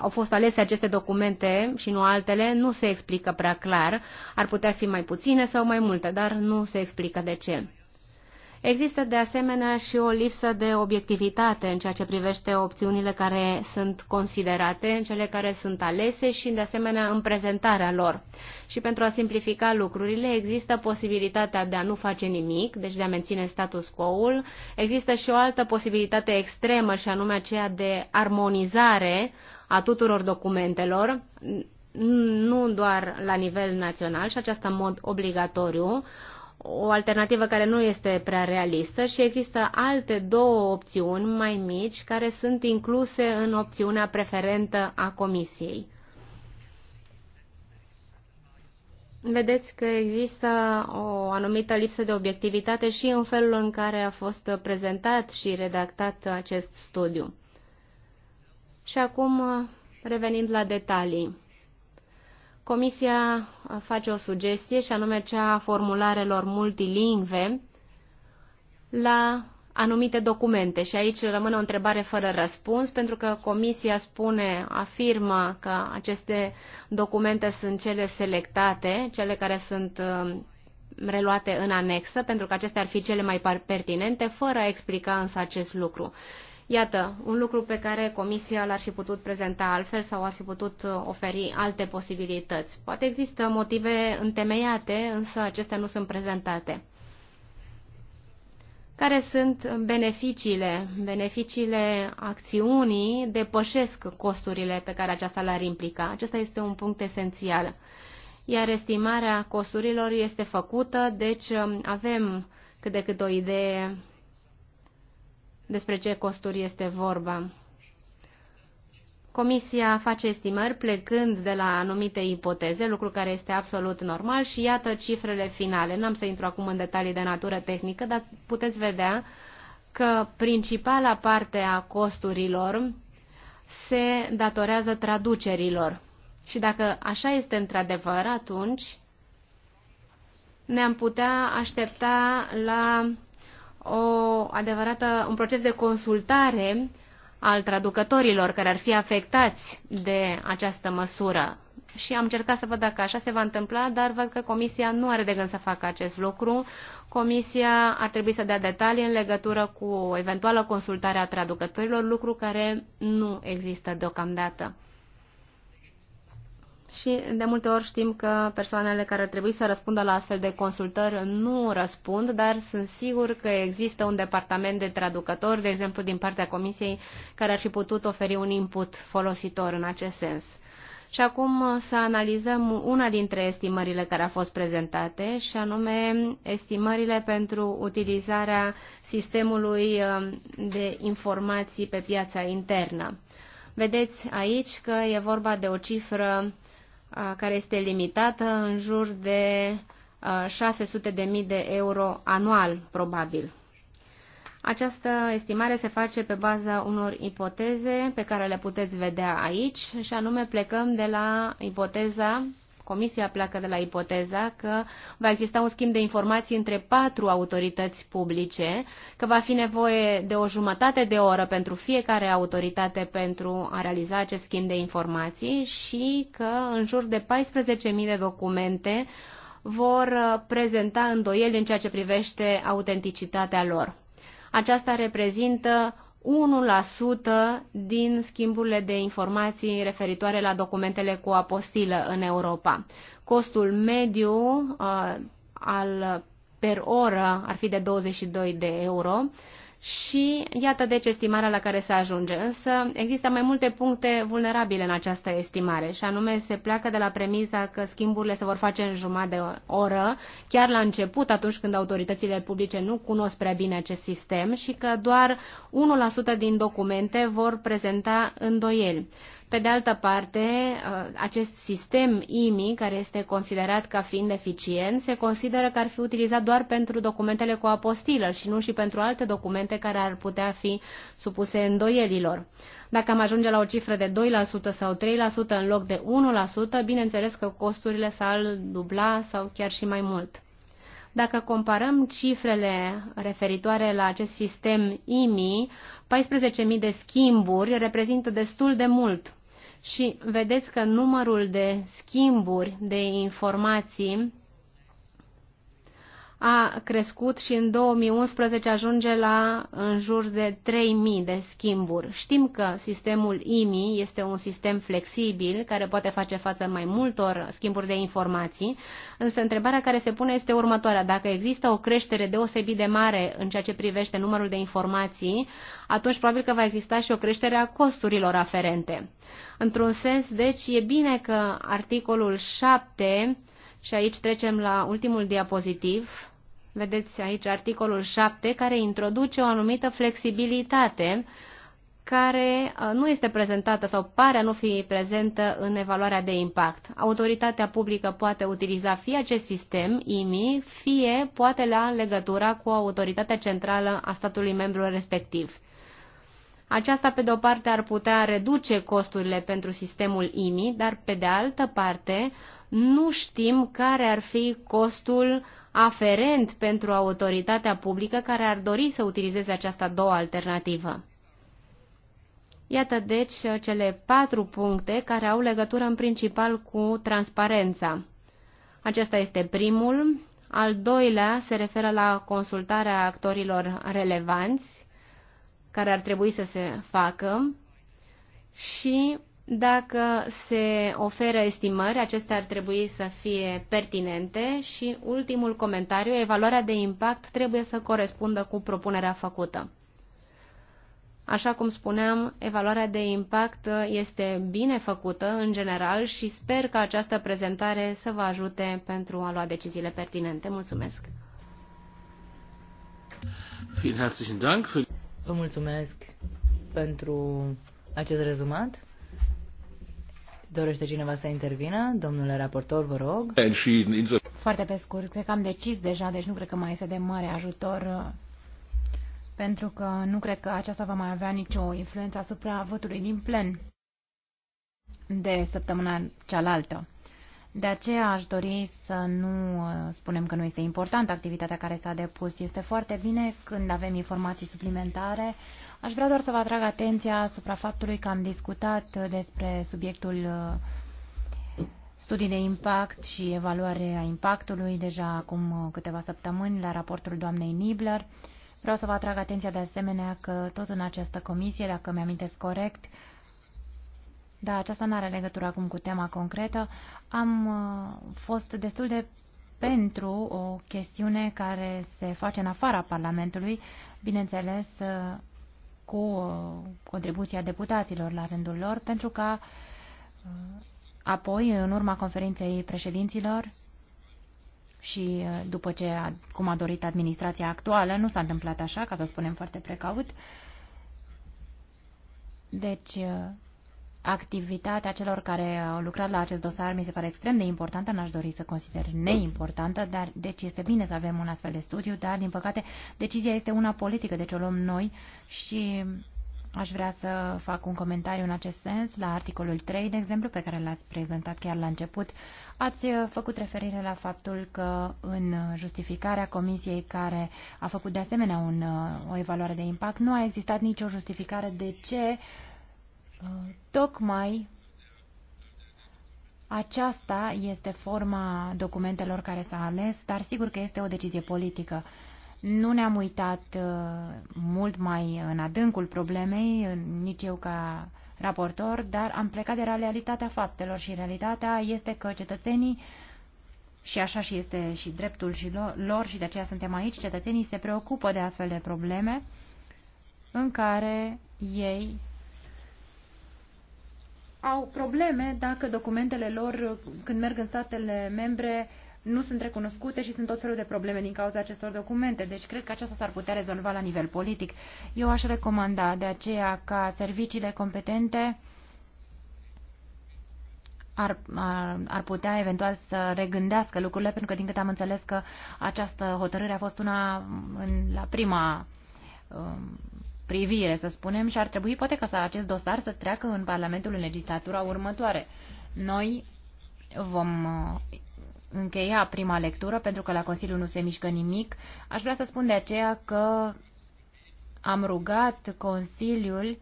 au fost alese aceste documente și nu altele, nu se explică prea clar. Ar putea fi mai puține sau mai multe, dar nu se explică de ce. Există de asemenea și o lipsă de obiectivitate în ceea ce privește opțiunile care sunt considerate, în cele care sunt alese și, de asemenea, în prezentarea lor. Și pentru a simplifica lucrurile, există posibilitatea de a nu face nimic, deci de a menține status quo-ul. Există și o altă posibilitate extremă, și anume aceea de armonizare a tuturor documentelor, nu doar la nivel național, și aceasta în mod obligatoriu, o alternativă care nu este prea realistă și există alte două opțiuni mai mici care sunt incluse în opțiunea preferentă a Comisiei. Vedeți că există o anumită lipsă de obiectivitate și în felul în care a fost prezentat și redactat acest studiu. Și acum, revenind la detalii. Comisia face o sugestie și anume cea a formularelor multilingve la anumite documente și aici rămâne o întrebare fără răspuns pentru că Comisia spune, afirmă că aceste documente sunt cele selectate, cele care sunt um, reluate în anexă, pentru că acestea ar fi cele mai pertinente, fără a explica însă acest lucru. Iată, un lucru pe care Comisia l-ar fi putut prezenta altfel sau ar fi putut uh, oferi alte posibilități. Poate există motive întemeiate, însă acestea nu sunt prezentate. Care sunt beneficiile? Beneficiile acțiunii depășesc costurile pe care aceasta le-ar implica. Acesta este un punct esențial. Iar estimarea costurilor este făcută, deci um, avem cât de cât o idee despre ce costuri este vorba. Comisia face estimări plecând de la anumite ipoteze, lucru care este absolut normal și iată cifrele finale. N-am să intru acum în detalii de natură tehnică, dar puteți vedea că principala parte a costurilor se datorează traducerilor. Și dacă așa este într-adevăr, atunci ne-am putea aștepta la o adevărată, un proces de consultare al traducătorilor care ar fi afectați de această măsură. Și am încercat să văd dacă așa se va întâmpla, dar văd că Comisia nu are de gând să facă acest lucru. Comisia ar trebui să dea detalii în legătură cu o eventuală consultare a traducătorilor, lucru care nu există deocamdată și de multe ori știm că persoanele care ar trebui să răspundă la astfel de consultări nu răspund, dar sunt sigur că există un departament de traducători, de exemplu din partea comisiei, care ar fi putut oferi un input folositor în acest sens. Și acum să analizăm una dintre estimările care a fost prezentate, și anume estimările pentru utilizarea sistemului um, de informații pe piața internă. Vedeți aici că e vorba de o cifră care este limitată în jur de 600.000 de euro anual, probabil. Această estimare se face pe baza unor ipoteze pe care le puteți vedea aici, și anume plecăm de la ipoteza Comisia pleacă de la ipoteza că va exista un schimb de informații între patru autorități publice, că va fi nevoie de o jumătate de oră pentru fiecare autoritate pentru a realiza acest schimb de informații și că în jur de 14.000 de documente vor uh, prezenta îndoieli în ceea ce privește autenticitatea lor. Aceasta reprezintă 1% din schimburile de informații referitoare la documentele cu apostilă în Europa. Costul mediu uh, al per oră ar fi de 22 de euro, și iată deci estimarea la care se ajunge. Însă există mai multe puncte vulnerabile în această estimare și anume se pleacă de la premiza că schimburile se vor face în jumătate de oră, chiar la început atunci când autoritățile publice nu cunosc prea bine acest sistem și că doar 1% din documente vor prezenta îndoieli. Pe de altă parte, uh, acest sistem IMI, care este considerat ca fiind eficient, se consideră că ar fi utilizat doar pentru documentele cu apostilă și nu și pentru alte documente care ar putea fi supuse îndoielilor. Dacă am ajunge la o cifră de 2% sau 3% în loc de 1%, bineînțeles că costurile s-ar dubla sau chiar și mai mult. Dacă comparăm cifrele referitoare la acest sistem IMI, 14.000 de schimburi reprezintă destul de mult și vedeți că numărul de schimburi de informații a crescut și în 2011 ajunge la în jur de 3.000 de schimburi. Știm că sistemul IMI este un sistem flexibil care poate face față mai multor schimburi de informații, însă întrebarea care se pune este următoarea. Dacă există o creștere deosebit de mare în ceea ce privește numărul de informații, atunci probabil că va exista și o creștere a costurilor aferente. Într-un sens, deci, e bine că articolul 7 și aici trecem la ultimul diapozitiv, Vedeți aici articolul 7 care introduce o anumită flexibilitate care uh, nu este prezentată sau pare a nu fi prezentă în evaluarea de impact. Autoritatea publică poate utiliza fie acest sistem, IMI, fie poate la legătura cu autoritatea centrală a statului membru respectiv. Aceasta, pe de o parte, ar putea reduce costurile pentru sistemul IMI, dar, pe de altă parte, nu știm care ar fi costul uh, aferent pentru autoritatea publică care ar dori să utilizeze această a doua alternativă. Iată deci cele patru puncte care au legătură în principal cu transparența. Acesta este primul. Al doilea se referă la consultarea actorilor relevanți, care ar trebui să se facă. Și dacă se oferă estimări, acestea ar trebui să fie pertinente și ultimul comentariu, evaluarea de impact trebuie să corespundă cu propunerea făcută. Așa cum spuneam, evaluarea de impact este bine făcută în general și sper că această prezentare să vă ajute pentru a lua deciziile pertinente. Mulțumesc! Vă mulțumesc pentru acest rezumat. Dorește cineva să intervină? Domnule raportor, vă rog. Foarte pe scurt, cred că am decis deja, deci nu cred că mai este de mare ajutor uh, pentru că nu cred că aceasta va mai avea nicio influență asupra votului din plen de săptămâna cealaltă. De aceea aș dori să nu uh, spunem că nu este importantă activitatea care s-a depus. Este foarte bine când avem informații suplimentare, Aș vrea doar să vă atrag atenția asupra faptului că am discutat despre subiectul uh, studii de impact și evaluarea impactului deja acum uh, câteva săptămâni la raportul doamnei Nibler. Vreau să vă atrag atenția de asemenea că tot în această comisie, dacă mi-amintesc corect, da, aceasta nu are legătură acum cu tema concretă, am uh, fost destul de pentru o chestiune care se face în afara Parlamentului. Bineînțeles, cu uh, contribuția deputaților la rândul lor, pentru ca uh, apoi, în urma conferinței președinților și uh, după ce, cum a dorit administrația actuală, nu s-a întâmplat așa, ca să spunem foarte precaut, deci activitatea celor care au lucrat la acest dosar mi se pare extrem de importantă, n-aș dori să consider neimportantă, dar deci este bine să avem un astfel de studiu, dar din păcate decizia este una politică, deci o luăm noi și aș vrea să fac un comentariu în acest sens la articolul 3, de exemplu, pe care l-ați prezentat chiar la început. Ați uh, făcut referire la faptul că în justificarea comisiei care a făcut de asemenea un, uh, o evaluare de impact nu a existat nicio justificare de ce uh, Tocmai aceasta este forma documentelor care s-a ales, dar sigur că este o decizie politică. Nu ne-am uitat uh, mult mai în adâncul problemei, nici eu ca raportor, dar am plecat de la realitatea faptelor și realitatea este că cetățenii și așa și este și dreptul și lor și de aceea suntem aici, cetățenii se preocupă de astfel de probleme în care ei au probleme dacă documentele lor, când merg în statele membre, nu sunt recunoscute și sunt tot felul de probleme din cauza acestor documente. Deci cred că aceasta s-ar putea rezolva la nivel politic. Eu aș recomanda de aceea ca serviciile competente ar, ar, ar putea eventual să regândească lucrurile, pentru că din câte am înțeles că această hotărâre a fost una în, la prima um, privire, să spunem, și ar trebui poate ca să acest dosar să treacă în Parlamentul în legislatura următoare. Noi vom uh, încheia prima lectură, pentru că la Consiliu nu se mișcă nimic. Aș vrea să spun de aceea că am rugat Consiliul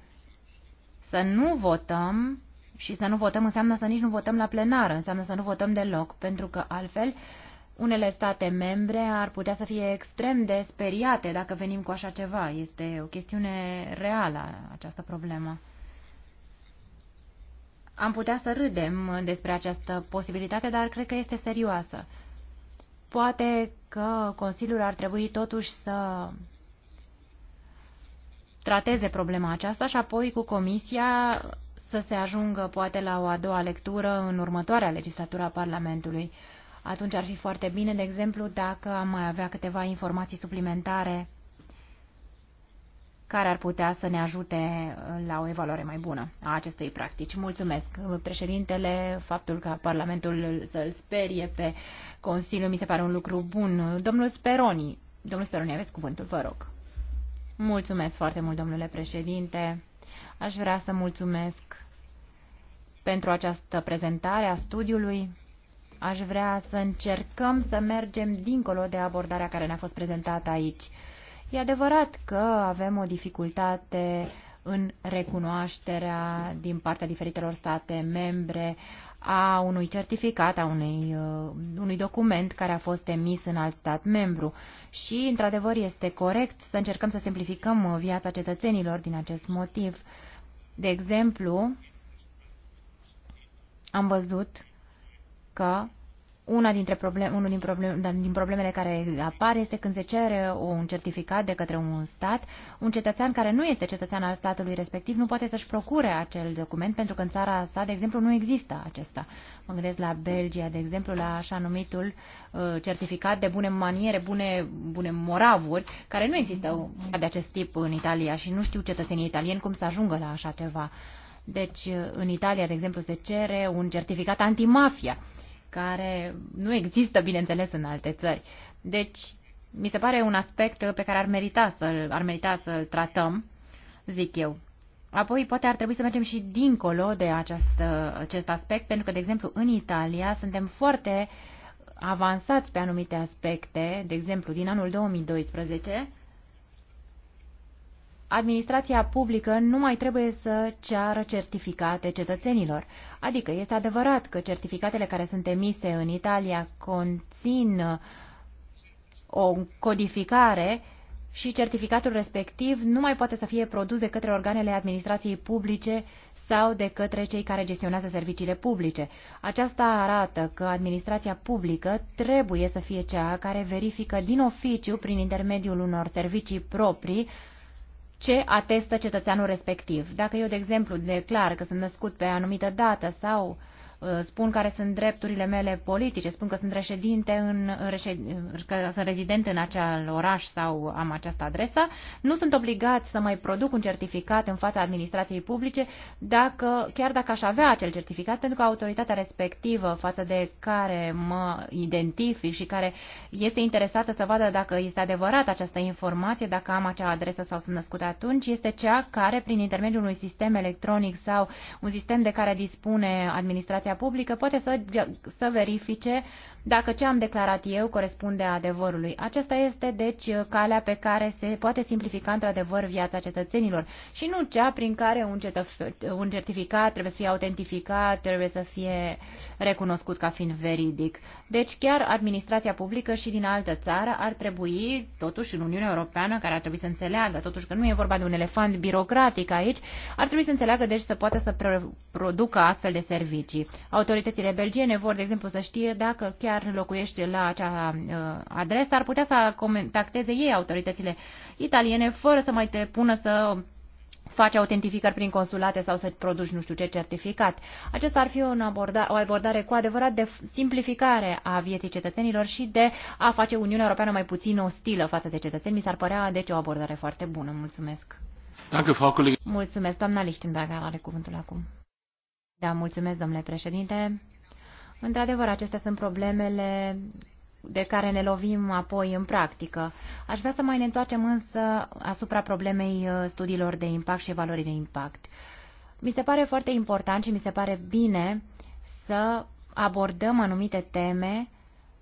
să nu votăm și să nu votăm înseamnă să nici nu votăm la plenară, înseamnă să nu votăm deloc, pentru că altfel unele state membre ar putea să fie extrem de speriate dacă venim cu așa ceva. Este o chestiune reală această problemă. Am putea să râdem despre această posibilitate, dar cred că este serioasă. Poate că Consiliul ar trebui totuși să trateze problema aceasta și apoi cu Comisia să se ajungă poate la o a doua lectură în următoarea legislatură a Parlamentului. Atunci ar fi foarte bine, de exemplu, dacă am mai avea câteva informații suplimentare care ar putea să ne ajute la o evaluare mai bună a acestei practici. Mulțumesc, președintele, faptul că Parlamentul să-l sperie pe Consiliu mi se pare un lucru bun. Domnul Speroni, domnul Speroni, aveți cuvântul, vă rog. Mulțumesc foarte mult, domnule președinte. Aș vrea să mulțumesc pentru această prezentare a studiului. Aș vrea să încercăm să mergem dincolo de abordarea care ne-a fost prezentată aici. E adevărat că avem o dificultate în recunoașterea din partea diferitelor state membre a unui certificat, a unui, uh, unui document care a fost emis în alt stat membru. Și, într-adevăr, este corect să încercăm să simplificăm uh, viața cetățenilor din acest motiv. De exemplu, am văzut că una dintre probleme, unul din, probleme, da, din problemele care apar este când se cere un certificat de către un stat, un cetățean care nu este cetățean al statului respectiv nu poate să-și procure acel document pentru că în țara sa, de exemplu, nu există acesta. Mă gândesc la Belgia, de exemplu, la așa numitul uh, certificat de bune maniere, bune, bune moravuri, care nu există de acest tip în Italia și nu știu cetățenii italieni cum să ajungă la așa ceva. Deci, uh, în Italia, de exemplu, se cere un certificat antimafia care nu există, bineînțeles, în alte țări. Deci, mi se pare un aspect pe care ar merita să-l, ar merita să-l tratăm, zic eu. Apoi, poate ar trebui să mergem și dincolo de acest, acest aspect, pentru că, de exemplu, în Italia suntem foarte avansați pe anumite aspecte, de exemplu, din anul 2012, administrația publică nu mai trebuie să ceară certificate cetățenilor. Adică este adevărat că certificatele care sunt emise în Italia conțin uh, o codificare și certificatul respectiv nu mai poate să fie produs de către organele administrației publice sau de către cei care gestionează serviciile publice. Aceasta arată că administrația publică trebuie să fie cea care verifică din oficiu, prin intermediul unor servicii proprii, ce atestă cetățeanul respectiv. Dacă eu, de exemplu, declar că sunt născut pe anumită dată sau uh, Uh, spun care sunt drepturile mele politice, spun că sunt reședinte în, că sunt rezident în acel oraș sau am această adresă, nu sunt obligat să mai produc un certificat în fața administrației publice, dacă, chiar dacă aș avea acel certificat, pentru că autoritatea respectivă față de care mă identific și care este interesată să vadă dacă este adevărat această informație, dacă am acea adresă sau sunt născut atunci, este cea care, prin intermediul unui sistem electronic sau un sistem de care dispune administrația administrația publică poate să, să verifice dacă ce am declarat eu corespunde adevărului. Aceasta este, deci, calea pe care se poate simplifica, într-adevăr, viața cetățenilor și nu cea prin care un, cetăf- un certificat trebuie să fie autentificat, trebuie să fie recunoscut ca fiind veridic. Deci, chiar administrația publică și din altă țară ar trebui, totuși, în Uniunea Europeană, care ar trebui să înțeleagă, totuși că nu e vorba de un elefant birocratic aici, ar trebui să înțeleagă, deci, să poată să producă astfel de servicii. Autoritățile belgiene vor, de exemplu, să știe dacă chiar locuiește la acea uh, adresă, ar putea să contacteze ei autoritățile italiene fără să mai te pună să faci autentificări prin consulate sau să-ți produci nu știu ce certificat. Acesta ar fi un aborda, o abordare cu adevărat de simplificare a vieții cetățenilor și de a face Uniunea Europeană mai puțin ostilă față de cetățeni. Mi s-ar părea, deci, o abordare foarte bună. Mulțumesc. Danke, Frau Mulțumesc. Doamna Lichtenberger are cuvântul acum. Da, mulțumesc, domnule președinte. Într-adevăr, acestea sunt problemele de care ne lovim apoi în practică. Aș vrea să mai ne întoarcem însă asupra problemei uh, studiilor de impact și valorii de impact. Mi se pare foarte important și mi se pare bine să abordăm anumite teme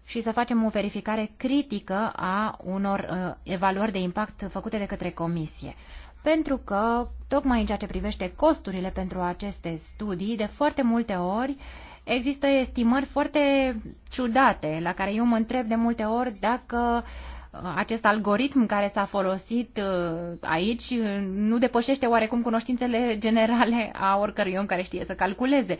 și să facem o verificare critică a unor uh, evaluări de impact făcute de către comisie. Pentru că, tocmai în ceea ce privește costurile pentru aceste studii, de foarte multe ori există estimări foarte ciudate, la care eu mă întreb de multe ori dacă uh, acest algoritm care s-a folosit uh, aici uh, nu depășește oarecum cunoștințele generale a oricărui om care știe să calculeze.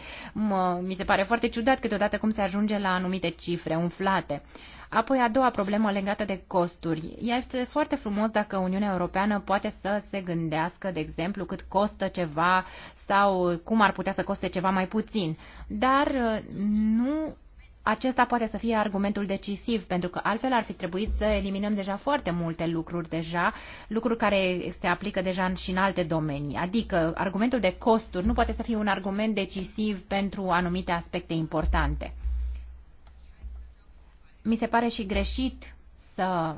mi se pare foarte ciudat câteodată cum se ajunge la anumite cifre umflate. Apoi a doua problemă legată de costuri. Este foarte frumos dacă Uniunea Europeană poate să se gândească, de exemplu, cât costă ceva sau cum ar putea să coste ceva mai puțin. Dar uh, nu acesta poate să fie argumentul decisiv, pentru că altfel ar fi trebuit să eliminăm deja foarte multe lucruri deja, lucruri care se aplică deja și în alte domenii. Adică argumentul de costuri nu poate să fie un argument decisiv pentru anumite aspecte importante. Mi se pare și greșit să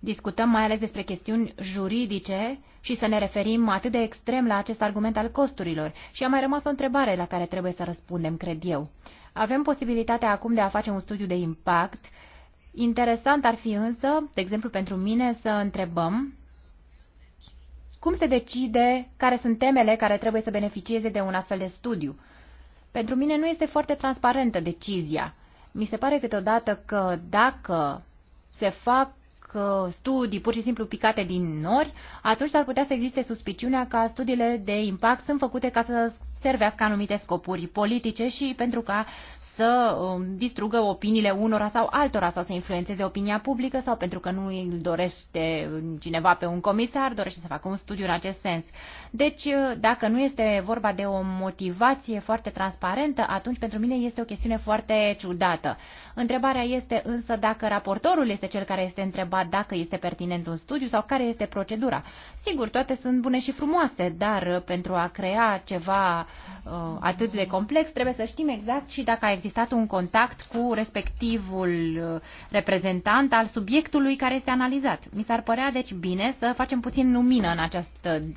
discutăm mai ales despre chestiuni juridice și să ne referim atât de extrem la acest argument al costurilor. Și a mai rămas o întrebare la care trebuie să răspundem, cred eu. Avem posibilitatea acum de a face un studiu de impact. Interesant ar fi însă, de exemplu pentru mine, să întrebăm cum se decide care sunt temele care trebuie să beneficieze de un astfel de studiu. Pentru mine nu este foarte transparentă decizia. Mi se pare câteodată că dacă se fac uh, studii pur și simplu picate din nori, atunci ar putea să existe suspiciunea că studiile de impact sunt făcute ca să servească anumite scopuri politice și pentru ca să um, distrugă opiniile unora sau altora sau să influențeze opinia publică sau pentru că nu îl dorește cineva pe un comisar, dorește să facă un studiu în acest sens. Deci, uh, dacă nu este vorba de o motivație foarte transparentă, atunci pentru mine este o chestiune foarte ciudată. Întrebarea este însă dacă raportorul este cel care este întrebat dacă este pertinent un studiu sau care este procedura. Sigur, toate sunt bune și frumoase, dar pentru a crea ceva uh, atât de complex trebuie să știm exact și dacă a existat existat un contact cu respectivul uh, reprezentant al subiectului care este analizat. Mi s-ar părea, deci, bine să facem puțin lumină în acest uh,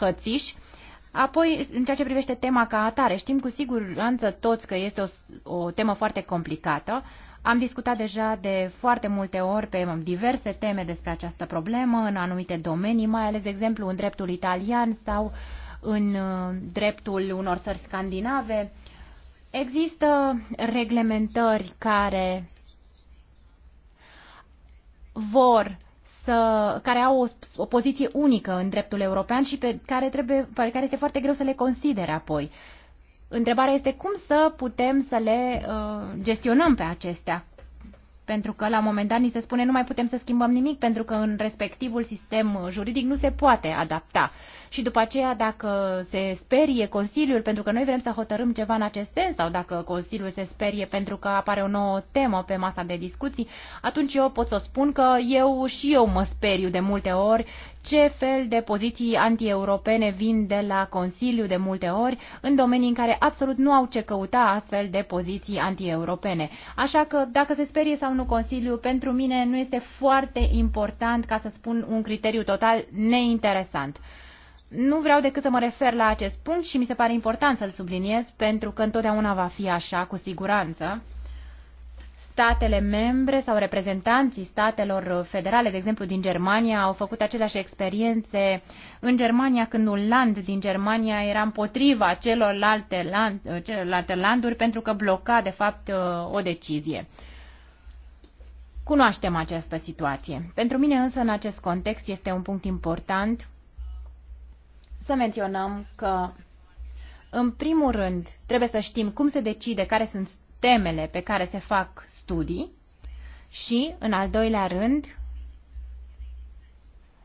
hățiș. Apoi, în ceea ce privește tema ca atare, știm cu siguranță toți că este o, o temă foarte complicată. Am discutat deja de foarte multe ori pe diverse teme despre această problemă în anumite domenii, mai ales, de exemplu, în dreptul italian sau în uh, dreptul unor țări scandinave. Există reglementări care vor să, care au o, o poziție unică în dreptul european și pe care, trebuie, pe care este foarte greu să le considere apoi. Întrebarea este cum să putem să le uh, gestionăm pe acestea. Pentru că la un moment dat ni se spune nu mai putem să schimbăm nimic pentru că în respectivul sistem juridic nu se poate adapta. Uh, și după aceea dacă se sperie Consiliul pentru că noi vrem să hotărâm ceva în acest sens sau dacă Consiliul se sperie pentru că apare o nouă temă pe masa de discuții, atunci eu pot să spun că eu și eu mă speriu de multe ori ce fel de poziții antieuropene vin de la Consiliu de multe ori în domenii în care absolut nu au ce căuta astfel de poziții antieuropene. Așa că dacă se sperie sau nu Consiliu, pentru mine nu este foarte important ca să spun un criteriu total neinteresant. Nu vreau decât să mă refer la acest punct și mi se pare important să-l subliniez, pentru că întotdeauna va fi așa, cu siguranță. Statele membre sau reprezentanții statelor federale, de exemplu din Germania, au făcut aceleași experiențe în Germania când un land din Germania era împotriva celorlalte, land, celorlalte landuri pentru că bloca, de fapt, o decizie. Cunoaștem această situație. Pentru mine însă, în acest context, este un punct important să menționăm că, în primul rând, trebuie să știm cum se decide care sunt temele pe care se fac studii și, în al doilea rând,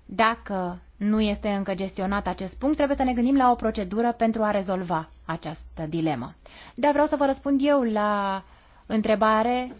dacă nu este încă gestionat acest punct, trebuie să ne gândim la o procedură pentru a rezolva această dilemă. Dar vreau să vă răspund eu la întrebare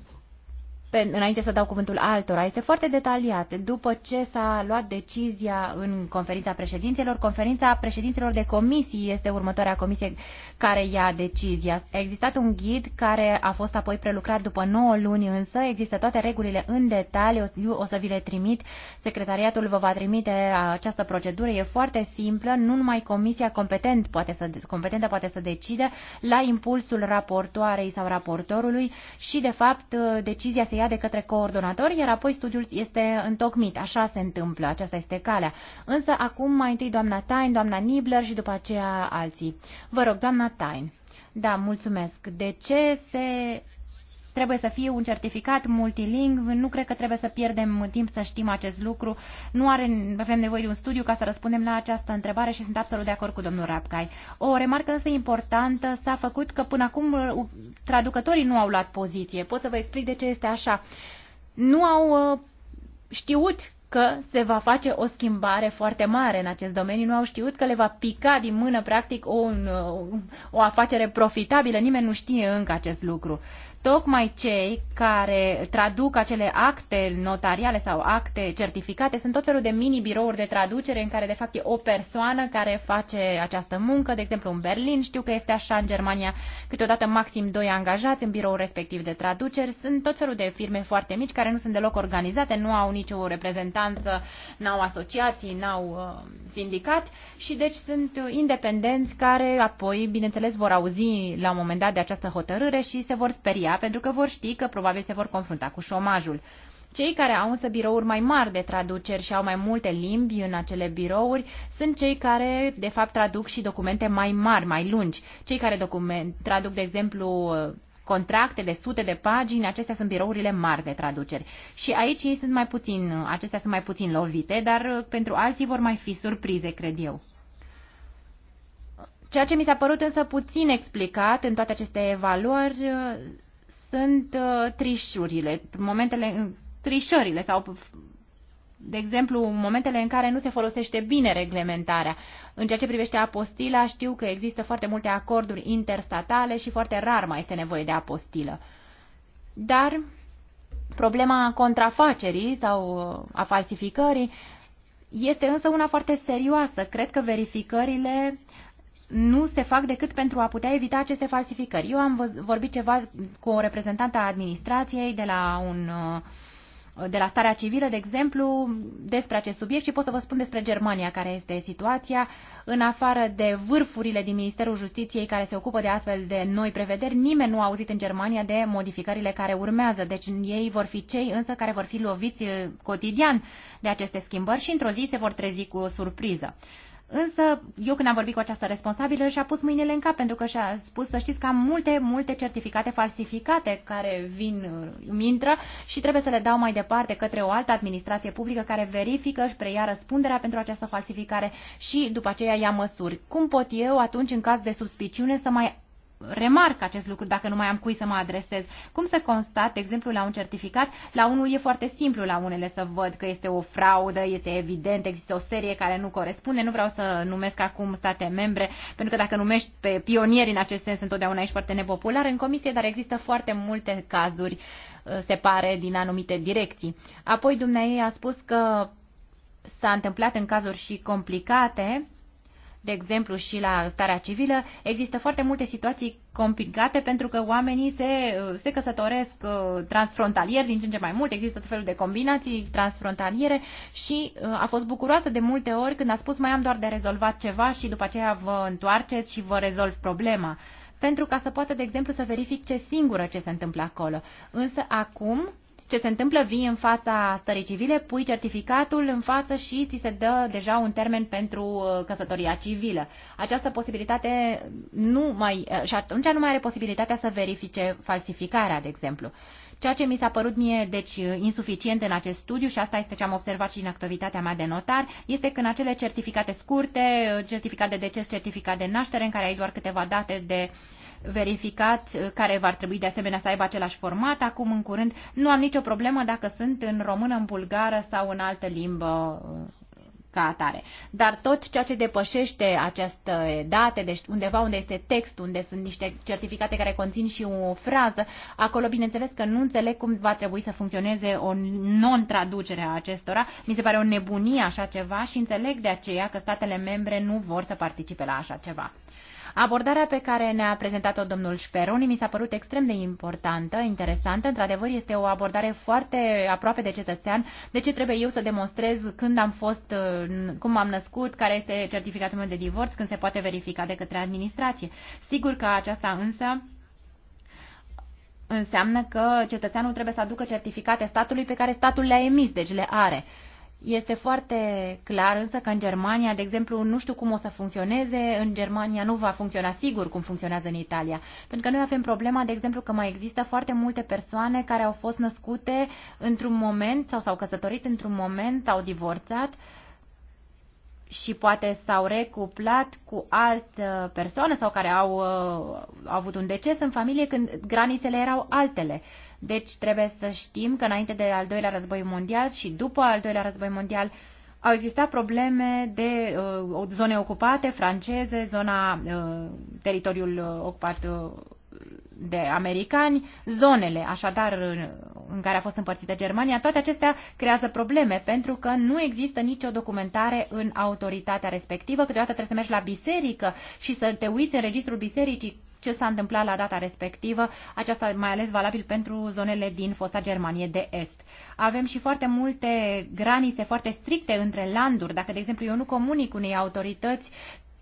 pe, înainte să dau cuvântul altora, este foarte detaliat. După ce s-a luat decizia în conferința președinților, conferința președinților de comisii este următoarea comisie care ia decizia. A existat un ghid care a fost apoi prelucrat după 9 luni, însă există toate regulile în detaliu, eu o să vi le trimit, secretariatul vă va trimite această procedură, e foarte simplă, nu numai comisia competent poate să, competentă poate să decide la impulsul raportoarei sau raportorului și, de fapt, decizia se ia de către coordonatori, iar apoi studiul este întocmit. Așa se întâmplă, aceasta este calea. Însă acum mai întâi doamna Tain, doamna Nibler și după aceea alții. Vă rog, doamna Tain. Da, mulțumesc. De ce se Trebuie să fie un certificat multilingv, nu cred că trebuie să pierdem timp să știm acest lucru. Nu are, avem nevoie de un studiu ca să răspundem la această întrebare și sunt absolut de acord cu domnul Rapcai. O remarcă însă importantă s-a făcut că până acum uh, traducătorii nu au luat poziție. Pot să vă explic de ce este așa. Nu au uh, știut că se va face o schimbare foarte mare în acest domeniu. Nu au știut că le va pica din mână, practic, o, uh, o afacere profitabilă. Nimeni nu știe încă acest lucru. Tocmai cei care traduc acele acte notariale sau acte certificate sunt tot felul de mini-birouri de traducere în care de fapt e o persoană care face această muncă. De exemplu, în Berlin știu că este așa, în Germania câteodată maxim doi angajați în biroul respectiv de traduceri. Sunt tot felul de firme foarte mici care nu sunt deloc organizate, nu au nicio reprezentanță, n-au asociații, n-au uh, sindicat și deci sunt independenți care apoi, bineînțeles, vor auzi la un moment dat de această hotărâre și se vor speria media, pentru că vor ști că probabil se vor confrunta cu șomajul. Cei care au însă birouri mai mari de traduceri și au mai multe limbi în acele birouri sunt cei care, de fapt, traduc și documente mai mari, mai lungi. Cei care document, traduc, de exemplu, contracte de sute de pagini, acestea sunt birourile mari de traduceri. Și aici ei sunt mai puțin, acestea sunt mai puțin lovite, dar pentru alții vor mai fi surprize, cred eu. Ceea ce mi s-a părut însă puțin explicat în toate aceste evaluări sunt uh, trișurile, momentele, trișorile sau, de exemplu, momentele în care nu se folosește bine reglementarea. În ceea ce privește apostila, știu că există foarte multe acorduri interstatale și foarte rar mai este nevoie de apostilă. Dar problema contrafacerii sau uh, a falsificării este însă una foarte serioasă. Cred că verificările uh, nu se fac decât pentru a putea evita aceste falsificări. Eu am vorbit ceva cu o reprezentantă a administrației de la un uh, de la starea civilă, de exemplu, despre acest subiect și pot să vă spun despre Germania, care este situația. În afară de vârfurile din Ministerul Justiției care se ocupă de astfel de noi prevederi, nimeni nu a auzit în Germania de modificările care urmează. Deci ei vor fi cei însă care vor fi loviți uh, cotidian de aceste schimbări și într-o zi se vor trezi cu o surpriză. Însă, eu când am vorbit cu această responsabilă, și-a pus mâinile în cap pentru că și-a spus să știți că am multe, multe certificate falsificate care vin, îmi intră și trebuie să le dau mai departe către o altă administrație publică care verifică și preia răspunderea pentru această falsificare și după aceea ia măsuri. Cum pot eu atunci, în caz de suspiciune, să mai remarc acest lucru dacă nu mai am cui să mă adresez. Cum să constat, de exemplu, la un certificat? La unul e foarte simplu la unele să văd că este o fraudă, este evident, există o serie care nu corespunde. Nu vreau să numesc acum state membre, pentru că dacă numești pe pionieri în acest sens, întotdeauna ești foarte nepopular în comisie, dar există foarte multe cazuri, uh, se pare, din anumite direcții. Apoi dumneavoastră a spus că s-a întâmplat în cazuri și complicate, de exemplu, și la starea civilă, există foarte multe situații complicate pentru că oamenii se, se căsătoresc uh, transfrontalier din ce în ce mai mult, există tot felul de combinații transfrontaliere și uh, a fost bucuroasă de multe ori când a spus mai am doar de rezolvat ceva și după aceea vă întoarceți și vă rezolv problema pentru ca să poată, de exemplu, să verific ce singură ce se întâmplă acolo. Însă acum ce se întâmplă, vii în fața stării civile, pui certificatul în față și ți se dă deja un termen pentru uh, căsătoria civilă. Această posibilitate nu mai, uh, și atunci nu mai are posibilitatea să verifice falsificarea, de exemplu. Ceea ce mi s-a părut mie, deci, uh, insuficient în acest studiu, și asta este ce am observat și în activitatea mea de notar, este că în acele certificate scurte, certificat de deces, certificat de naștere, în care ai doar câteva date de uh, verificat, uh, care va trebui de asemenea să aibă același format acum în curând. Nu am nicio problemă dacă sunt în română, în bulgară sau în altă limbă uh, ca atare. Dar tot ceea ce depășește aceste date, deci undeva unde este text, unde sunt niște certificate care conțin și o frază, acolo bineînțeles că nu înțeleg cum va trebui să funcționeze o non-traducere a acestora. Mi se pare o nebunie așa ceva și înțeleg de aceea că statele membre nu vor să participe la așa ceva. Abordarea pe care ne-a prezentat-o domnul Speroni mi s-a părut extrem de importantă, interesantă. Într-adevăr, este o abordare foarte aproape de cetățean. De ce trebuie eu să demonstrez când am fost, uh, cum am născut, care este certificatul meu de divorț, când se poate verifica de către administrație. Sigur că aceasta însă înseamnă că cetățeanul trebuie să aducă certificate statului pe care statul le-a emis, deci le are. Este foarte clar însă că în Germania, de exemplu, nu știu cum o să funcționeze, în Germania nu va funcționa sigur cum funcționează în Italia. Pentru că noi avem problema, de exemplu, că mai există foarte multe persoane care au fost născute într-un moment sau s-au căsătorit într-un moment, s-au divorțat și poate s-au recuplat cu altă persoană sau care au, uh, au avut un deces în familie când granițele erau altele. Uh, deci trebuie să știm că înainte de al doilea război mondial și după al doilea război mondial au existat probleme de uh, zone ocupate franceze, zona uh, teritoriul uh, ocupat uh, de americani, zonele, așadar, în care a fost împărțită Germania, toate acestea creează probleme, pentru că nu există nicio documentare în autoritatea respectivă. Câteodată trebuie să mergi la biserică și să te uiți în registrul bisericii ce s-a întâmplat la data respectivă, aceasta mai ales valabil pentru zonele din fosta Germanie de Est. Avem și foarte multe granițe foarte stricte între landuri. Dacă, de exemplu, eu nu comunic unei autorități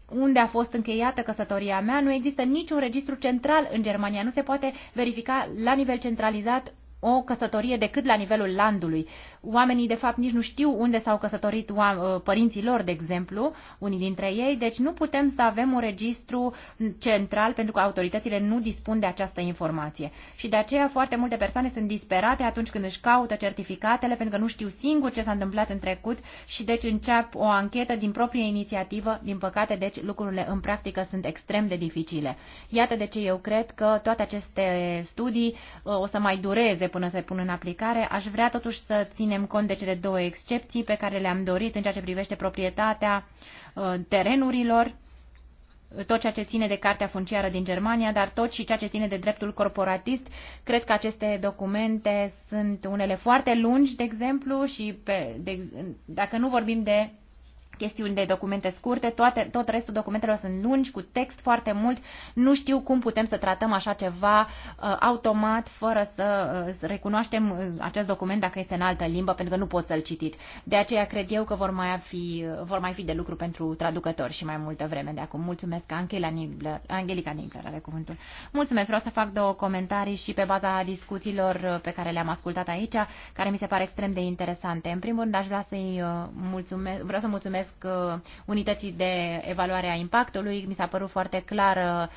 unde a fost încheiată căsătoria mea, nu există niciun registru central în Germania. Nu se poate verifica la nivel centralizat o căsătorie decât la nivelul landului. Oamenii, de fapt, nici nu știu unde s-au căsătorit ă, părinții lor, de exemplu, unii dintre ei, deci nu putem să avem un registru central pentru că autoritățile nu dispun de această informație. Și de aceea foarte multe persoane sunt disperate atunci când își caută certificatele pentru că nu știu singur ce s-a întâmplat în trecut și deci încep o anchetă din proprie inițiativă. Din păcate, deci, lucrurile în practică sunt extrem de dificile. Iată de ce eu cred că toate aceste studii ă, o să mai dureze până se pun în aplicare. Aș vrea totuși să ținem ținem cont de cele două excepții pe care le-am dorit în ceea ce privește proprietatea uh, terenurilor, tot ceea ce ține de Cartea Funciară din Germania, dar tot și ceea ce ține de dreptul corporatist. Cred că aceste documente sunt unele foarte lungi, de exemplu, și pe, de, dacă nu vorbim de chestiuni de documente scurte, toate, tot restul documentelor sunt lungi, cu text foarte mult. Nu știu cum putem să tratăm așa ceva uh, automat, fără să uh, recunoaștem uh, acest document dacă este în altă limbă, pentru că nu pot să-l citit. De aceea cred eu că vor mai fi, uh, vor mai fi de lucru pentru traducători și mai multă vreme de acum. Mulțumesc, Angela Nibler, Angelica Nibler are cuvântul. Mulțumesc, vreau să fac două comentarii și pe baza discuțiilor uh, pe care le-am ascultat aici, care mi se pare extrem de interesante. În primul rând, aș vrea să-i mulțumesc, vreau să mulțumesc mulțumesc uh, unității de evaluare a impactului. Mi s-a părut foarte clară uh,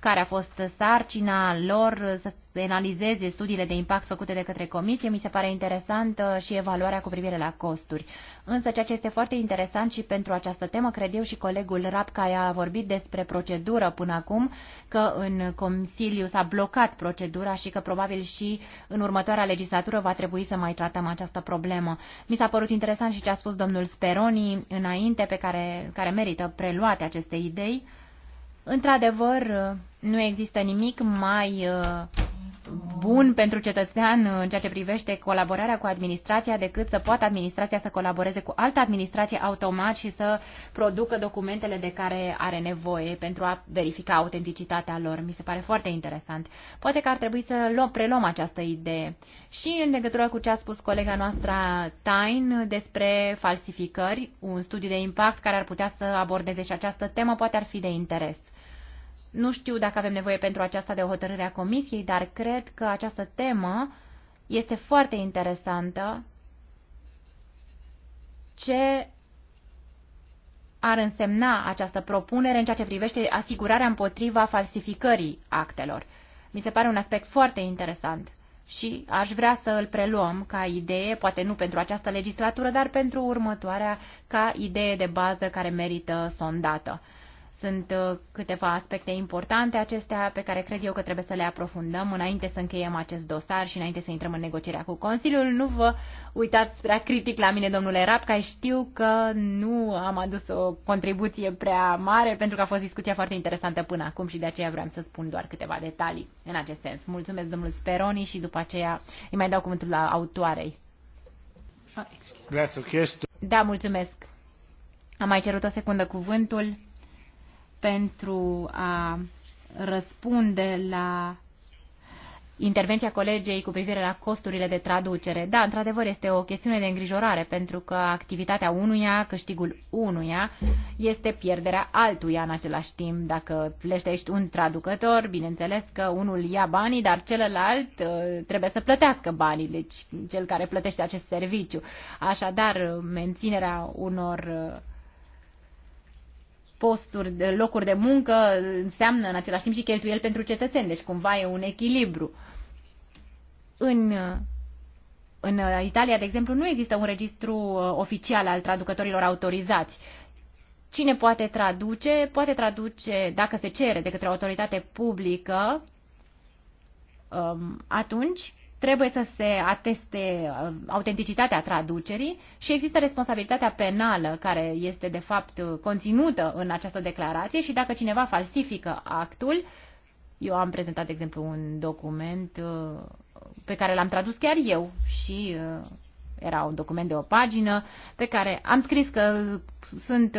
care a fost sarcina lor să analizeze studiile de impact făcute de către comisie. Mi se pare interesantă și evaluarea cu privire la costuri. Însă ceea ce este foarte interesant și pentru această temă, cred eu și colegul Rapca a vorbit despre procedură până acum, că în Consiliu s-a blocat procedura și că probabil și în următoarea legislatură va trebui să mai tratăm această problemă. Mi s-a părut interesant și ce a spus domnul Speroni înainte, pe care, care merită preluate aceste idei. Într-adevăr, nu există nimic mai uh, bun pentru cetățean uh, în ceea ce privește colaborarea cu administrația decât să poată administrația să colaboreze cu altă administrație automat și să producă documentele de care are nevoie pentru a verifica autenticitatea lor. Mi se pare foarte interesant. Poate că ar trebui să luăm, preluăm această idee. Și în legătură cu ce a spus colega noastră Tain despre falsificări, un studiu de impact care ar putea să abordeze și această temă poate ar fi de interes. Nu știu dacă avem nevoie pentru aceasta de o hotărâre a comisiei, dar cred că această temă este foarte interesantă. Ce ar însemna această propunere în ceea ce privește asigurarea împotriva falsificării actelor? Mi se pare un aspect foarte interesant și aș vrea să îl preluăm ca idee, poate nu pentru această legislatură, dar pentru următoarea ca idee de bază care merită sondată. Sunt uh, câteva aspecte importante acestea pe care cred eu că trebuie să le aprofundăm înainte să încheiem acest dosar și înainte să intrăm în negocierea cu Consiliul. Nu vă uitați prea critic la mine, domnule Rapca, știu că nu am adus o contribuție prea mare pentru că a fost discuția foarte interesantă până acum și de aceea vreau să spun doar câteva detalii în acest sens. Mulțumesc, domnul Speroni, și după aceea îi mai dau cuvântul la autoarei. Ah, da, mulțumesc. Am mai cerut o secundă cuvântul pentru a răspunde la intervenția colegei cu privire la costurile de traducere. Da, într-adevăr, este o chestiune de îngrijorare, pentru că activitatea unuia, câștigul unuia, este pierderea altuia în același timp. Dacă plătești un traducător, bineînțeles că unul ia banii, dar celălalt uh, trebuie să plătească banii, deci cel care plătește acest serviciu. Așadar, menținerea unor uh, posturi, de locuri de muncă înseamnă în același timp și cheltuieli pentru cetățeni, deci cumva e un echilibru. În, în Italia, de exemplu, nu există un registru uh, oficial al traducătorilor autorizați. Cine poate traduce? Poate traduce, dacă se cere de către o autoritate publică, um, atunci trebuie să se ateste uh, autenticitatea traducerii și există responsabilitatea penală care este de fapt uh, conținută în această declarație și dacă cineva falsifică actul, eu am prezentat, de exemplu, un document uh, pe care l-am tradus chiar eu și era un document de o pagină, pe care am scris că sunt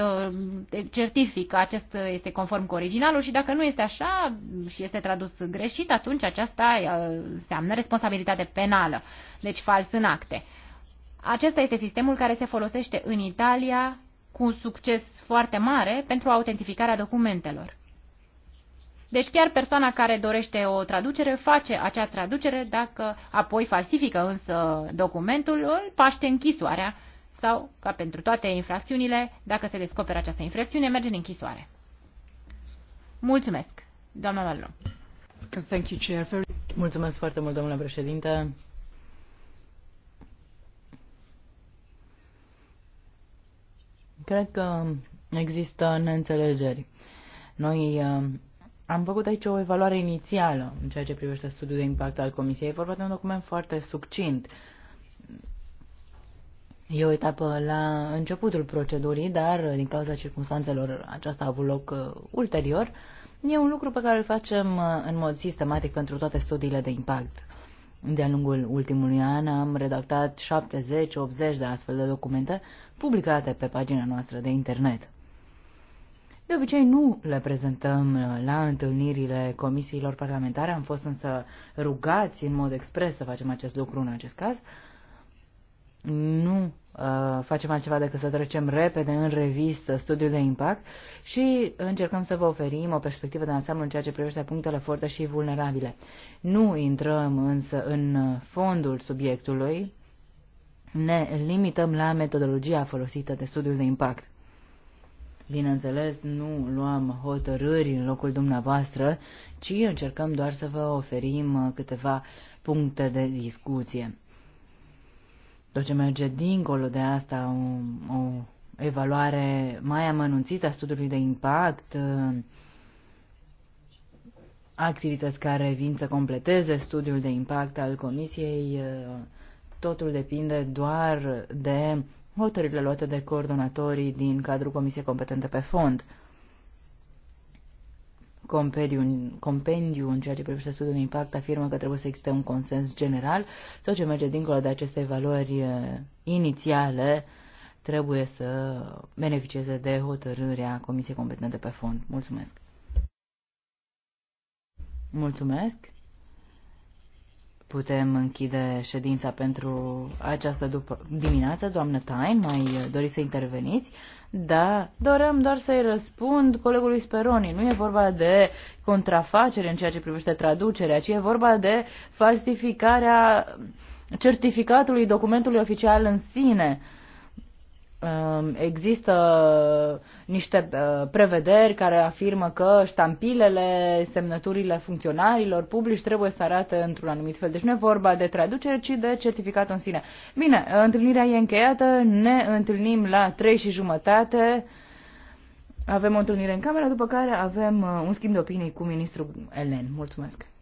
uh, certific că acest este conform cu originalul și dacă nu este așa și este tradus greșit, atunci aceasta uh, înseamnă responsabilitate penală, deci fals în acte. Acesta este sistemul care se folosește în Italia cu un succes foarte mare pentru autentificarea documentelor. Deci chiar persoana care dorește o traducere face acea traducere, dacă apoi falsifică însă documentul, îl paște închisoarea sau, ca pentru toate infracțiunile, dacă se descoperă această infracțiune, merge în închisoare. Mulțumesc, doamna Mallo. Thank you, Chair. Mulțumesc foarte mult, domnule președinte. Cred că există neînțelegeri. Noi uh, am făcut aici o evaluare inițială în ceea ce privește studiul de impact al Comisiei. E vorba de un document foarte succint. E o etapă la începutul procedurii, dar din cauza circunstanțelor aceasta a avut loc uh, ulterior. E un lucru pe care îl facem uh, în mod sistematic pentru toate studiile de impact. De-a lungul ultimului an am redactat 70-80 de astfel de documente publicate pe pagina noastră de internet. De obicei nu le prezentăm uh, la întâlnirile comisiilor parlamentare, am fost însă rugați în mod expres să facem acest lucru în acest caz. Nu uh, facem altceva decât să trecem repede în revistă studiul de impact și încercăm să vă oferim o perspectivă de ansamblu în ceea ce privește punctele forte și vulnerabile. Nu intrăm însă în fondul subiectului, ne limităm la metodologia folosită de studiul de impact. Bineînțeles, nu luăm hotărâri în locul dumneavoastră, ci încercăm doar să vă oferim uh, câteva puncte de discuție. Tot ce merge dincolo de asta, o, o evaluare mai amănunțită a studiului de impact, uh, activități care vin să completeze studiul de impact al Comisiei, uh, totul depinde doar de hotările luate de coordonatorii din cadrul Comisiei Competente pe Fond. Compendiu, compendiu în ceea ce privește studiul de impact afirmă că trebuie să existe un consens general sau ce merge dincolo de aceste valori eh, inițiale trebuie să beneficieze de hotărârea Comisiei Competente pe Fond. Mulțumesc! Mulțumesc! putem închide ședința pentru această după dimineață. Doamnă Tain, mai doriți să interveniți? Da, doream doar să-i răspund colegului Speroni. Nu e vorba de contrafacere în ceea ce privește traducerea, ci e vorba de falsificarea certificatului documentului oficial în sine. Um, există niște uh, prevederi care afirmă că ștampilele, semnăturile funcționarilor publici trebuie să arate într-un anumit fel. Deci nu e vorba de traducere, ci de certificat în sine. Bine, întâlnirea e încheiată, ne întâlnim la 3 și jumătate. Avem o întâlnire în cameră, după care avem uh, un schimb de opinii cu ministrul Elen. Mulțumesc!